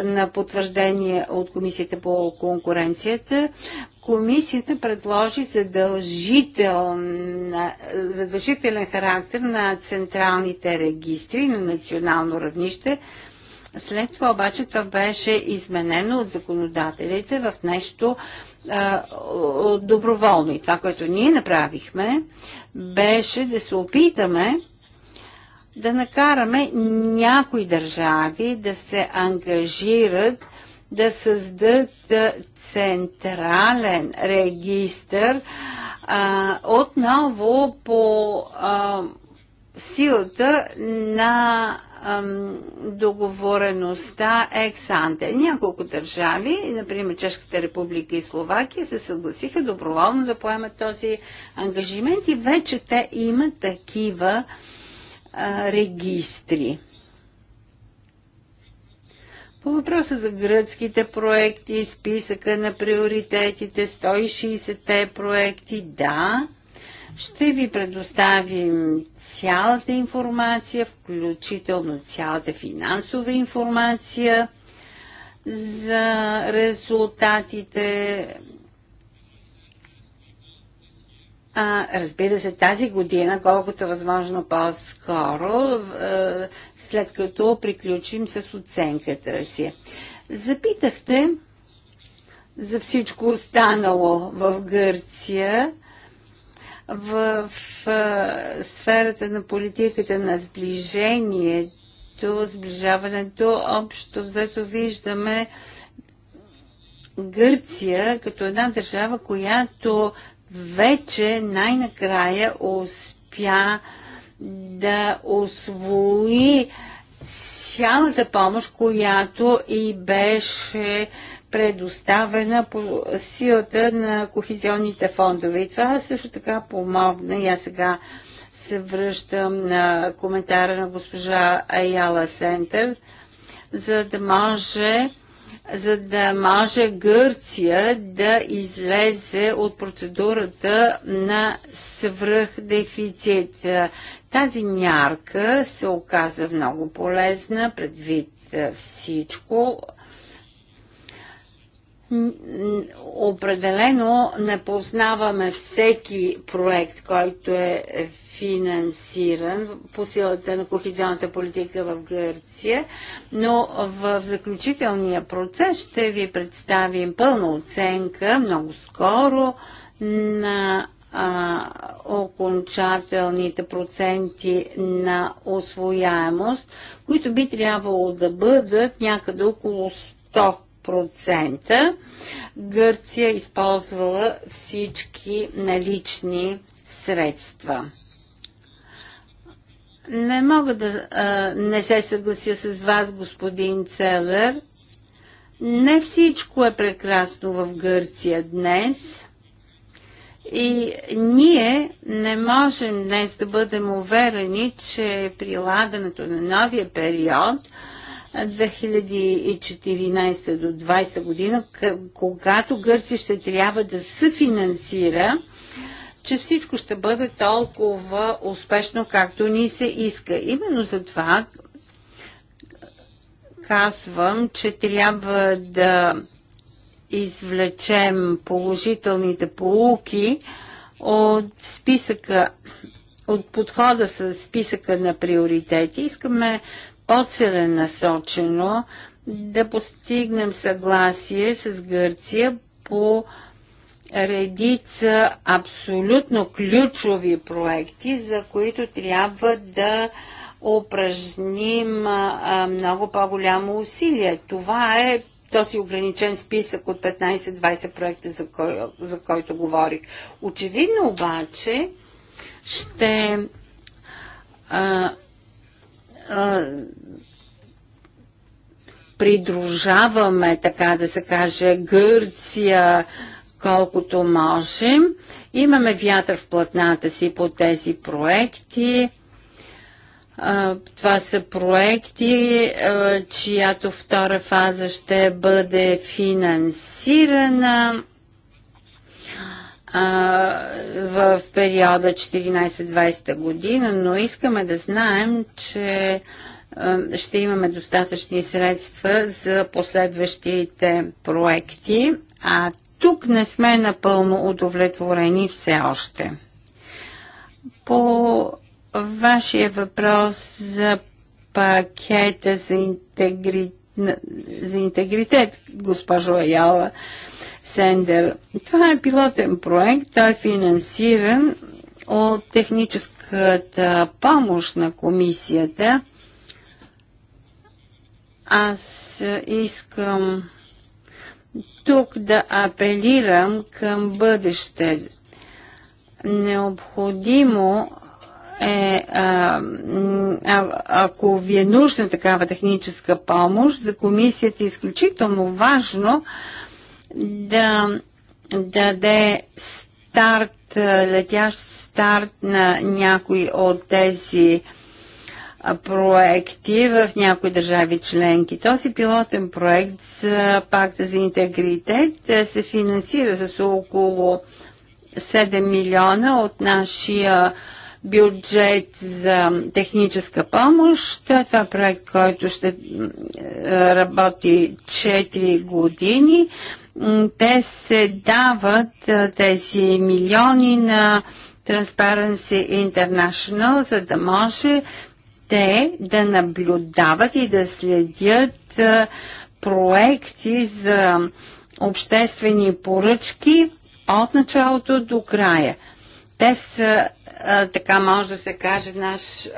на потвърждение от Комисията по конкуренцията. Комисията предложи задължителен характер на централните регистри на национално равнище. След това обаче това беше изменено от законодателите в нещо а, доброволно. И това, което ние направихме, беше да се опитаме да накараме някои държави да се ангажират да създадат централен регистр а, отново по а, силата на а, договореността ексанте. Няколко държави, например Чешката република и Словакия, се съгласиха доброволно да поемат този ангажимент и вече те имат такива а, регистри. По въпроса за гръцките проекти, списъка на приоритетите, 160-те проекти, да, ще ви предоставим цялата информация, включително цялата финансова информация за резултатите а, разбира се, тази година, колкото е възможно по-скоро, след като приключим с оценката си. Запитахте за всичко останало в Гърция в, в сферата на политиката на сближението, сближаването, общо взето виждаме Гърция като една държава, която вече най-накрая успя да освои цялата помощ, която и беше предоставена по силата на кохезионните фондове. И това също така помогна. И аз сега се връщам на коментара на госпожа Аяла Сентер, за да може за да може Гърция да излезе от процедурата на свръхдефицит. Тази мярка се оказа много полезна предвид всичко, Определено не познаваме всеки проект, който е финансиран по силата на кохизионната политика в Гърция, но в заключителния процес ще ви представим пълна оценка много скоро на а, окончателните проценти на освояемост, които би трябвало да бъдат някъде около 100 процента. Гърция използвала всички налични средства. Не мога да а, не се съглася с вас, господин Целер. Не всичко е прекрасно в Гърция днес. И ние не можем днес да бъдем уверени, че прилагането на новия период а, 2014 до 2020 година, когато Гърция ще трябва да съфинансира че всичко ще бъде толкова успешно, както ни се иска. Именно за това казвам, че трябва да извлечем положителните полуки от списъка, от подхода с списъка на приоритети. Искаме по-целенасочено да постигнем съгласие с Гърция по редица абсолютно ключови проекти, за които трябва да упражним много по-голямо усилие. Това е този ограничен списък от 15-20 проекта, за, кой, за който говорих. Очевидно обаче ще а, придружаваме, така да се каже, Гърция, колкото можем. Имаме вятър в платната си по тези проекти. Това са проекти, чиято втора фаза ще бъде финансирана в периода 14-20 година, но искаме да знаем, че ще имаме достатъчни средства за последващите проекти, а тук не сме напълно удовлетворени все още. По вашия въпрос за пакета за, интегри... за интегритет, госпожо Аяла, Сендер. Това е пилотен проект, той е финансиран от техническата помощ на комисията. Аз искам тук да апелирам към бъдеще. Необходимо е, а, а, ако ви е нужна такава техническа помощ, за комисията е изключително важно а, да даде старт, летящ старт на някой от тези проекти в някои държави членки. Този пилотен проект за пакта за интегритет се финансира с около 7 милиона от нашия бюджет за техническа помощ. Е това е проект, който ще работи 4 години те се дават тези милиони на Transparency International, за да може те да наблюдават и да следят проекти за обществени поръчки от началото до края. Те са така може да се каже, наш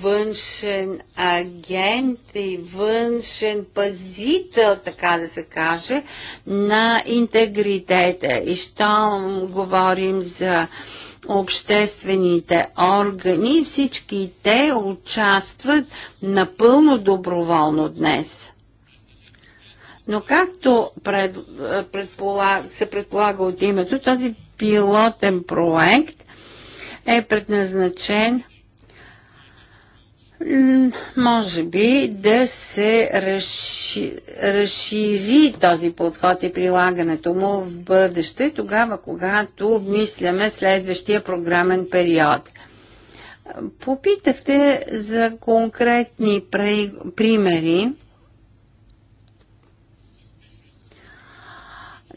външен агент и външен пазител, така да се каже, на интегритета. И щом говорим за обществените органи, всички те участват напълно доброволно днес. Но както пред, предполаг, се предполага от името, този пилотен проект е предназначен може би да се разшири този подход и прилагането му в бъдеще, тогава когато обмисляме следващия програмен период. Попитахте за конкретни примери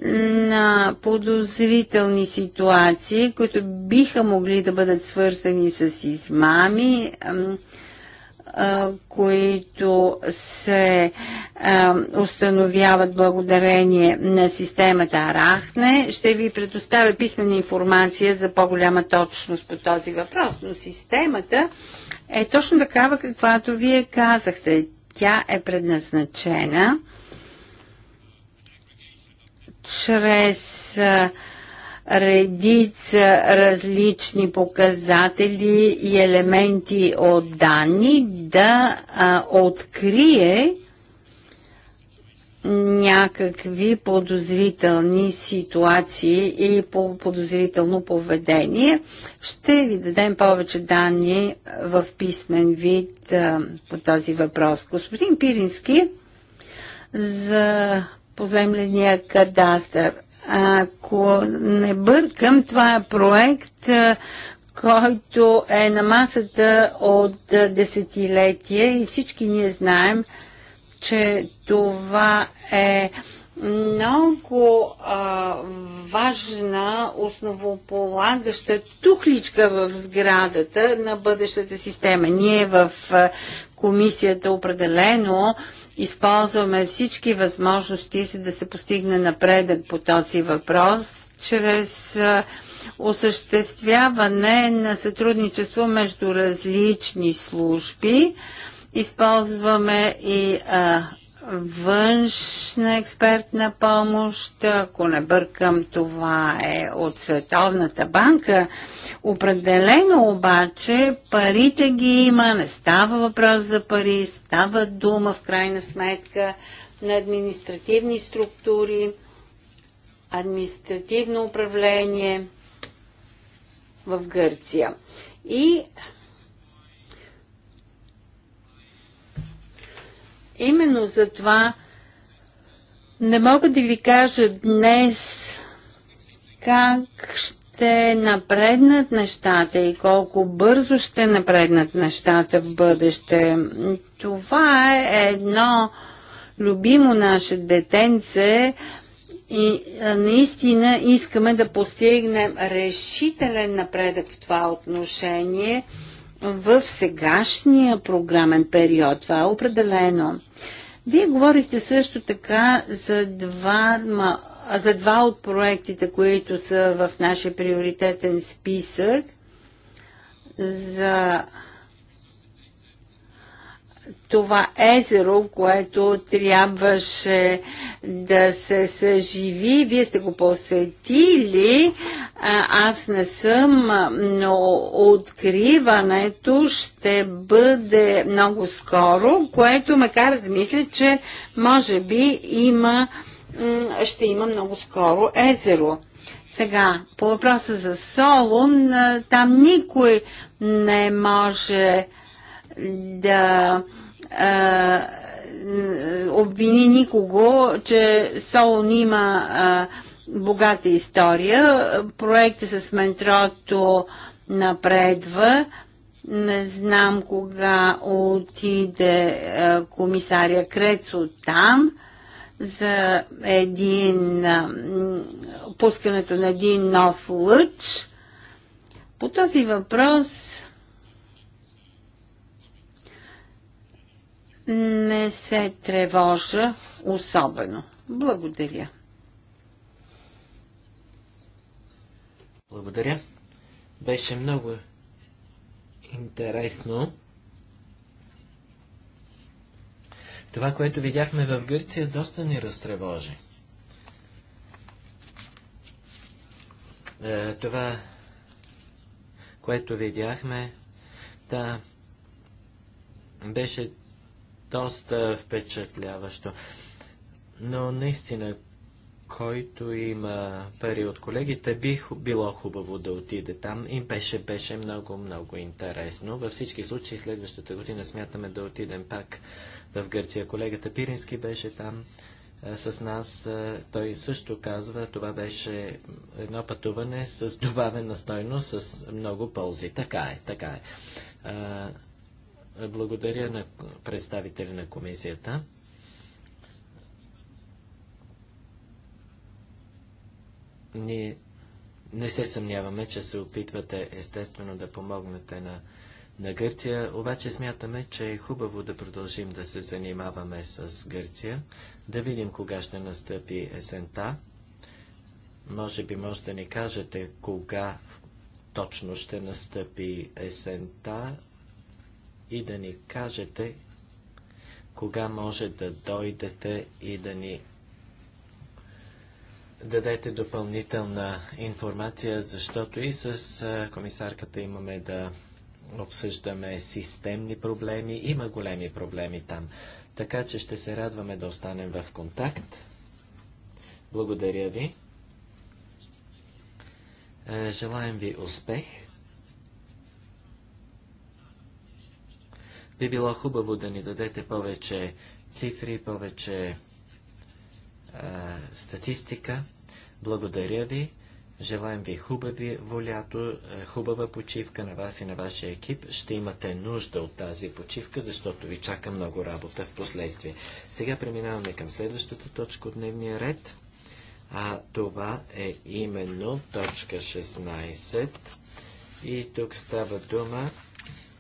на подозрителни ситуации, които биха могли да бъдат свързани с измами, които се установяват благодарение на системата Арахне. Ще ви предоставя писмена информация за по-голяма точност по този въпрос, но системата е точно такава, каквато вие казахте. Тя е предназначена чрез редица различни показатели и елементи от данни да а, открие някакви подозрителни ситуации и по подозрително поведение. Ще ви дадем повече данни в писмен вид а, по този въпрос. Господин Пирински, за поземления кадастър. Ако не бъркам, това е проект, който е на масата от десетилетия и всички ние знаем, че това е много а, важна, основополагаща тухличка в сградата на бъдещата система. Ние в комисията определено а, използваме всички възможности, за да се постигне напредък по този въпрос, чрез осъществяване на сътрудничество между различни служби. Използваме и а, външна експертна помощ, ако не бъркам, това е от Световната банка. Определено обаче парите ги има, не става въпрос за пари, става дума в крайна сметка на административни структури, административно управление в Гърция. И Именно за това не мога да ви кажа днес как ще напреднат нещата и колко бързо ще напреднат нещата в бъдеще. Това е едно любимо наше детенце и наистина искаме да постигнем решителен напредък в това отношение – в сегашния програмен период. Това е определено. Вие говорихте също така за два, за два от проектите, които са в нашия приоритетен списък за това езеро, което трябваше да се съживи. Вие сте го посетили. Аз не съм, но откриването ще бъде много скоро, което ме кара да мисля, че може би има, ще има много скоро езеро. Сега, по въпроса за Солун, там никой не може да а, е, обвини никого, че Солун има а, е, богата история. Проекта с ментрото напредва. Не знам кога отиде а, е, комисария Крецо там за един а, пускането на един нов лъч. По този въпрос не се тревожа особено. Благодаря. Благодаря. Беше много интересно. Това, което видяхме в Гърция, доста ни разтревожи. Е, това, което видяхме, да, беше доста впечатляващо. Но наистина, който има пари от колегите, би било хубаво да отиде там. И беше, беше много, много интересно. Във всички случаи, следващата година смятаме да отидем пак в Гърция. Колегата Пирински беше там а, с нас. А, той също казва, това беше едно пътуване с добавена стойност, с много ползи. Така е, така е. А, благодаря на представители на комисията. Ние не се съмняваме, че се опитвате естествено да помогнете на, на Гърция, обаче смятаме, че е хубаво да продължим да се занимаваме с Гърция, да видим кога ще настъпи есента. Може би може да ни кажете кога точно ще настъпи есента, и да ни кажете кога може да дойдете и да ни дадете допълнителна информация, защото и с комисарката имаме да обсъждаме системни проблеми. Има големи проблеми там. Така че ще се радваме да останем в контакт. Благодаря ви. Е, желаем ви успех. Би било хубаво да ни дадете повече цифри, повече е, статистика. Благодаря ви. Желаем ви хубави волято, е, хубава почивка на вас и на вашия екип. Ще имате нужда от тази почивка, защото ви чака много работа в последствие. Сега преминаваме към следващата точка от дневния ред. А това е именно точка 16. И тук става дума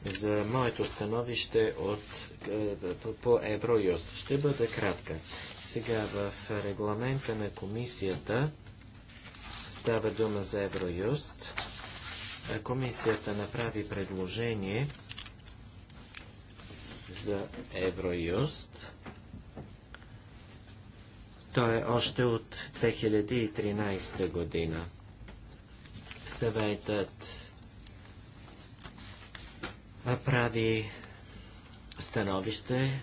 за моето становище от, по, е, по Евроюст. Ще бъда кратка. Сега в регламента на комисията става дума за Евроюст. Комисията направи предложение за Евроюст. То е още от 2013 година. Съветът прави становище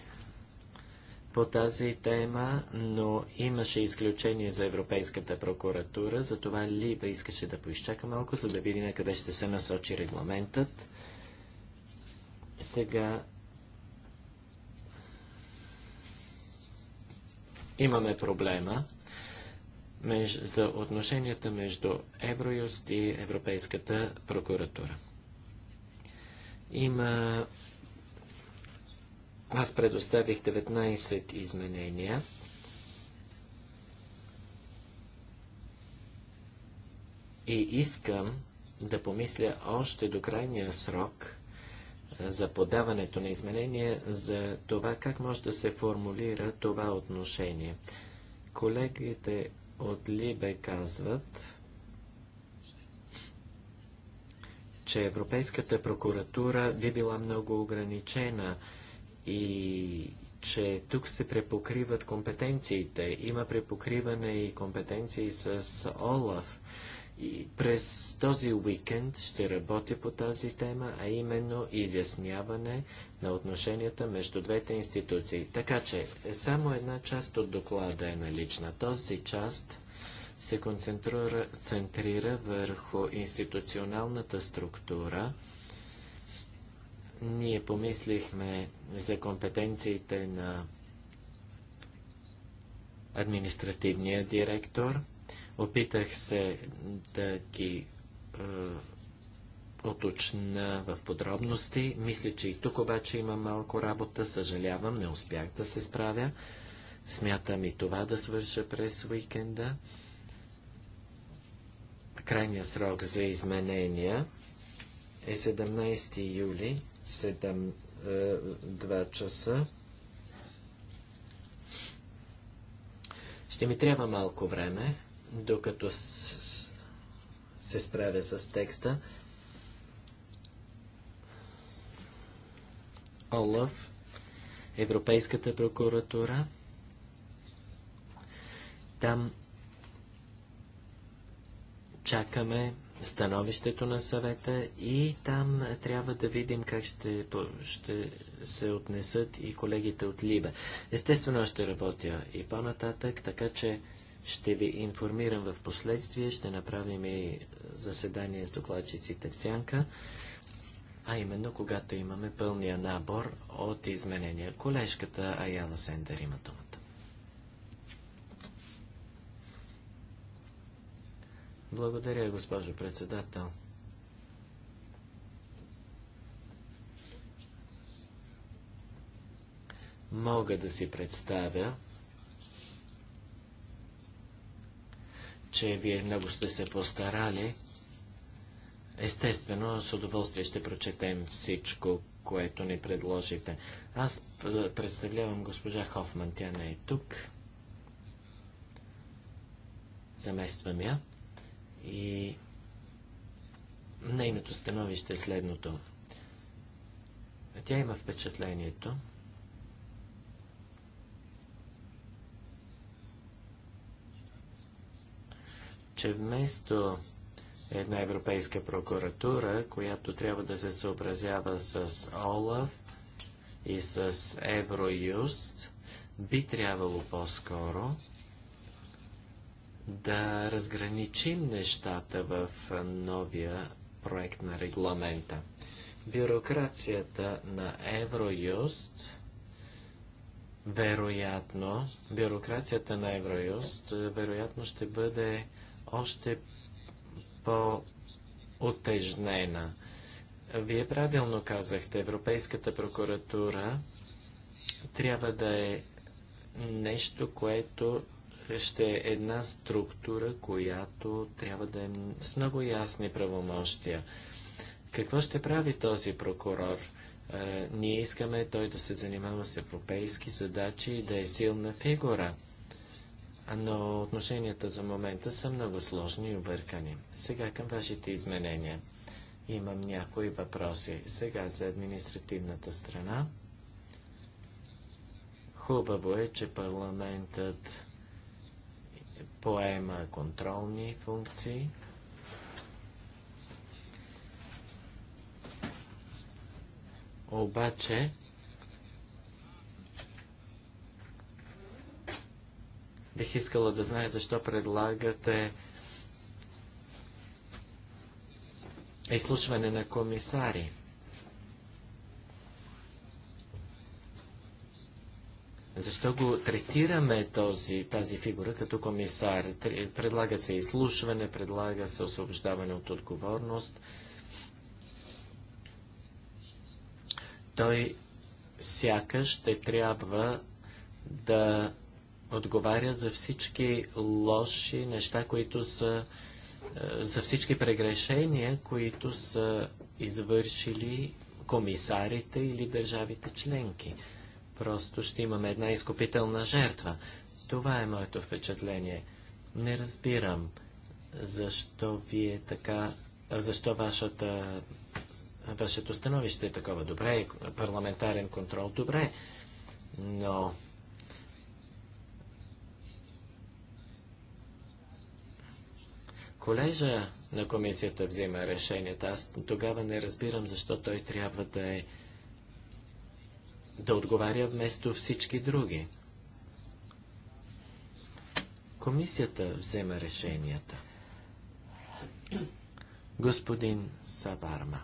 по тази тема, но имаше изключение за Европейската прокуратура, затова Либа искаше да поизчака малко, за да види на къде ще се насочи регламентът. Сега имаме проблема за отношенията между Евроюст и Европейската прокуратура. Има... Аз предоставих 19 изменения. И искам да помисля още до крайния срок за подаването на изменения за това как може да се формулира това отношение. Колегите от Либе казват, че Европейската прокуратура би била много ограничена и че тук се препокриват компетенциите. Има препокриване и компетенции с ОЛАФ. И през този уикенд ще работя по тази тема, а именно изясняване на отношенията между двете институции. Така че само една част от доклада е налична. Този част се концентрира върху институционалната структура. Ние помислихме за компетенциите на административния директор. Опитах се да ги оточна е, в подробности. Мисля, че и тук обаче има малко работа. Съжалявам, не успях да се справя. Смятам и това да свърша през уикенда. Крайният срок за изменения е 17 юли, 7, 2 е, часа. Ще ми трябва малко време, докато се справя с текста. Олаф, Европейската прокуратура. Там чакаме становището на съвета и там трябва да видим как ще, ще се отнесат и колегите от Либе. Естествено, ще работя и по-нататък, така че ще ви информирам в последствие, ще направим и заседание с докладчиците в Сянка, а именно когато имаме пълния набор от изменения. Колежката Аяла Сендер има думата. Благодаря, госпожо председател. Мога да си представя, че вие много сте се постарали. Естествено, с удоволствие ще прочетем всичко, което ни предложите. Аз представлявам госпожа Хофман, тя не е тук. Замествам я и нейното становище е следното. Тя има впечатлението, че вместо една европейска прокуратура, която трябва да се съобразява с ОЛАФ и с Евроюст, би трябвало по-скоро да разграничим нещата в новия проект на регламента. Бюрокрацията на Евроюст вероятно, бюрокрацията на Евроюст е, вероятно ще бъде още по-отежнена. Вие правилно казахте, Европейската прокуратура трябва да е нещо, което ще е една структура, която трябва да е с много ясни правомощия. Какво ще прави този прокурор? Е, ние искаме той да се занимава с европейски задачи и да е силна фигура. Но отношенията за момента са много сложни и объркани. Сега към вашите изменения. Имам някои въпроси. Сега за административната страна. Хубаво е, че парламентът поема контролни функции. Обаче, бих искала да знае защо предлагате изслушване на комисари. Защо го третираме този, тази фигура като комисар? Предлага се изслушване, предлага се освобождаване от отговорност. Той сякаш ще трябва да отговаря за всички лоши неща, които са е, за всички прегрешения, които са извършили комисарите или държавите членки. Просто ще имаме една изкупителна жертва. Това е моето впечатление. Не разбирам защо вие така, защо вашата, вашето становище е такова. Добре, парламентарен контрол, добре, но колежа на комисията взема решенията. Аз тогава не разбирам защо той трябва да е да отговаря вместо всички други. Комисията взема решенията. Господин Саварма.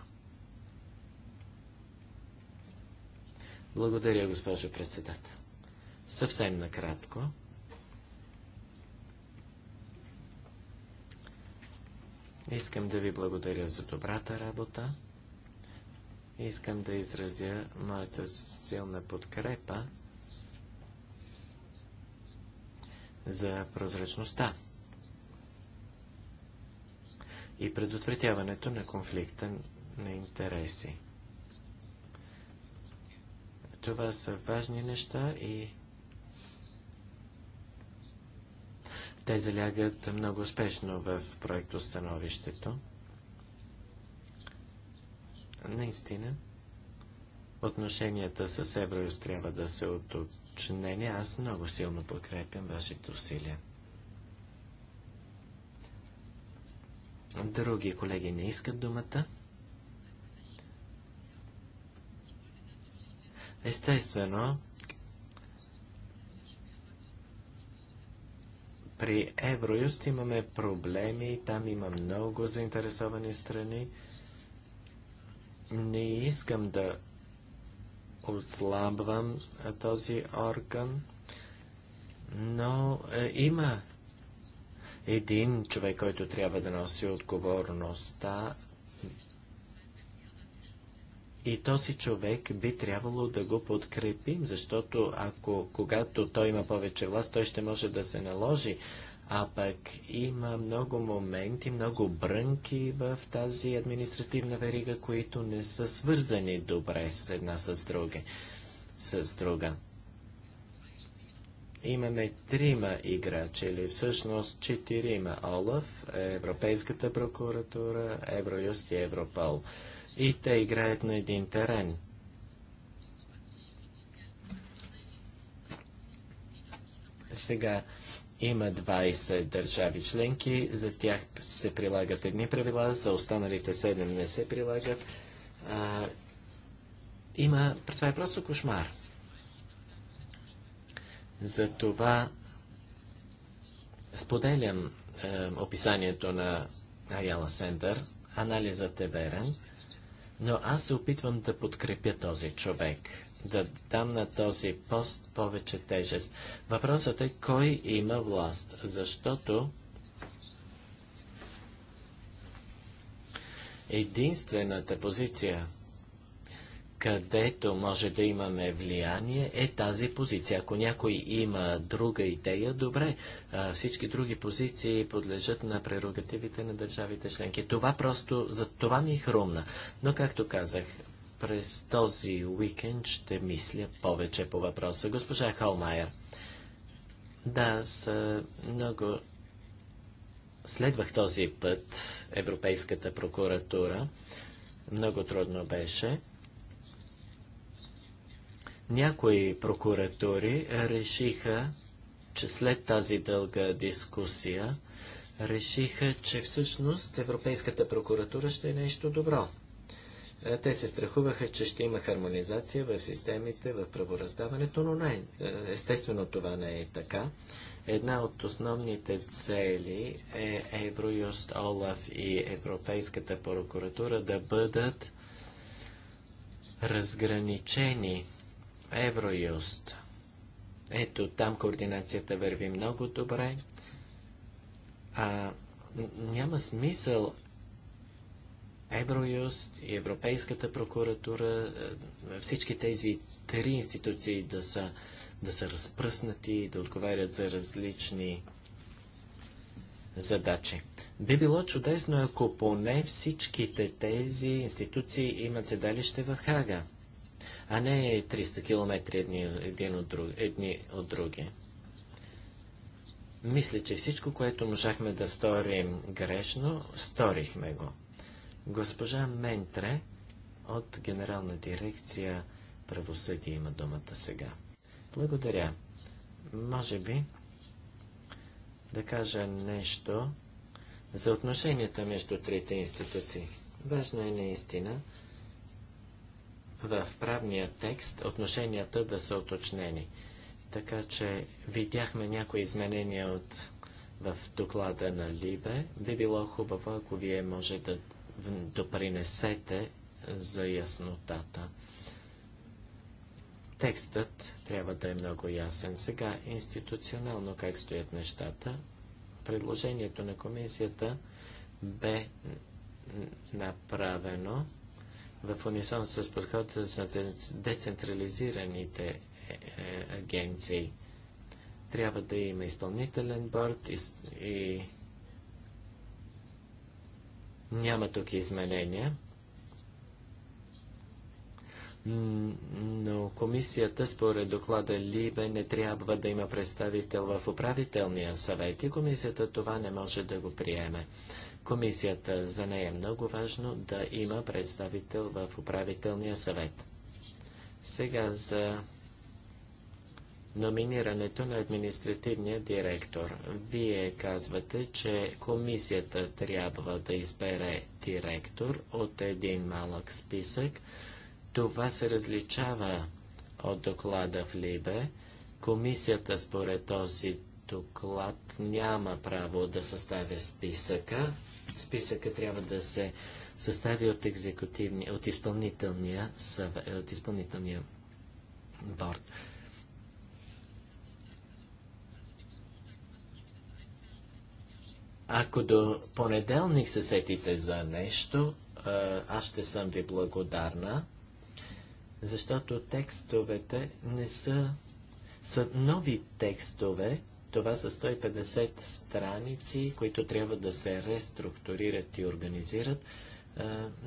Благодаря, госпожо председател. Съвсем накратко. Искам да ви благодаря за добрата работа. Искам да изразя моята силна подкрепа за прозрачността и предотвратяването на конфликта на интереси. Това са важни неща и те залягат много успешно в становището. Наистина, отношенията с Евроюз трябва да се оточнени. Аз много силно подкрепям вашите усилия. Други колеги не искат думата. Естествено, при Евроюст имаме проблеми, там има много заинтересовани страни. Не искам да отслабвам този орган, но е, има един човек, който трябва да носи отговорността и този човек би трябвало да го подкрепим, защото ако когато той има повече власт, той ще може да се наложи а пък има много моменти, много брънки в тази административна верига, които не са свързани добре с една с друга. С друга. Имаме трима играчи, или всъщност четирима. Олаф, Европейската прокуратура, Евроюст и Европол. И те играят на един терен. Сега, има 20 държави членки, за тях се прилагат едни правила, за останалите 7 не се прилагат. А, има, това е просто кошмар. Затова споделям е, описанието на Аяла Сендър, анализът е верен, но аз се опитвам да подкрепя този човек – да дам на този пост повече тежест. Въпросът е кой има власт, защото единствената позиция, където може да имаме влияние, е тази позиция. Ако някой има друга идея, добре. всички други позиции подлежат на прерогативите на държавите членки. Това просто, за това ми е хрумна. Но, както казах, през този уикенд ще мисля повече по въпроса. Госпожа Холмайер. Да, с много следвах този път Европейската прокуратура. Много трудно беше. Някои прокуратури решиха, че след тази дълга дискусия, решиха, че всъщност Европейската прокуратура ще е нещо добро. Те се страхуваха, че ще има хармонизация в системите, в правораздаването, но най- е, естествено това не е така. Една от основните цели е Евроюст, ОЛАФ и Европейската прокуратура да бъдат разграничени. Евроюст. Ето там координацията върви много добре. А, няма смисъл Евроюст и Европейската прокуратура, е, всички тези три институции да са, да са разпръснати, да отговарят за различни задачи. Би било чудесно, ако поне всичките тези институции имат седалище в Хага, а не 300 км едни, един от друг, едни от други. Мисля, че всичко, което можахме да сторим грешно, сторихме го. Госпожа Ментре от Генерална дирекция правосъдие има думата сега. Благодаря. Може би да кажа нещо за отношенията между трите институции. Важно е наистина в правния текст отношенията да са оточнени. Така че видяхме някои изменения от, в доклада на Либе. Би било хубаво, ако вие може да допринесете за яснотата. Текстът трябва да е много ясен. Сега институционално как стоят нещата. Предложението на комисията бе направено в унисон с подхода за децентрализираните е, е, агенции. Трябва да има изпълнителен борт и, и няма тук изменения. Но комисията, според доклада Либе, не трябва да има представител в управителния съвет и комисията това не може да го приеме. Комисията за нея е много важно да има представител в управителния съвет. Сега за номинирането на административния директор. Вие казвате, че комисията трябва да избере директор от един малък списък. Това се различава от доклада в Либе. Комисията според този доклад няма право да съставя списъка. Списъка трябва да се състави от, екзекутивния, от изпълнителния, съв... от изпълнителния борт. Ако до понеделник се сетите за нещо, аз ще съм ви благодарна, защото текстовете не са, са нови текстове. Това са 150 страници, които трябва да се реструктурират и организират.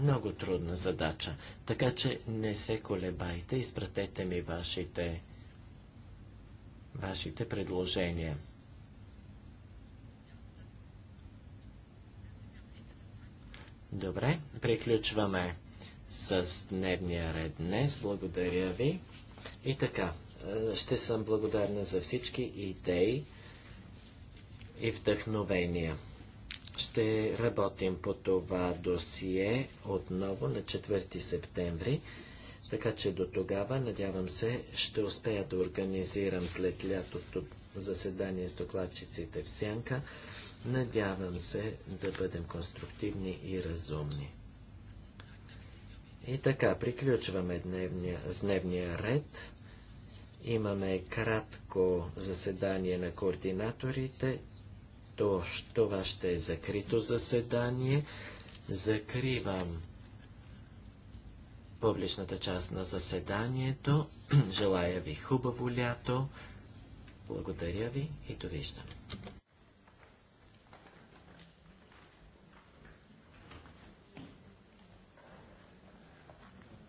Много трудна задача. Така че не се колебайте, изпратете ми вашите, вашите предложения. Добре, приключваме с дневния ред днес. Благодаря ви. И така, е, ще съм благодарна за всички идеи и вдъхновения. Ще работим по това досие отново на 4 септември, така че до тогава, надявам се, ще успея да организирам след лятото заседание с докладчиците в Сянка. Надявам се да бъдем конструктивни и разумни. И така, приключваме дневния, с дневния ред. Имаме кратко заседание на координаторите. То, това ще е закрито заседание. Закривам публичната част на заседанието. Желая ви хубаво лято. Благодаря ви и довиждане.